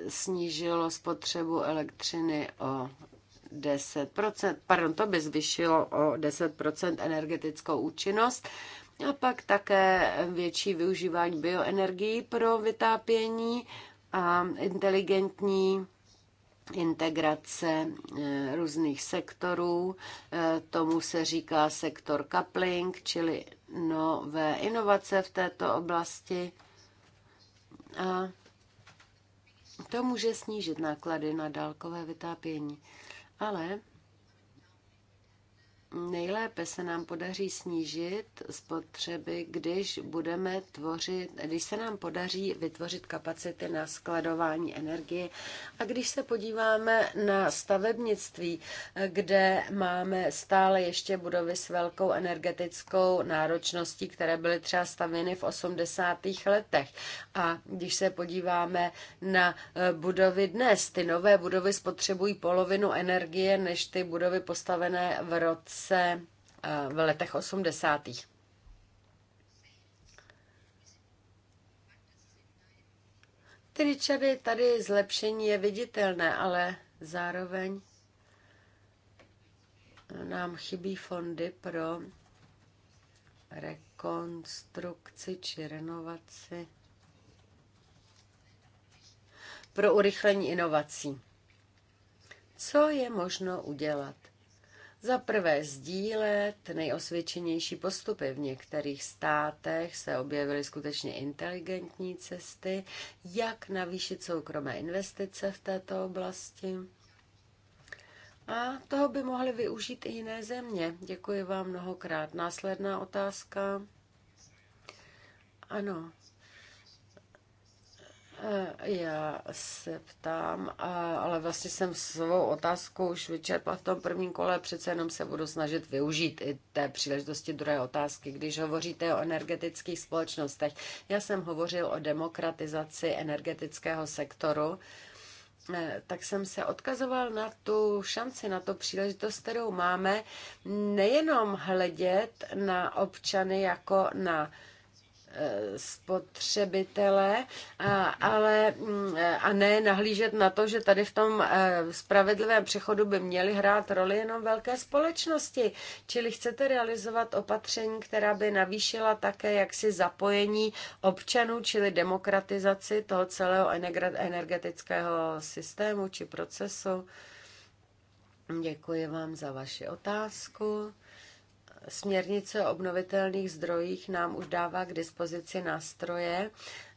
snížilo spotřebu elektřiny o 10%, pardon, to by zvyšilo o 10% energetickou účinnost a pak také větší využívání bioenergii pro vytápění a inteligentní integrace eh, různých sektorů. Eh, tomu se říká sektor coupling, čili nové inovace v této oblasti. A to může snížit náklady na dálkové vytápění. Ale nejlépe se nám podaří snížit spotřeby, když budeme tvořit, když se nám podaří vytvořit kapacity na skladování energie. A když se podíváme na stavebnictví, kde máme stále ještě budovy s velkou energetickou náročností, které byly třeba stavěny v 80. letech. A když se podíváme na eh, budovy dnes, ty nové budovy spotřebují polovinu energie než ty budovy postavené v roce se eh, v letech 80. Ty Richardy, tady zlepšení je viditelné, ale zároveň nám chybí fondy pro rekonstrukci či renovaci pro urychlení inovací. Co je možno udělat? Za prvé sdílet nejosvědčenější postupy. V některých státech se objevily skutečně inteligentní cesty, jak navýšit soukromé investice v této oblasti. A toho by mohly využít i jiné země. Děkuji vám mnohokrát. Následná otázka. Ano, Eh, já se ptám, ale vlastně jsem svou otázku už vyčerpala v tom prvním kole, přece jenom se budu snažit využít i té příležitosti druhé otázky. Když hovoříte o energetických společnostech, já jsem hovořil o demokratizaci energetického sektoru, eh, tak jsem se odkazoval na tu šanci, na tu příležitost, kterou máme, nejenom hledět na občany jako na Eh, spotřebitele, a, ale, mm, eh, a ne nahlížet na to, že tady v tom eh, spravedlivém přechodu by měly hrát roli jenom velké společnosti. Čili chcete realizovat opatření, která by navýšila také jaksi zapojení občanů, čili demokratizaci toho celého energetického systému či procesu. Děkuji vám za vaši otázku. Směrnice o obnovitelných zdrojích nám už dává k dispozici nástroje,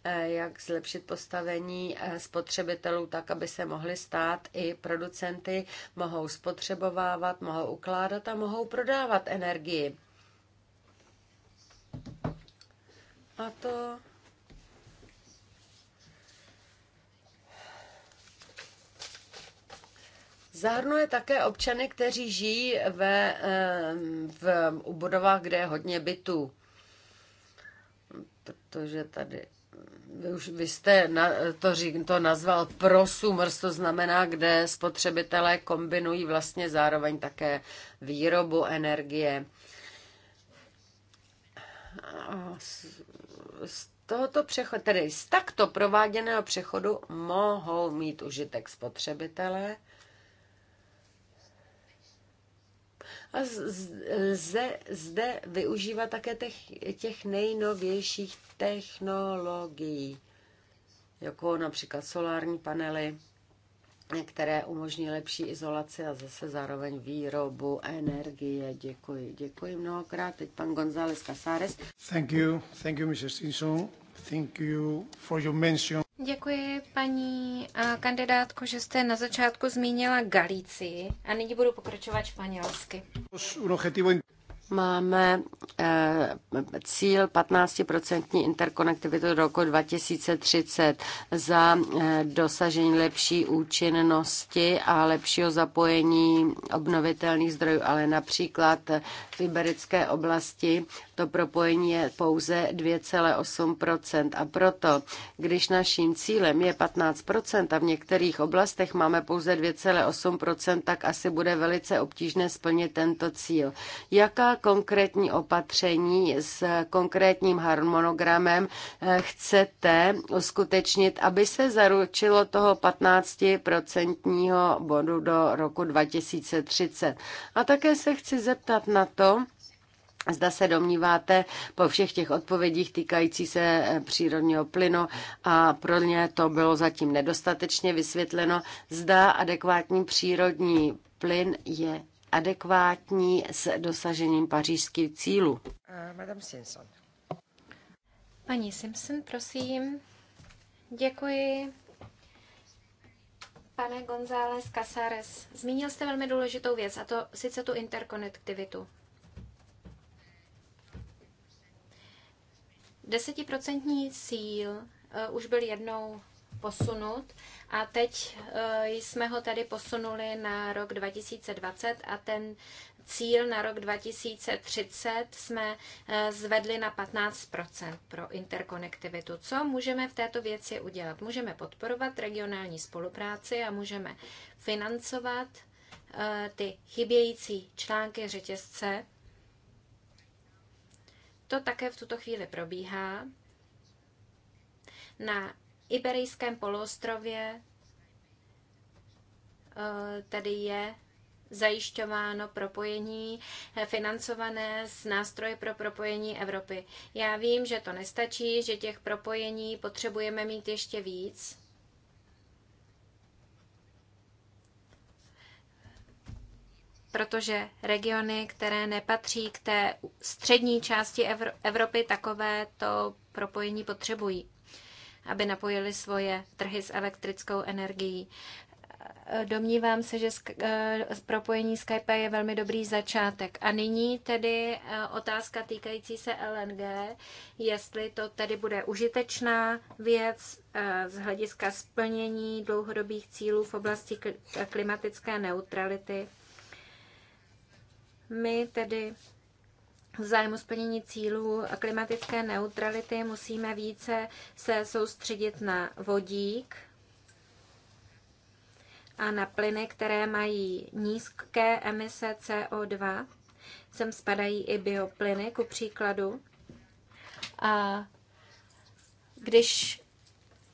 eh, jak zlepšit postavení eh, spotřebitelů tak, aby se mohli stát i producenty, mohou spotřebovávat, mohou ukládat a mohou prodávat energii. A to Zahrnuje také občany, kteří žijí ve, eh, v, u budovách, kde je hodně bytů. Protože tady vy, už, vy jste na, to, řík, to nazval prosumers, to znamená, kde spotřebitelé kombinují vlastně zároveň také výrobu energie. A z, z tohoto přechodu, tedy z takto prováděného přechodu mohou mít užitek spotřebitelé, A lze zde využívat také těch, těch nejnovějších technologií, jako například solární panely, které umožní lepší izolaci a zase zároveň výrobu energie. Děkuji. Děkuji mnohokrát. Teď pan González Casares. Thank you. Thank you, Mr. Simpson. Thank you for your mention. Děkuji, paní eh, kandidátko, že jste na začátku zmínila Galicii a nyní budu pokračovat španělsky. Máme eh, cíl 15% interkonektivitu do roku 2030 za eh, dosažení lepší účinnosti a lepšího zapojení obnovitelných zdrojů, ale například v iberické oblasti to propojení je pouze 2,8 A proto, když naším cílem je 15 a v některých oblastech máme pouze 2,8 tak asi bude velice obtížné splnit tento cíl. Jaká konkrétní opatření s konkrétním harmonogramem eh, chcete uskutečnit, aby se zaručilo toho 15% bodu do roku 2030? A také se chci zeptat na to, Zda se domníváte po všech těch odpovědích týkající se eh, přírodního plynu a pro ně to bylo zatím nedostatečně vysvětleno, zda adekvátní přírodní plyn je adekvátní s dosažením pařížských cílů. Eh, Madame Simpson. Paní Simpson, prosím. Děkuji. Pane González Casares, zmínil jste velmi důležitou věc, a to sice tu interkonektivitu. Desetiprocentní cíl eh, už byl jednou posunut a teď eh, jsme ho tady posunuli na rok 2020 a ten cíl na rok 2030 jsme eh, zvedli na 15 pro interkonektivitu. Co můžeme v této věci udělat? Můžeme podporovat regionální spolupráci a můžeme financovat ty chybějící články řetězce to také v tuto chvíli probíhá. Na Iberijském poloostrově e, tady je zajišťováno propojení e, financované z nástroje pro propojení Evropy. Já vím, že to nestačí, že těch propojení potřebujeme mít ještě víc. protože regiony, které nepatří k té střední části Evropy, takové to propojení potřebují, aby napojili svoje trhy s elektrickou energií. Domnívám se, že eh, propojení Skype je velmi dobrý začátek. A nyní tedy eh, otázka týkající se LNG, jestli to tedy bude užitečná věc eh, z hlediska splnění dlouhodobých cílů v oblasti klimatické neutrality my tedy v zájmu splnění cílů klimatické neutrality musíme více se soustředit na vodík a na plyny, které mají nízké emise CO2. Sem spadají i bioplyny, ku příkladu. A když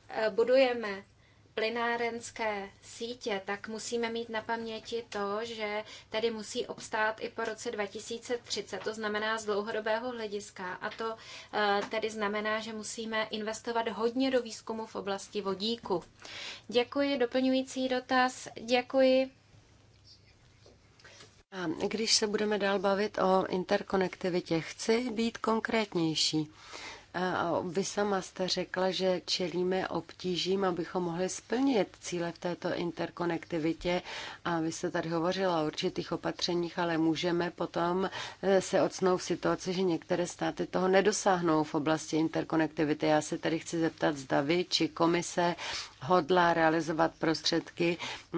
eh, budujeme plynárenské sítě, tak musíme mít na paměti to, že tady musí obstát i po roce 2030, to znamená z dlouhodobého hlediska. A to eh, tedy znamená, že musíme investovat hodně do výzkumu v oblasti vodíku. Děkuji, doplňující dotaz. Děkuji. A když se budeme dál bavit o interkonektivitě, chci být konkrétnější. Vy sama jste řekla, že čelíme obtížím, abychom mohli splnit cíle v této interkonektivitě a vy jste tady hovořila o určitých opatřeních, ale můžeme potom eh, se ocnout v situaci, že některé státy toho nedosáhnou v oblasti interkonektivity. Já se tady chci zeptat, zda vy či komise hodlá realizovat prostředky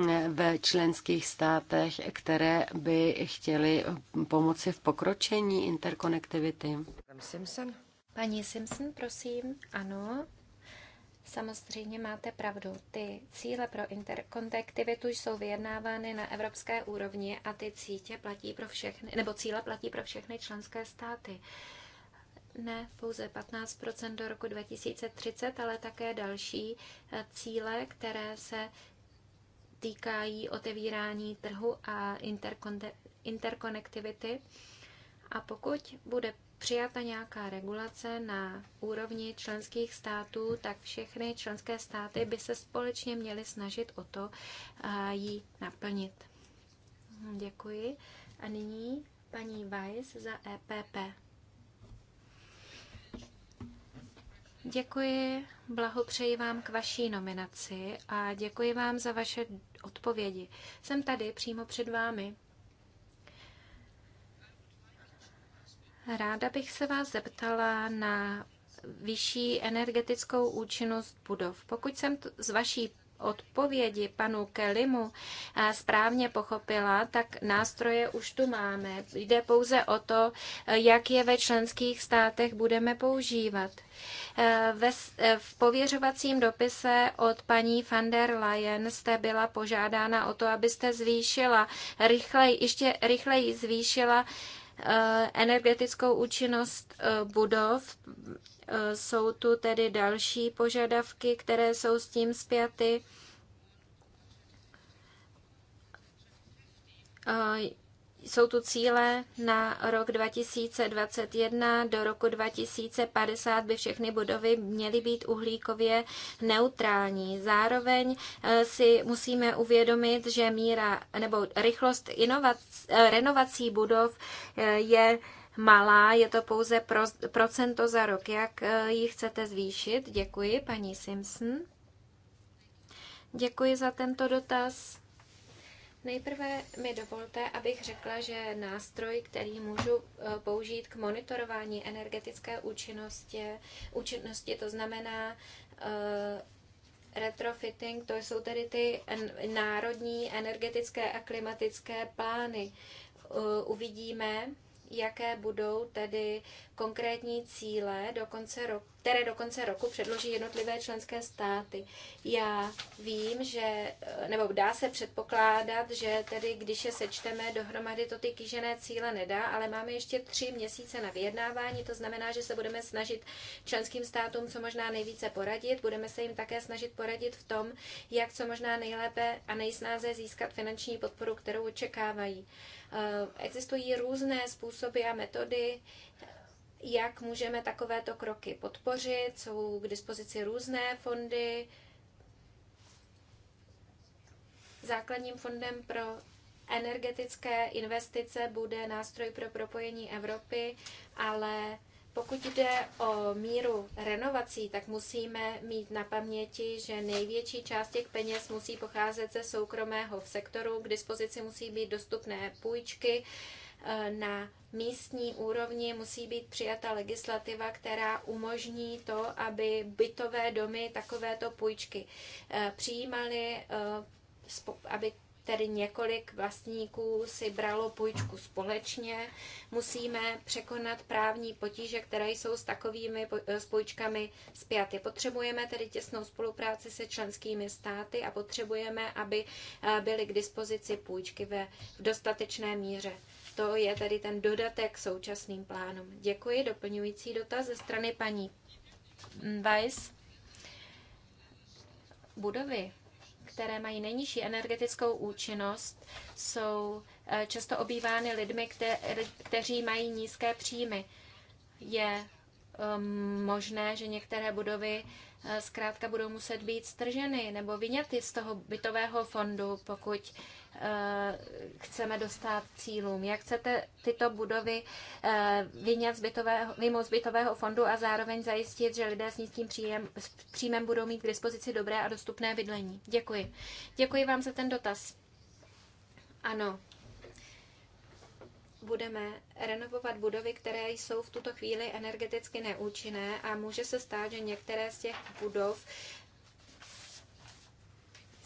eh, ve členských státech, které by chtěly eh, pomoci v pokročení interkonektivity. Simpson. Paní Simpson, prosím, ano. Samozřejmě máte pravdu. Ty cíle pro interkonektivitu jsou vyjednávány na evropské úrovni a ty cítě platí pro všechny, nebo cíle platí pro všechny členské státy. Ne pouze 15 do roku 2030, ale také další eh, cíle, které se týkají otevírání trhu a interkonektivity. A pokud bude přijata nějaká regulace na úrovni členských států, tak všechny členské státy by se společně měly snažit o to eh, ji naplnit. Hm, děkuji. A nyní paní Weiss za EPP. Děkuji, blahopřeji vám k vaší nominaci a děkuji vám za vaše odpovědi. Jsem tady přímo před vámi. Ráda bych se vás zeptala na vyšší energetickou účinnost budov. Pokud jsem z vaší odpovědi panu Kelimu eh, správně pochopila, tak nástroje už tu máme. Jde pouze o to, eh, jak je ve členských státech budeme používat. Eh, v pověřovacím dopise od paní van der Leyen jste byla požádána o to, abyste zvýšila, rychleji, ještě rychleji zvýšila Eh, energetickou účinnost eh, budov. Eh, jsou tu tedy další požadavky, které jsou s tím zpěty jsou tu cíle na rok 2021. Do roku 2050 by všechny budovy měly být uhlíkově neutrální. Zároveň eh, si musíme uvědomit, že míra nebo rychlost inovac, eh, renovací budov eh, je malá, je to pouze pro, procento za rok. Jak ji chcete zvýšit? Děkuji, paní Simpson. Děkuji za tento dotaz. Nejprve mi dovolte, abych řekla, že nástroj, který můžu eh, použít k monitorování energetické účinnosti, účinnosti to znamená eh, retrofitting, to jsou tedy ty národní energetické a klimatické plány. Eh, uvidíme, jaké budou tedy konkrétní cíle, do konce roku, které do konce roku předloží jednotlivé členské státy. Já vím, že, eh, nebo dá se předpokládat, že tedy, když je sečteme dohromady, to ty kýžené cíle nedá, ale máme ještě tři měsíce na vyjednávání, to znamená, že se budeme snažit členským státům co možná nejvíce poradit, budeme se jim také snažit poradit v tom, jak co možná nejlépe a nejsnáze získat finanční podporu, kterou očekávají. Eh, existují různé způsoby a metody, jak můžeme takovéto kroky podpořit. Jsou k dispozici různé fondy. Základním fondem pro energetické investice bude nástroj pro propojení Evropy, ale pokud jde o míru renovací, tak musíme mít na paměti, že největší část těch peněz musí pocházet ze soukromého sektoru. K dispozici musí být dostupné půjčky, E, na místní úrovni musí být přijata legislativa, která umožní to, aby bytové domy takovéto půjčky e, přijímaly, e, aby tedy několik vlastníků si bralo půjčku společně. Musíme překonat právní potíže, které jsou s takovými půjčkami zpěty. Potřebujeme tedy těsnou spolupráci se členskými státy a potřebujeme, aby byly k dispozici půjčky ve, v dostatečné míře to je tady ten dodatek k současným plánům. Děkuji. Doplňující dotaz ze strany paní Weiss. Budovy, které mají nejnižší energetickou účinnost, jsou eh, často obývány lidmi, kteří mají nízké příjmy. Je ehm, možné, že některé budovy eh, zkrátka budou muset být strženy nebo vyňaty z toho bytového fondu, pokud uh, Eh, chceme dostat cílům, jak chcete tyto budovy eh, vyňat z bytového, mimo zbytového fondu a zároveň zajistit, že lidé s nízkým příjem, s příjmem budou mít k dispozici dobré a dostupné bydlení. Děkuji. Děkuji vám za ten dotaz. Ano, budeme renovovat budovy, které jsou v tuto chvíli energeticky neúčinné a může se stát, že některé z těch budov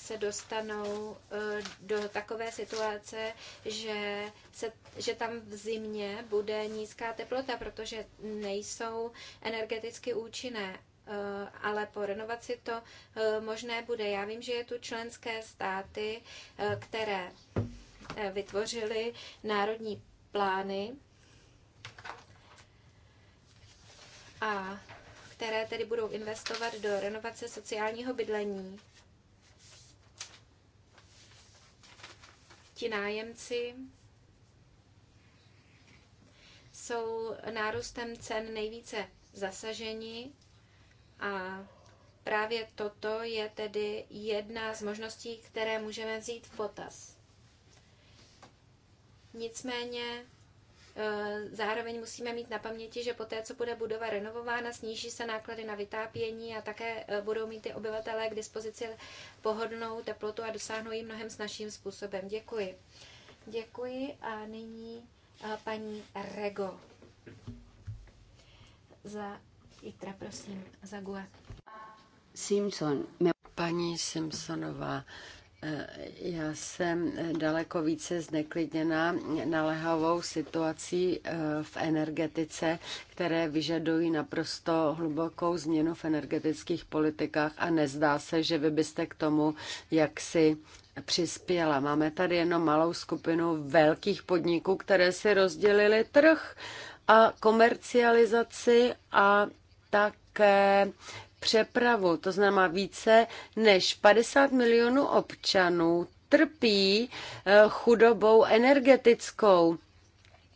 se dostanou eh, do takové situace, že, se, že tam v zimě bude nízká teplota, protože nejsou energeticky účinné eh, ale po renovaci to eh, možné bude. Já vím, že je tu členské státy, které vytvořily národní plány a které tedy budou investovat do renovace sociálního bydlení ti nájemci jsou nárůstem cen nejvíce zasaženi a právě toto je tedy jedna z možností, které můžeme vzít v potaz. Nicméně Eh, zároveň musíme mít na paměti, že poté, co bude budova renovována, sníží se náklady na vytápění a také eh, budou mít ty obyvatelé k dispozici pohodlnou teplotu a dosáhnou ji mnohem snažším způsobem. Děkuji. Děkuji a nyní eh, paní Rego. Za Itra, prosím, za GUE. Simpson. Paní Simpsonová, já jsem daleko více zneklidněna nalehavou situací eh, v energetice, které vyžadují naprosto hlubokou změnu v energetických politikách a nezdá se, že vy byste k tomu jaksi přispěla. Máme tady jenom malou skupinu velkých podniků, které si rozdělili trh a komercializaci a také přepravu. To znamená více než 50 milionů občanů trpí eh, chudobou energetickou.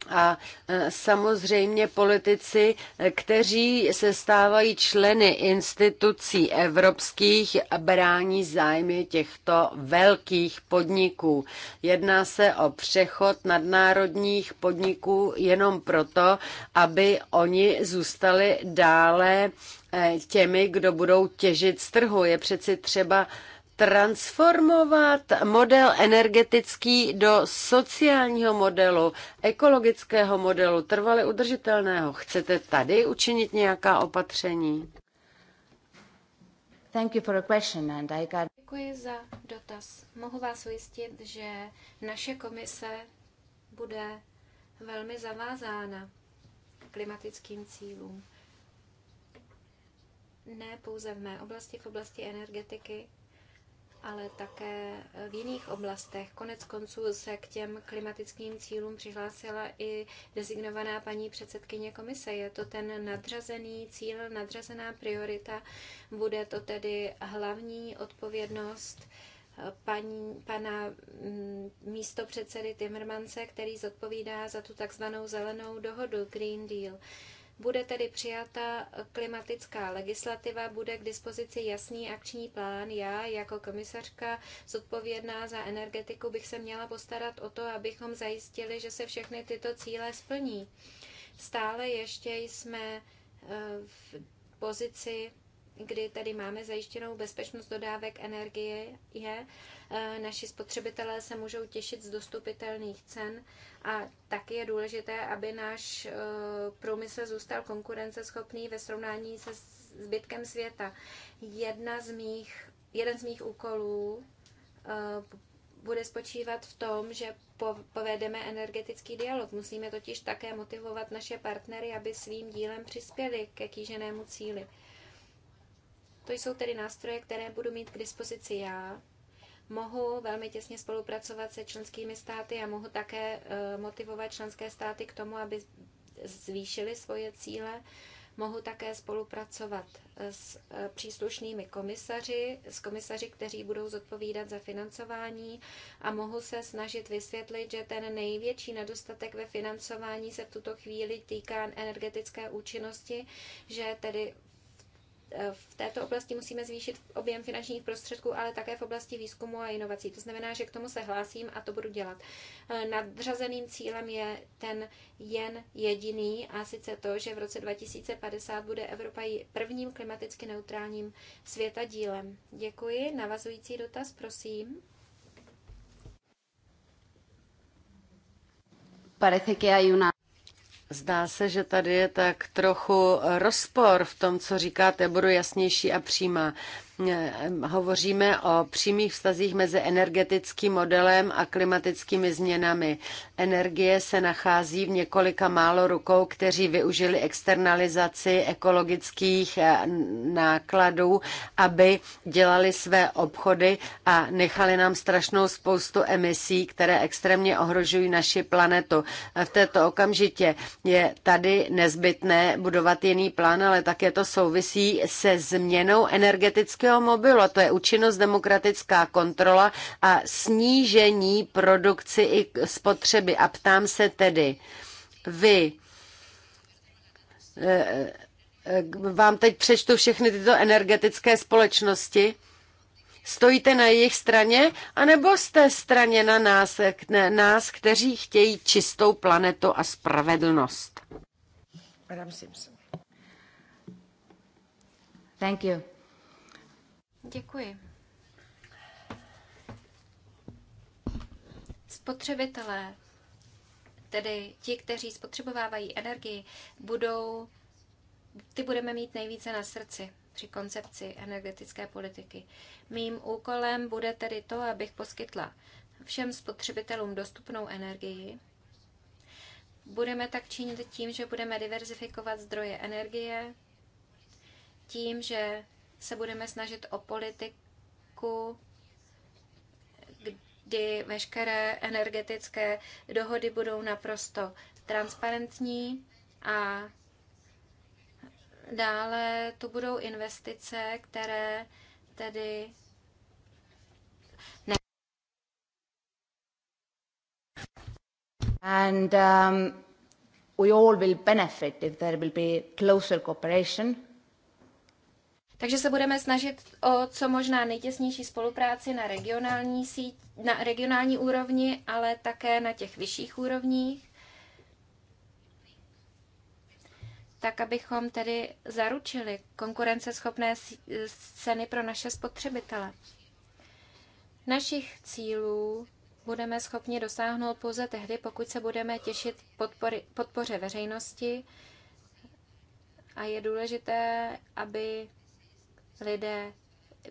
A eh, samozřejmě politici, eh, kteří se stávají členy institucí evropských, brání zájmy těchto velkých podniků. Jedná se o přechod nadnárodních podniků jenom proto, aby oni zůstali dále Eh, těmi, kdo budou těžit z trhu. Je přeci třeba transformovat model energetický do sociálního modelu, ekologického modelu, trvale udržitelného. Chcete tady učinit nějaká opatření? Thank you for a question and I got... Děkuji za dotaz. Mohu vás ujistit, že naše komise bude velmi zavázána klimatickým cílům ne pouze v mé oblasti, v oblasti energetiky, ale také v jiných oblastech. Konec konců se k těm klimatickým cílům přihlásila i designovaná paní předsedkyně komise. Je to ten nadřazený cíl, nadřazená priorita. Bude to tedy hlavní odpovědnost eh, paní, pana mm, místopředsedy Timmermanse, který zodpovídá za tu takzvanou zelenou dohodu, Green Deal. Bude tedy přijata klimatická legislativa, bude k dispozici jasný akční plán. Já jako komisařka zodpovědná za energetiku bych se měla postarat o to, abychom zajistili, že se všechny tyto cíle splní. Stále ještě jsme eh, v pozici kdy tady máme zajištěnou bezpečnost dodávek energie, je, e, naši spotřebitelé se můžou těšit z dostupitelných cen a taky je důležité, aby náš e, průmysl zůstal konkurenceschopný ve srovnání se zbytkem světa. Jedna z mých, jeden z mých úkolů e, bude spočívat v tom, že povedeme energetický dialog. Musíme totiž také motivovat naše partnery, aby svým dílem přispěli ke kýženému cíli. To jsou tedy nástroje, které budu mít k dispozici já. Mohu velmi těsně spolupracovat se členskými státy a mohu také eh, motivovat členské státy k tomu, aby zvýšili svoje cíle. Mohu také spolupracovat eh, s eh, příslušnými komisaři, s komisaři, kteří budou zodpovídat za financování a mohu se snažit vysvětlit, že ten největší nedostatek ve financování se v tuto chvíli týká energetické účinnosti, že tedy v této oblasti musíme zvýšit objem finančních prostředků, ale také v oblasti výzkumu a inovací. To znamená, že k tomu se hlásím a to budu dělat. Eh, nadřazeným cílem je ten jen jediný a sice to, že v roce 2050 bude Evropa prvním klimaticky neutrálním světa dílem. Děkuji. Navazující dotaz, prosím. Parece que hay una Zdá se, že tady je tak trochu rozpor v tom, co říkáte, budu jasnější a přímá. Eh, hovoříme o přímých vztazích mezi energetickým modelem a klimatickými změnami. Energie se nachází v několika málo rukou, kteří využili externalizaci ekologických eh, nákladů, aby dělali své obchody a nechali nám strašnou spoustu emisí, které extrémně ohrožují naši planetu. Eh, v této okamžitě je tady nezbytné budovat jiný plán, ale také to souvisí se změnou energetického lehkého mobilu. A to je účinnost demokratická kontrola a snížení produkci i spotřeby. A ptám se tedy, vy eh, eh, vám teď přečtu všechny tyto energetické společnosti. Stojíte na jejich straně, anebo jste straně na nás, ne, nás, kteří chtějí čistou planetu a spravedlnost? Madame Simpson. Thank you. Děkuji. Spotřebitelé, tedy ti, kteří spotřebovávají energii, budou, ty budeme mít nejvíce na srdci při koncepci energetické politiky. Mým úkolem bude tedy to, abych poskytla všem spotřebitelům dostupnou energii. Budeme tak činit tím, že budeme diverzifikovat zdroje energie, tím, že se budeme snažit o politiku, kdy veškeré energetické dohody budou naprosto transparentní a dále tu budou investice, které tedy ne. And um, we all will benefit if there will be closer cooperation takže se budeme snažit o co možná nejtěsnější spolupráci na regionální, síť, na regionální úrovni, ale také na těch vyšších úrovních, tak abychom tedy zaručili konkurenceschopné ceny pro naše spotřebitele. Našich cílů budeme schopni dosáhnout pouze tehdy, pokud se budeme těšit podpory, podpoře veřejnosti a je důležité, aby lidé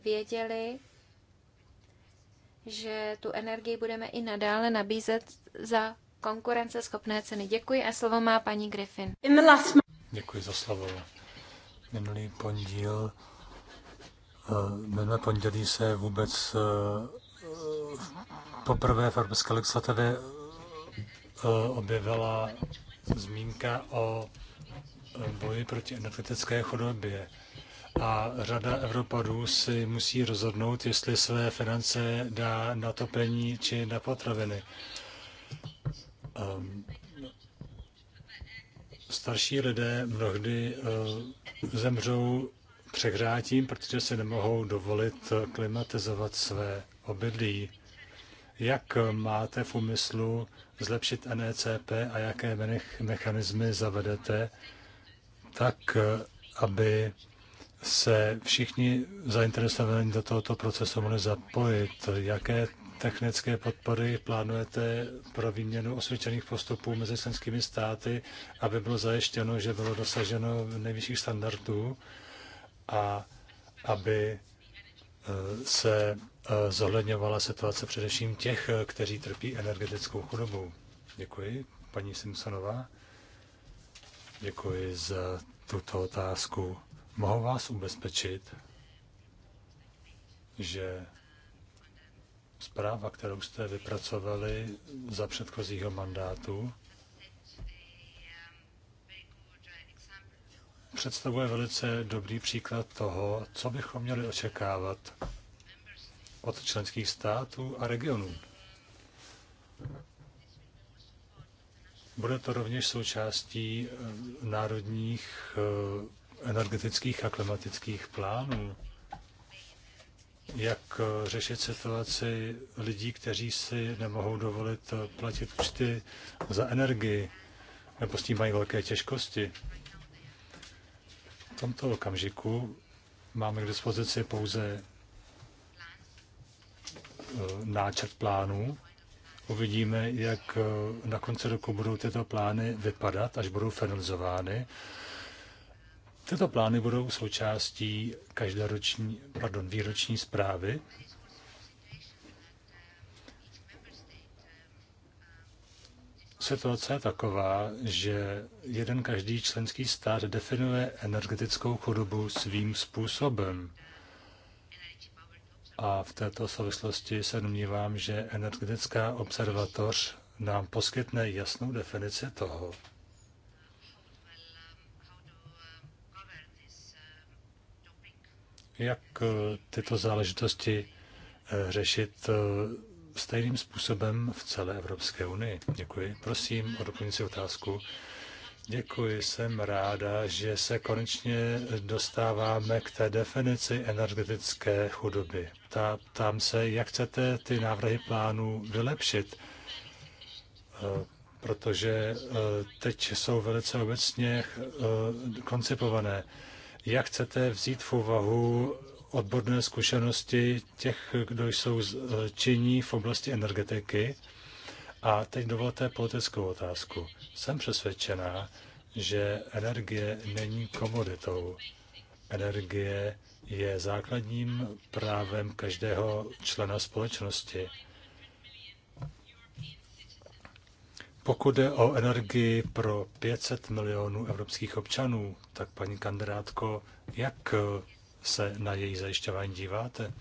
věděli, že tu energii budeme i nadále nabízet za konkurenceschopné ceny. Děkuji a slovo má paní Griffin. Děkuji za slovo. Minulý ponděl, eh, Minulý pondělí se vůbec eh, poprvé v Evropské legislativě eh, objevila zmínka o boji proti energetické chudobě a řada Evropadů si musí rozhodnout, jestli své finance dá na topení či na potraviny. Ehm, starší lidé mnohdy eh, zemřou přehrátím, protože se nemohou dovolit klimatizovat své obydlí. Jak máte v úmyslu zlepšit NECP a jaké mechanismy zavedete, tak aby se všichni zainteresovaní do tohoto procesu mohli zapojit. Jaké technické podpory plánujete pro výměnu osvědčených postupů mezi členskými státy, aby bylo zajištěno, že bylo dosaženo nejvyšších standardů a aby e, se e, zohledňovala situace především těch, e, kteří trpí energetickou chudobou. Děkuji, paní Simpsonová. Děkuji za tuto otázku. Mohu vás ubezpečit, že zpráva, kterou jste vypracovali za předchozího mandátu, představuje velice dobrý příklad toho, co bychom měli očekávat od členských států a regionů. Bude to rovněž součástí eh, národních eh, energetických a klimatických plánů, jak eh, řešit situaci lidí, kteří si nemohou dovolit eh, platit účty za energii, nebo s tím mají velké těžkosti. V tomto okamžiku máme k dispozici pouze eh, náčrt plánů. Uvidíme, jak na konci roku budou tyto plány vypadat, až budou finalizovány. Tyto plány budou součástí každoroční, pardon, výroční zprávy. Situace je taková, že jeden každý členský stát definuje energetickou chudobu svým způsobem. A v této souvislosti se domnívám, že energetická observatoř nám poskytne jasnou definici toho, jak eh, tyto záležitosti eh, řešit eh, stejným způsobem v celé Evropské unii. Děkuji. Prosím o doplňující otázku. Děkuji, jsem ráda, že se konečně dostáváme k té definici energetické chudoby. Ta, tam se, jak chcete ty návrhy plánů vylepšit, protože teď jsou velice obecně koncipované. Jak chcete vzít v úvahu odborné zkušenosti těch, kdo jsou činní v oblasti energetiky? A teď dovolte politickou otázku. Jsem přesvědčená, že energie není komoditou. Energie je základním právem každého člena společnosti. Pokud jde o energii pro 500 milionů evropských občanů, tak paní kandidátko, jak se na její zajišťování díváte?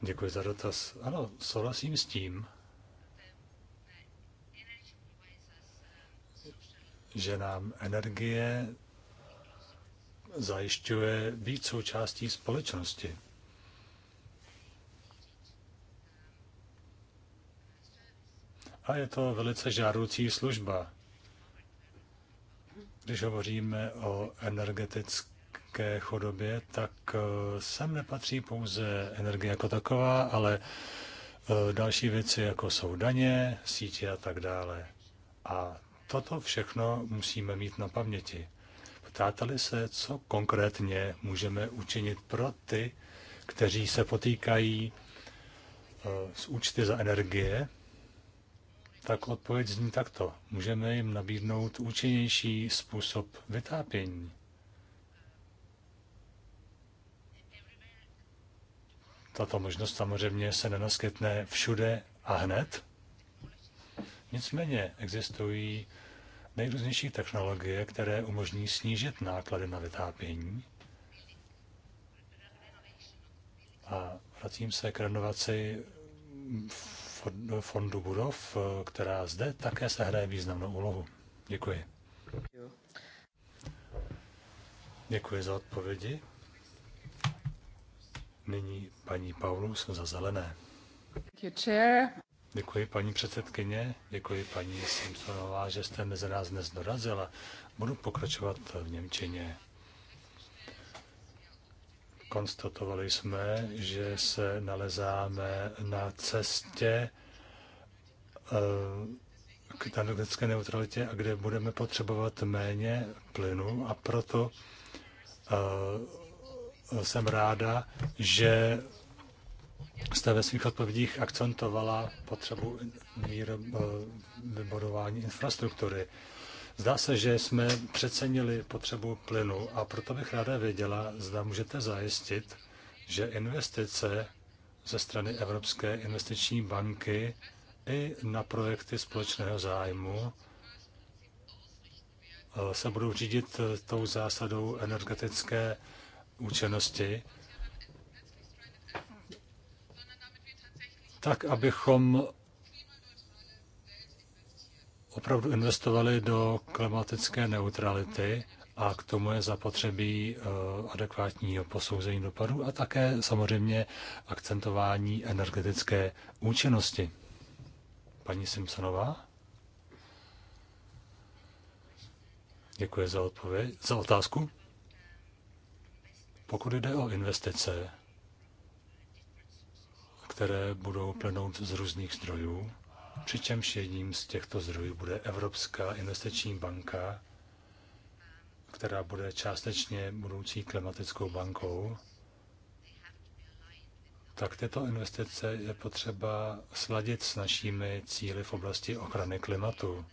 Děkuji za dotaz. Ano, souhlasím s tím, že nám energie zajišťuje být součástí společnosti. a je to velice žádoucí služba. Když hovoříme o energetické chodobě, tak eh, sem nepatří pouze energie jako taková, ale eh, další věci, jako jsou daně, sítě a tak dále. A toto všechno musíme mít na paměti. Ptáte-li se, co konkrétně můžeme učinit pro ty, kteří se potýkají eh, s účty za energie, tak odpověď zní takto. Můžeme jim nabídnout účinnější způsob vytápění. Tato možnost samozřejmě se nenaskytne všude a hned. Nicméně existují nejrůznější technologie, které umožní snížit náklady na vytápění. A vracím se k renovaci v fondu budov, eh, která zde také se hraje významnou úlohu. Děkuji. Děkuji za odpovědi. Nyní paní Paulus za zelené. Děkuji paní předsedkyně, děkuji paní Simpsonová, že jste mezi nás dnes dorazila. Budu pokračovat v Němčině. Konstatovali jsme, že se nalezáme na cestě eh, k energetické neutralitě a kde budeme potřebovat méně plynu a proto eh, jsem ráda, že jste ve svých odpovědích akcentovala potřebu eh, vybudování infrastruktury. Zdá se, že jsme přecenili potřebu plynu a proto bych ráda věděla, zda můžete zajistit, že investice ze strany Evropské investiční banky i na projekty společného zájmu eh, se budou řídit eh, tou zásadou energetické účinnosti, tak abychom opravdu investovali do klimatické neutrality a k tomu je zapotřebí eh, adekvátního posouzení dopadů a také samozřejmě akcentování energetické účinnosti. Paní Simpsonová? Děkuji za odpověď, za otázku. Pokud jde o investice, které budou plnout z různých zdrojů, přičemž jedním z těchto zdrojů bude Evropská investiční banka, která bude částečně budoucí klimatickou bankou, tak tyto investice je potřeba sladit s našimi cíly v oblasti ochrany klimatu.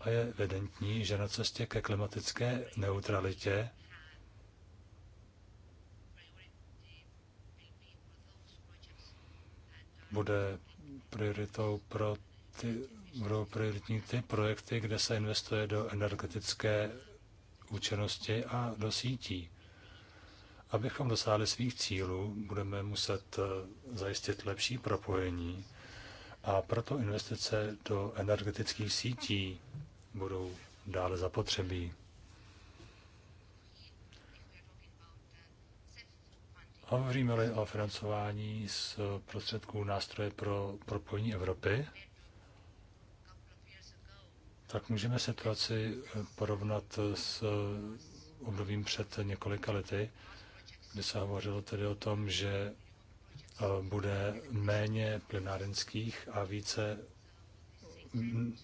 A je evidentní, že na cestě ke klimatické neutralitě bude prioritou pro ty, budou prioritní ty projekty, kde se investuje do energetické účinnosti a do sítí. Abychom dosáhli svých cílů, budeme muset eh, zajistit lepší propojení a proto investice do energetických sítí budou dále zapotřebí. Hovoříme-li o financování z prostředků nástroje pro propojení Evropy, tak můžeme situaci eh, porovnat s eh, obdobím před několika lety, kdy se hovořilo tedy o tom, že eh, bude méně plynárenských a více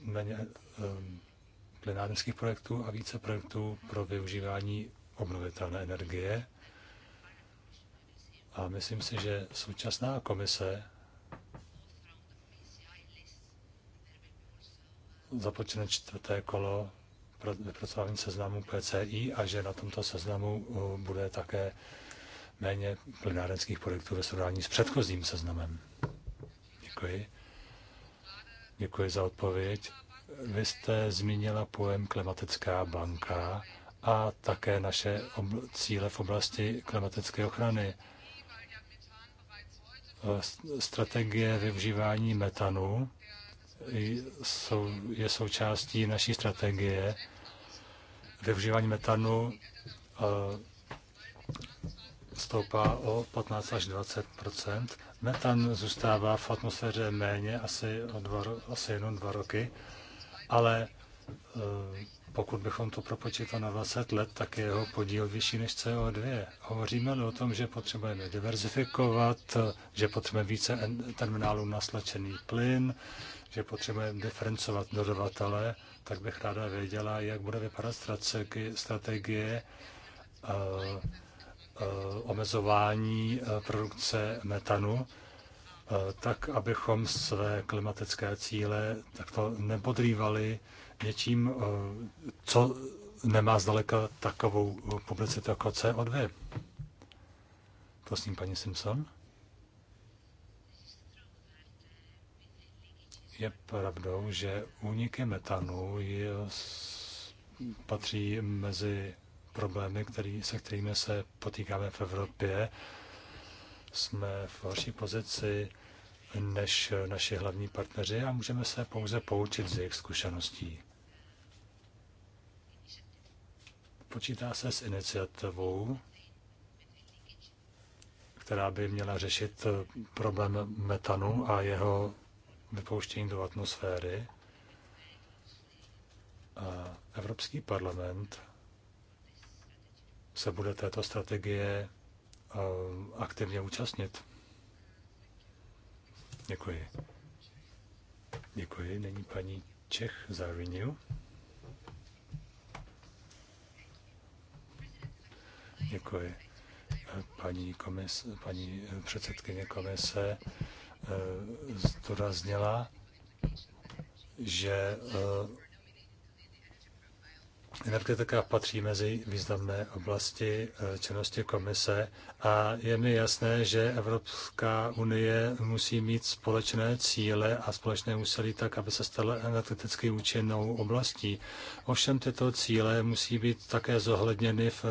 méně plynárenských projektů a více projektů pro využívání obnovitelné energie. A myslím si, že současná komise započne čtvrté kolo vypracování seznamu PCI a že na tomto seznamu uh, bude také méně plinárenských projektů ve srovnání s předchozím seznamem. Děkuji. Děkuji za odpověď. Vy jste zmínila pojem klimatická banka a také naše cíle v oblasti klimatické ochrany. Eh, strategie využívání metanu je součástí naší strategie. Využívání metanu eh, stoupá o 15 až 20 Metan zůstává v atmosféře méně, asi, o dva, asi jenom dva roky, ale eh, pokud bychom to propočítali na 20 let, tak je jeho podíl vyšší než CO2. Hovoříme o tom, že potřebujeme diverzifikovat, že potřebujeme více terminálů na slečený plyn, že potřebujeme diferencovat dodavatele, tak bych ráda věděla, jak bude vypadat strategie, strategie eh, eh, omezování eh, produkce metanu, tak abychom své klimatické cíle takto nepodrývali něčím, eh, co nemá zdaleka takovou eh, publicitu jako CO2. Prosím, paní Simpson. Je pravdou, že úniky metanu je, patří mezi problémy, který, se kterými se potýkáme v Evropě. Jsme v horší pozici než naši hlavní partneři a můžeme se pouze poučit z jejich zkušeností. Počítá se s iniciativou, která by měla řešit eh, problém metanu a jeho vypouštění do atmosféry. A Evropský parlament se bude této strategie eh, aktivně účastnit. Děkuji. Děkuji. Není paní Čech za Renew. Děkuji. Paní, komis, paní předsedkyně komise eh, zdůraznila, že eh, Energetika patří mezi významné oblasti eh, činnosti komise a je mi jasné, že Evropská unie musí mít společné cíle a společné úsilí tak, aby se stala energeticky účinnou oblastí. Ovšem tyto cíle musí být také zohledněny v,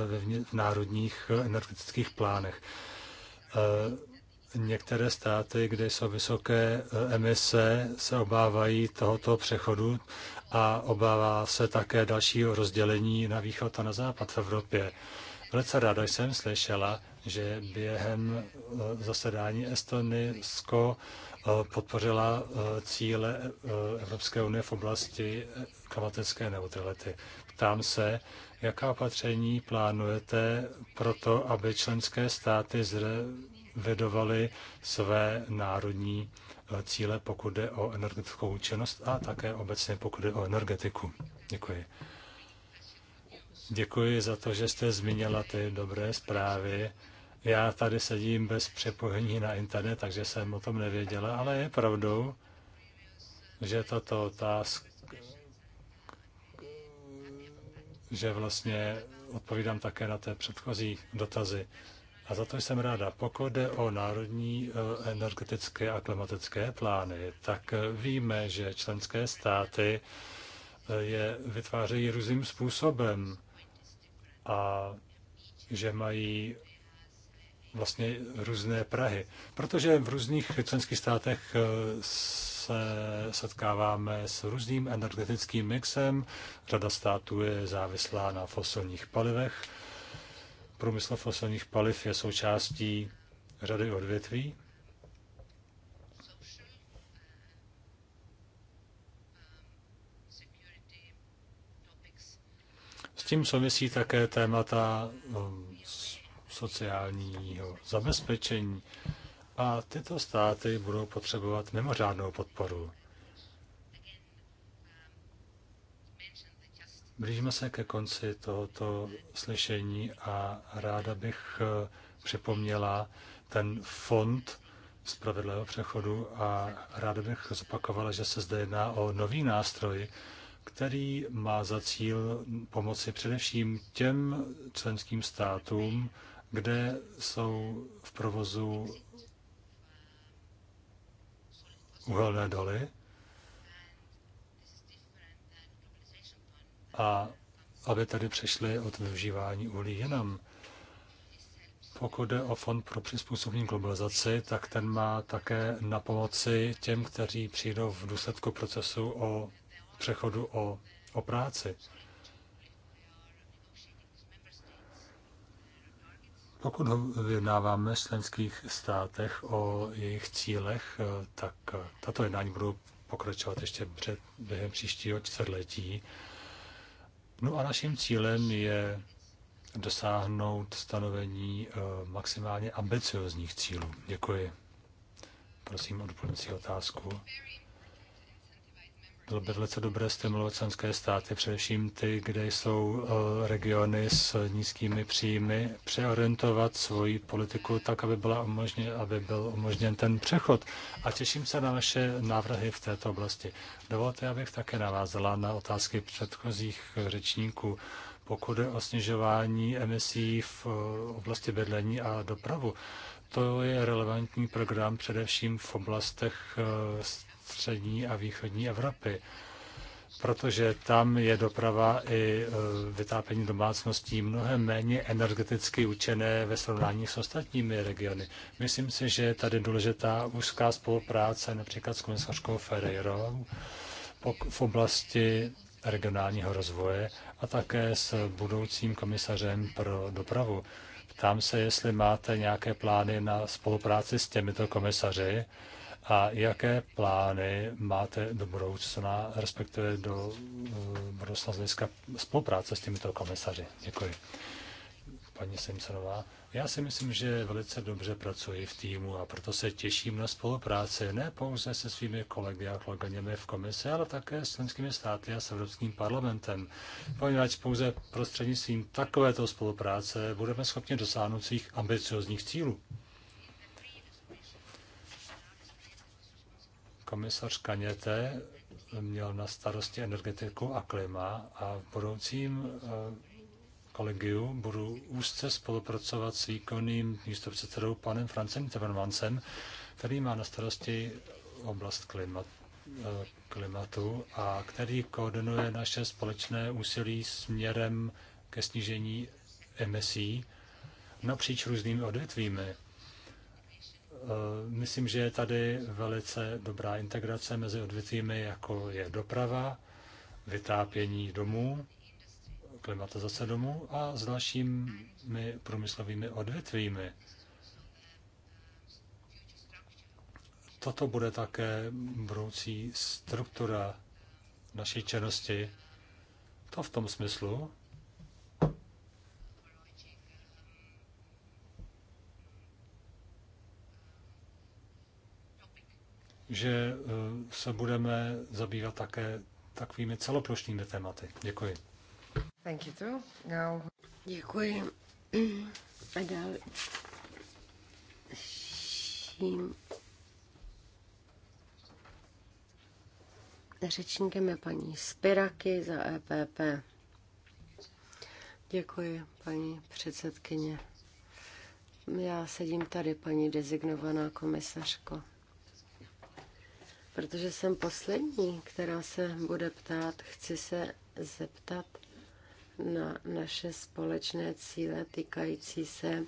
v národních eh, energetických plánech. Eh, některé státy, kde jsou vysoké emise, se obávají tohoto přechodu a obává se také dalšího rozdělení na východ a na západ v Evropě. Velice ráda jsem slyšela, že během eh, zasedání Estonsko eh, podpořila eh, cíle Evropské unie v oblasti klimatické neutrality. Ptám se, jaká opatření plánujete pro to, aby členské státy zrevidovaly své národní cíle, pokud jde o energetickou účinnost a také obecně pokud jde o energetiku. Děkuji. Děkuji za to, že jste zmínila ty dobré zprávy. Já tady sedím bez přepojení na internet, takže jsem o tom nevěděla, ale je pravdou, že tato otázka, že vlastně odpovídám také na té předchozí dotazy a za to jsem ráda. Pokud jde o národní eh, energetické a klimatické plány, tak eh, víme, že členské státy eh, je vytvářejí různým způsobem a že mají vlastně různé Prahy. Protože v různých členských státech se setkáváme s různým energetickým mixem. Řada států je závislá na fosilních palivech Průmysl fosilních paliv je součástí řady odvětví. S tím souvisí také témata no, sociálního zabezpečení a tyto státy budou potřebovat mimořádnou podporu. Blížíme se ke konci tohoto slyšení a ráda bych eh, připomněla ten fond spravedlivého přechodu a ráda bych zopakovala, že se zde jedná o nový nástroj, který má za cíl pomoci především těm členským státům, kde jsou v provozu uhelné doly a aby tady přešli od využívání uhlí jenom. Pokud jde o Fond pro přizpůsobení globalizaci, tak ten má také na pomoci těm, kteří přijdou v důsledku procesu o přechodu o, o práci. Pokud ho vyjednáváme v členských státech o jejich cílech, eh, tak eh, tato jednání budou pokračovat ještě před, během příštího čtvrtletí. No a naším cílem je dosáhnout stanovení eh, maximálně ambiciozních cílů. Děkuji. Prosím o doplňující otázku bylo by velice dobré stimulovat členské státy, především ty, kde jsou eh, regiony s nízkými příjmy, přeorientovat svoji politiku tak, aby, byla umožně, aby byl umožněn ten přechod. A těším se na vaše návrhy v této oblasti. Dovolte, abych také navázala na otázky předchozích řečníků. Pokud je o snižování emisí v eh, oblasti bydlení a dopravu, to je relevantní program především v oblastech eh, střední a východní Evropy, protože tam je doprava i e, vytápění domácností mnohem méně energeticky učené ve srovnání s ostatními regiony. Myslím si, že je tady důležitá úzká spolupráce například s komisařkou Ferreirou v oblasti regionálního rozvoje a také s budoucím komisařem pro dopravu. Ptám se, jestli máte nějaké plány na spolupráci s těmito komisaři a jaké plány máte do budoucna, respektive do eh, budoucna z hlediska spolupráce s těmito komisaři? Děkuji. Paní Simsonová, já si myslím, že velice dobře pracuji v týmu a proto se těším na spolupráci ne pouze se svými kolegy a kolegyněmi v komisi, ale také s členskými státy a s Evropským parlamentem. Poněvadž pouze prostřednictvím takovéto spolupráce budeme schopni dosáhnout svých ambiciozních cílů. komisař Kaněte měl na starosti energetiku a klima a v budoucím eh, kolegiu budu úzce spolupracovat s výkonným místopředsedou panem Francem Timmermansem, který má na starosti oblast klimatu eh, klimatu a který koordinuje naše společné úsilí směrem ke snížení emisí napříč různými odvětvími. Eh, myslím, že je tady velice dobrá integrace mezi odvětvími, jako je doprava, vytápění domů, klimatizace domů a s dalšími průmyslovými odvětvími. Toto bude také budoucí struktura naší činnosti. To v tom smyslu, že eh, se budeme zabývat také takovými celoplošnými tématy. Děkuji. Thank you too. Now... Děkuji. A dalším řečníkem je paní Spiraky za EPP. Děkuji, paní předsedkyně. Já sedím tady, paní dezignovaná komisařko. Protože jsem poslední, která se bude ptát, chci se zeptat na naše společné cíle týkající se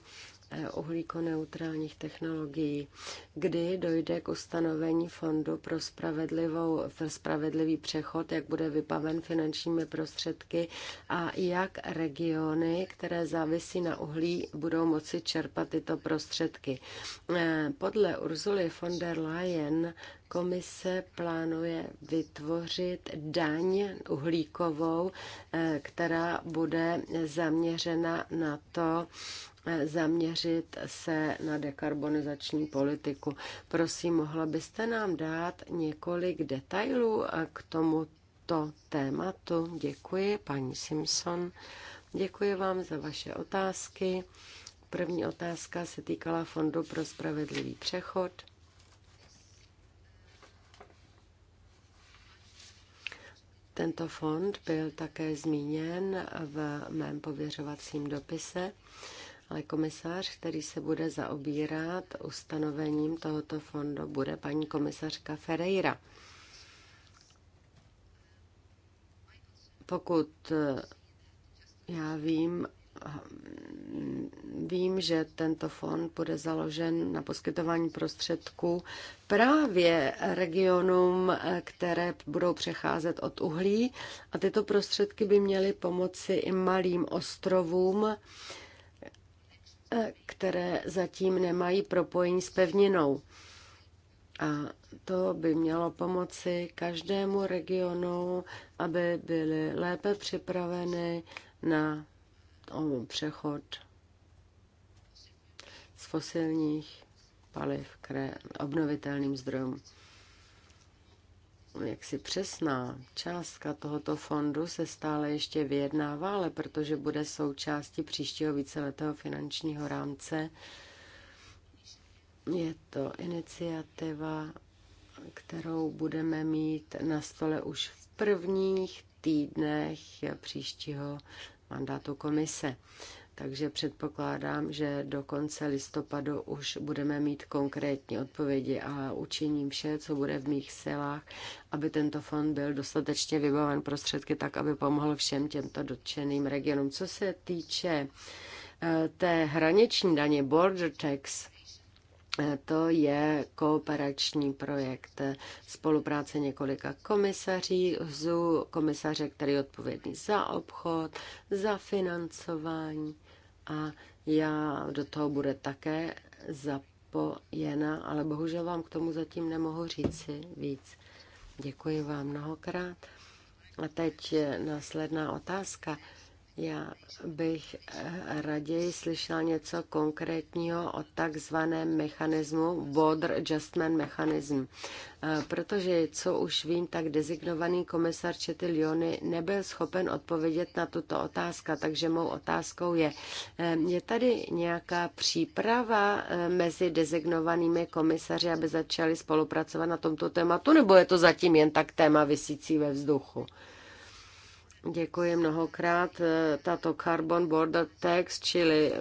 eh, uhlíkoneutrálních technologií, kdy dojde k ustanovení fondu pro, spravedlivou, pro spravedlivý přechod, jak bude vybaven finančními prostředky a jak regiony, které závisí na uhlí, budou moci čerpat tyto prostředky. Eh, podle Urzuly von der Leyen Komise plánuje vytvořit daň uhlíkovou, eh, která bude zaměřena na to, eh, zaměřit se na dekarbonizační politiku. Prosím, mohla byste nám dát několik detailů eh, k tomuto tématu? Děkuji, paní Simpson. Děkuji vám za vaše otázky. První otázka se týkala Fondu pro spravedlivý přechod. Tento fond byl také zmíněn v mém pověřovacím dopise, ale komisař, který se bude zaobírat ustanovením tohoto fondu, bude paní komisařka Ferreira. Pokud já vím, Mm, vím, že tento fond bude založen na poskytování prostředků právě regionům, které budou přecházet od uhlí a tyto prostředky by měly pomoci i malým ostrovům, e, které zatím nemají propojení s pevninou. A to by mělo pomoci každému regionu, aby byly lépe připraveny na přechod z fosilních paliv k obnovitelným zdrojům. Jaksi přesná částka tohoto fondu se stále ještě vyjednává, ale protože bude součástí příštího víceletého finančního rámce, je to iniciativa, kterou budeme mít na stole už v prvních týdnech příštího mandátu komise. Takže předpokládám, že do konce listopadu už budeme mít konkrétní odpovědi a učiním vše, co bude v mých silách, aby tento fond byl dostatečně vybaven prostředky tak, aby pomohl všem těmto dotčeným regionům. Co se týče eh, té hraniční daně border tax, to je kooperační projekt spolupráce několika komisaří, ZU, komisaře, který je odpovědný za obchod, za financování a já do toho bude také zapojena, ale bohužel vám k tomu zatím nemohu říci víc. Děkuji vám mnohokrát. A teď následná otázka. Já bych eh, raději slyšela něco konkrétního o takzvaném mechanismu Border Adjustment Mechanism, eh, protože co už vím, tak designovaný komisar Četiliony nebyl schopen odpovědět na tuto otázku, takže mou otázkou je, eh, je tady nějaká příprava mezi designovanými komisaři, aby začali spolupracovat na tomto tématu, nebo je to zatím jen tak téma vysící ve vzduchu? Děkuji mnohokrát. E, Tato Carbon Border Tax, čili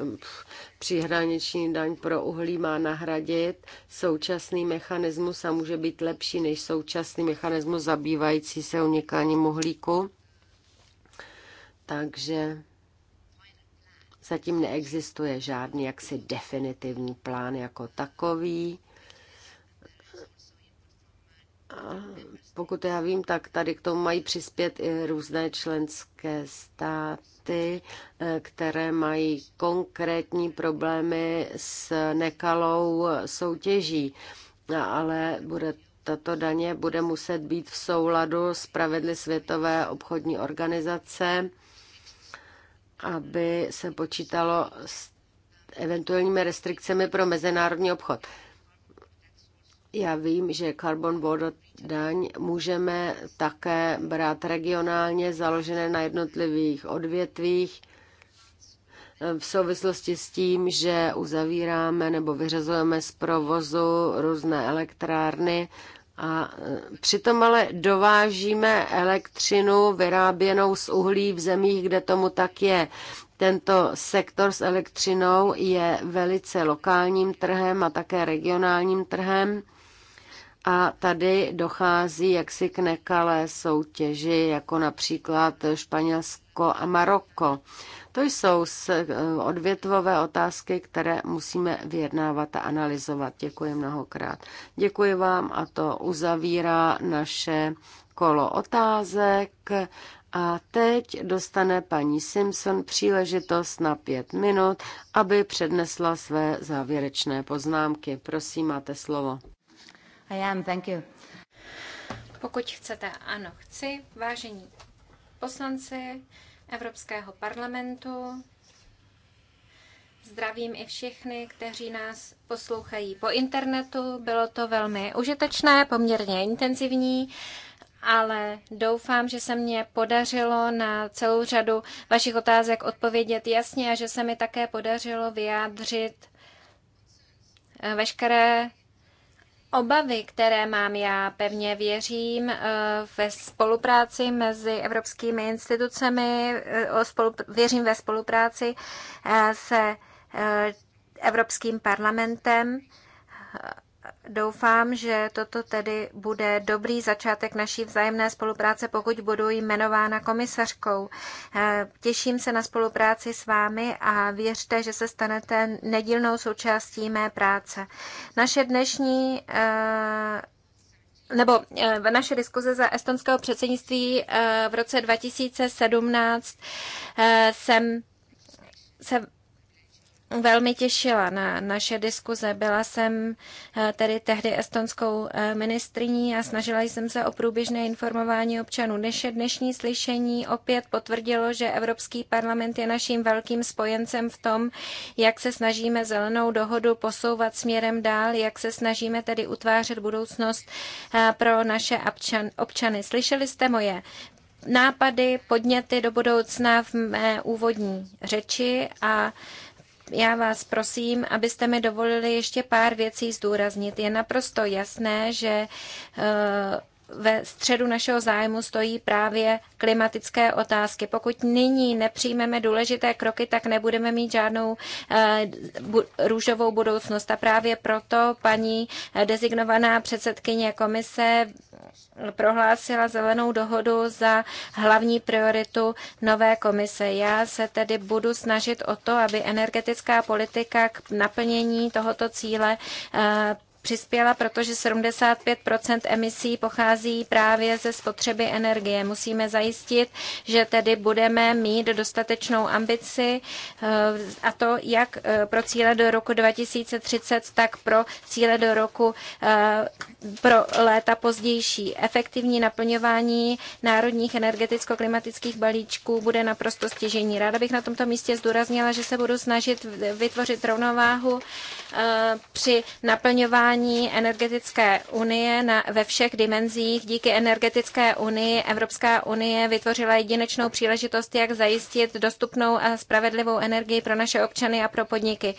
přihraniční daň pro uhlí, má nahradit současný mechanismus a může být lepší než současný mechanismus zabývající se unikáním uhlíku. Takže zatím neexistuje žádný jaksi definitivní plán jako takový. Pokud já vím, tak tady k tomu mají přispět i různé členské státy, eh, které mají konkrétní problémy s nekalou soutěží. Ale bude tato daně bude muset být v souladu s pravidly Světové obchodní organizace, aby se počítalo s eventuálními restrikcemi pro mezinárodní obchod. Já vím, že carbon border daň můžeme také brát regionálně, založené na jednotlivých odvětvích, v souvislosti s tím, že uzavíráme nebo vyřazujeme z provozu různé elektrárny, a e, přitom ale dovážíme elektřinu vyráběnou z uhlí v zemích, kde tomu tak je. Tento sektor s elektřinou je velice lokálním trhem a také regionálním trhem. A tady dochází jaksi k nekalé soutěži, jako například Španělsko a Maroko. To jsou eh, odvětvové otázky, které musíme vyjednávat a analyzovat. Děkuji mnohokrát. Děkuji vám a to uzavírá naše kolo otázek. A teď dostane paní Simpson příležitost na pět minut, aby přednesla své závěrečné poznámky. Prosím, máte slovo. I am, thank you. Pokud chcete, ano, chci. Vážení poslanci Evropského parlamentu, Zdravím i všechny, kteří nás poslouchají po internetu. Bylo to velmi užitečné, poměrně intenzivní, ale doufám, že se mě podařilo na celou řadu vašich otázek odpovědět jasně a že se mi také podařilo vyjádřit veškeré obavy, které mám já, pevně věřím eh, ve spolupráci mezi evropskými institucemi, eh, věřím ve spolupráci eh, se Evropským parlamentem Doufám, že toto tedy bude dobrý začátek naší vzájemné spolupráce, pokud budu jmenována komisařkou. Eh, těším se na spolupráci s vámi a věřte, že se stanete nedílnou součástí mé práce. Naše dnešní eh, nebo eh, naše diskuze za estonského předsednictví v roce 2017 jsem se velmi těšila na naše diskuze. Byla jsem eh, tedy tehdy estonskou eh, ministriní a snažila jsem se o průběžné informování občanů. Dnešní, dnešní slyšení opět potvrdilo, že Evropský parlament je naším velkým spojencem v tom, jak se snažíme zelenou dohodu posouvat směrem dál, jak se snažíme tedy utvářet budoucnost eh, pro naše občany. Slyšeli jste moje nápady, podněty do budoucna v mé úvodní řeči a já vás prosím, abyste mi dovolili ještě pár věcí zdůraznit. Je naprosto jasné, že eh, ve středu našeho zájmu stojí právě klimatické otázky. Pokud nyní nepřijmeme důležité kroky, tak nebudeme mít žádnou eh, růžovou budoucnost. A právě proto paní eh, dezignovaná předsedkyně komise prohlásila zelenou dohodu za hlavní prioritu nové komise. Já se tedy budu snažit o to, aby energetická politika k naplnění tohoto cíle eh, přispěla, protože 75 emisí pochází právě ze spotřeby energie. Musíme zajistit, že tedy budeme mít dostatečnou ambici eh, a to jak eh, pro cíle do roku 2030, tak pro cíle do roku eh, pro léta pozdější. Efektivní naplňování národních energeticko-klimatických balíčků bude naprosto stěžení. Ráda bych na tomto místě zdůraznila, že se budu snažit vytvořit rovnováhu při naplňování budování energetické unie na, ve všech dimenzích. Díky energetické unii Evropská unie vytvořila jedinečnou příležitost, jak zajistit dostupnou a spravedlivou energii pro naše občany a pro podniky.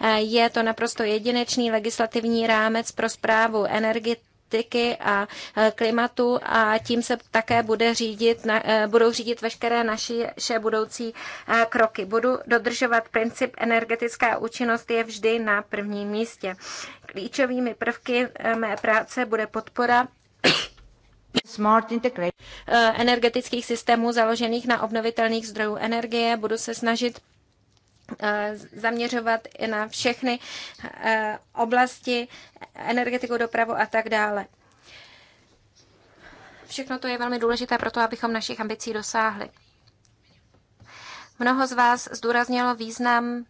Eh, je to naprosto jedinečný legislativní rámec pro zprávu energetiky politiky a e, klimatu a tím se také bude řídit, e, budou řídit veškeré naše budoucí e, kroky. Budu dodržovat princip energetická účinnost je vždy na prvním místě. Klíčovými prvky mé práce bude podpora Smart energetických systémů založených na obnovitelných zdrojů energie. Budu se snažit Eh, zaměřovat i na všechny eh, oblasti, energetiku, dopravu a tak dále. Všechno to je velmi důležité pro to, abychom našich ambicí dosáhli. Mnoho z vás zdůraznilo význam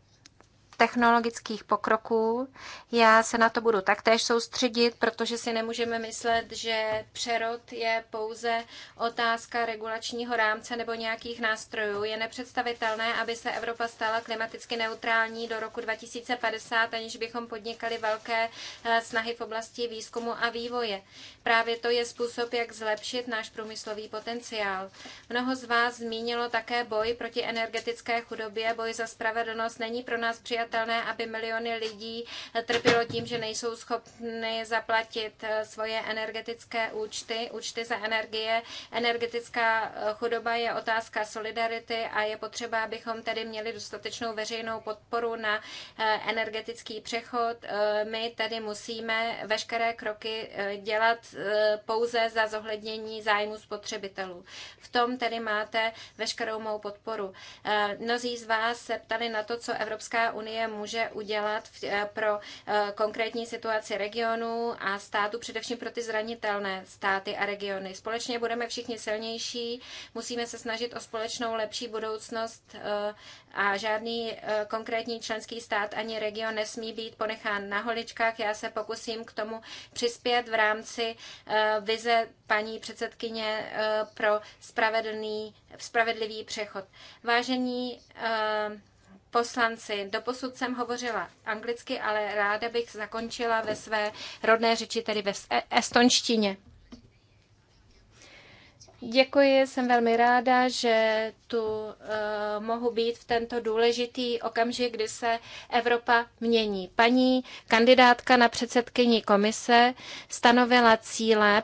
technologických pokroků. Já se na to budu taktéž soustředit, protože si nemůžeme myslet, že přerod je pouze otázka regulačního rámce nebo nějakých nástrojů. Je nepředstavitelné, aby se Evropa stala klimaticky neutrální do roku 2050, aniž bychom podnikali velké eh, snahy v oblasti výzkumu a vývoje. Právě to je způsob, jak zlepšit náš průmyslový potenciál. Mnoho z vás zmínilo také boj proti energetické chudobě. Boj za spravedlnost není pro nás přijat nepřijatelné, aby miliony lidí trpělo tím, že nejsou schopny zaplatit eh, svoje energetické účty, účty za energie. Energetická eh, chudoba je otázka solidarity a je potřeba, abychom tedy měli dostatečnou veřejnou podporu na eh, energetický přechod. My tedy musíme veškeré kroky dělat pouze za zohlednění zájmu spotřebitelů. V tom tedy máte veškerou mou podporu. Mnozí z vás se ptali na to, co Evropská unie Unie může udělat eh, pro eh, konkrétní situaci regionu a státu, především pro ty zranitelné státy a regiony. Společně budeme všichni silnější, musíme se snažit o společnou lepší budoucnost eh, a žádný konkrétní členský stát ani region nesmí být ponechán na holičkách. Já se pokusím k tomu přispět v rámci vize paní předsedkyně pro spravedlný, spravedlivý přechod. Vážení poslanci. Doposud jsem hovořila anglicky, ale ráda bych zakončila ve své rodné řeči, tedy ve e- estonštině. Děkuji, jsem velmi ráda, že tu uh, mohu být v tento důležitý okamžik, kdy se Evropa mění. Paní kandidátka na předsedkyni komise stanovila cíle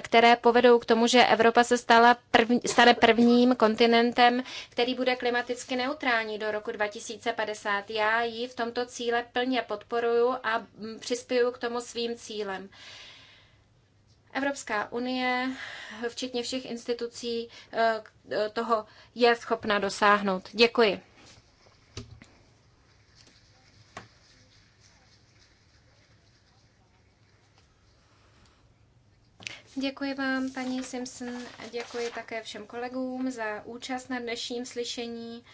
které povedou k tomu, že Evropa se stala první, stane prvním kontinentem, který bude klimaticky neutrální do roku 2050. Já ji v tomto cíle plně podporuji a přispěju k tomu svým cílem. Evropská unie, včetně všech institucí, eh, toho je schopna dosáhnout. Děkuji. Děkuji vám, paní Simpson, a děkuji také všem kolegům za účast na dnešním slyšení.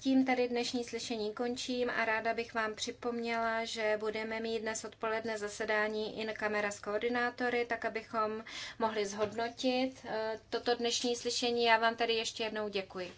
Tím tady dnešní slyšení končím a ráda bych vám připomněla, že budeme mít dnes odpoledne zasedání in kamera s koordinátory, tak abychom mohli zhodnotit eh, toto dnešní slyšení. Já vám tady ještě jednou děkuji.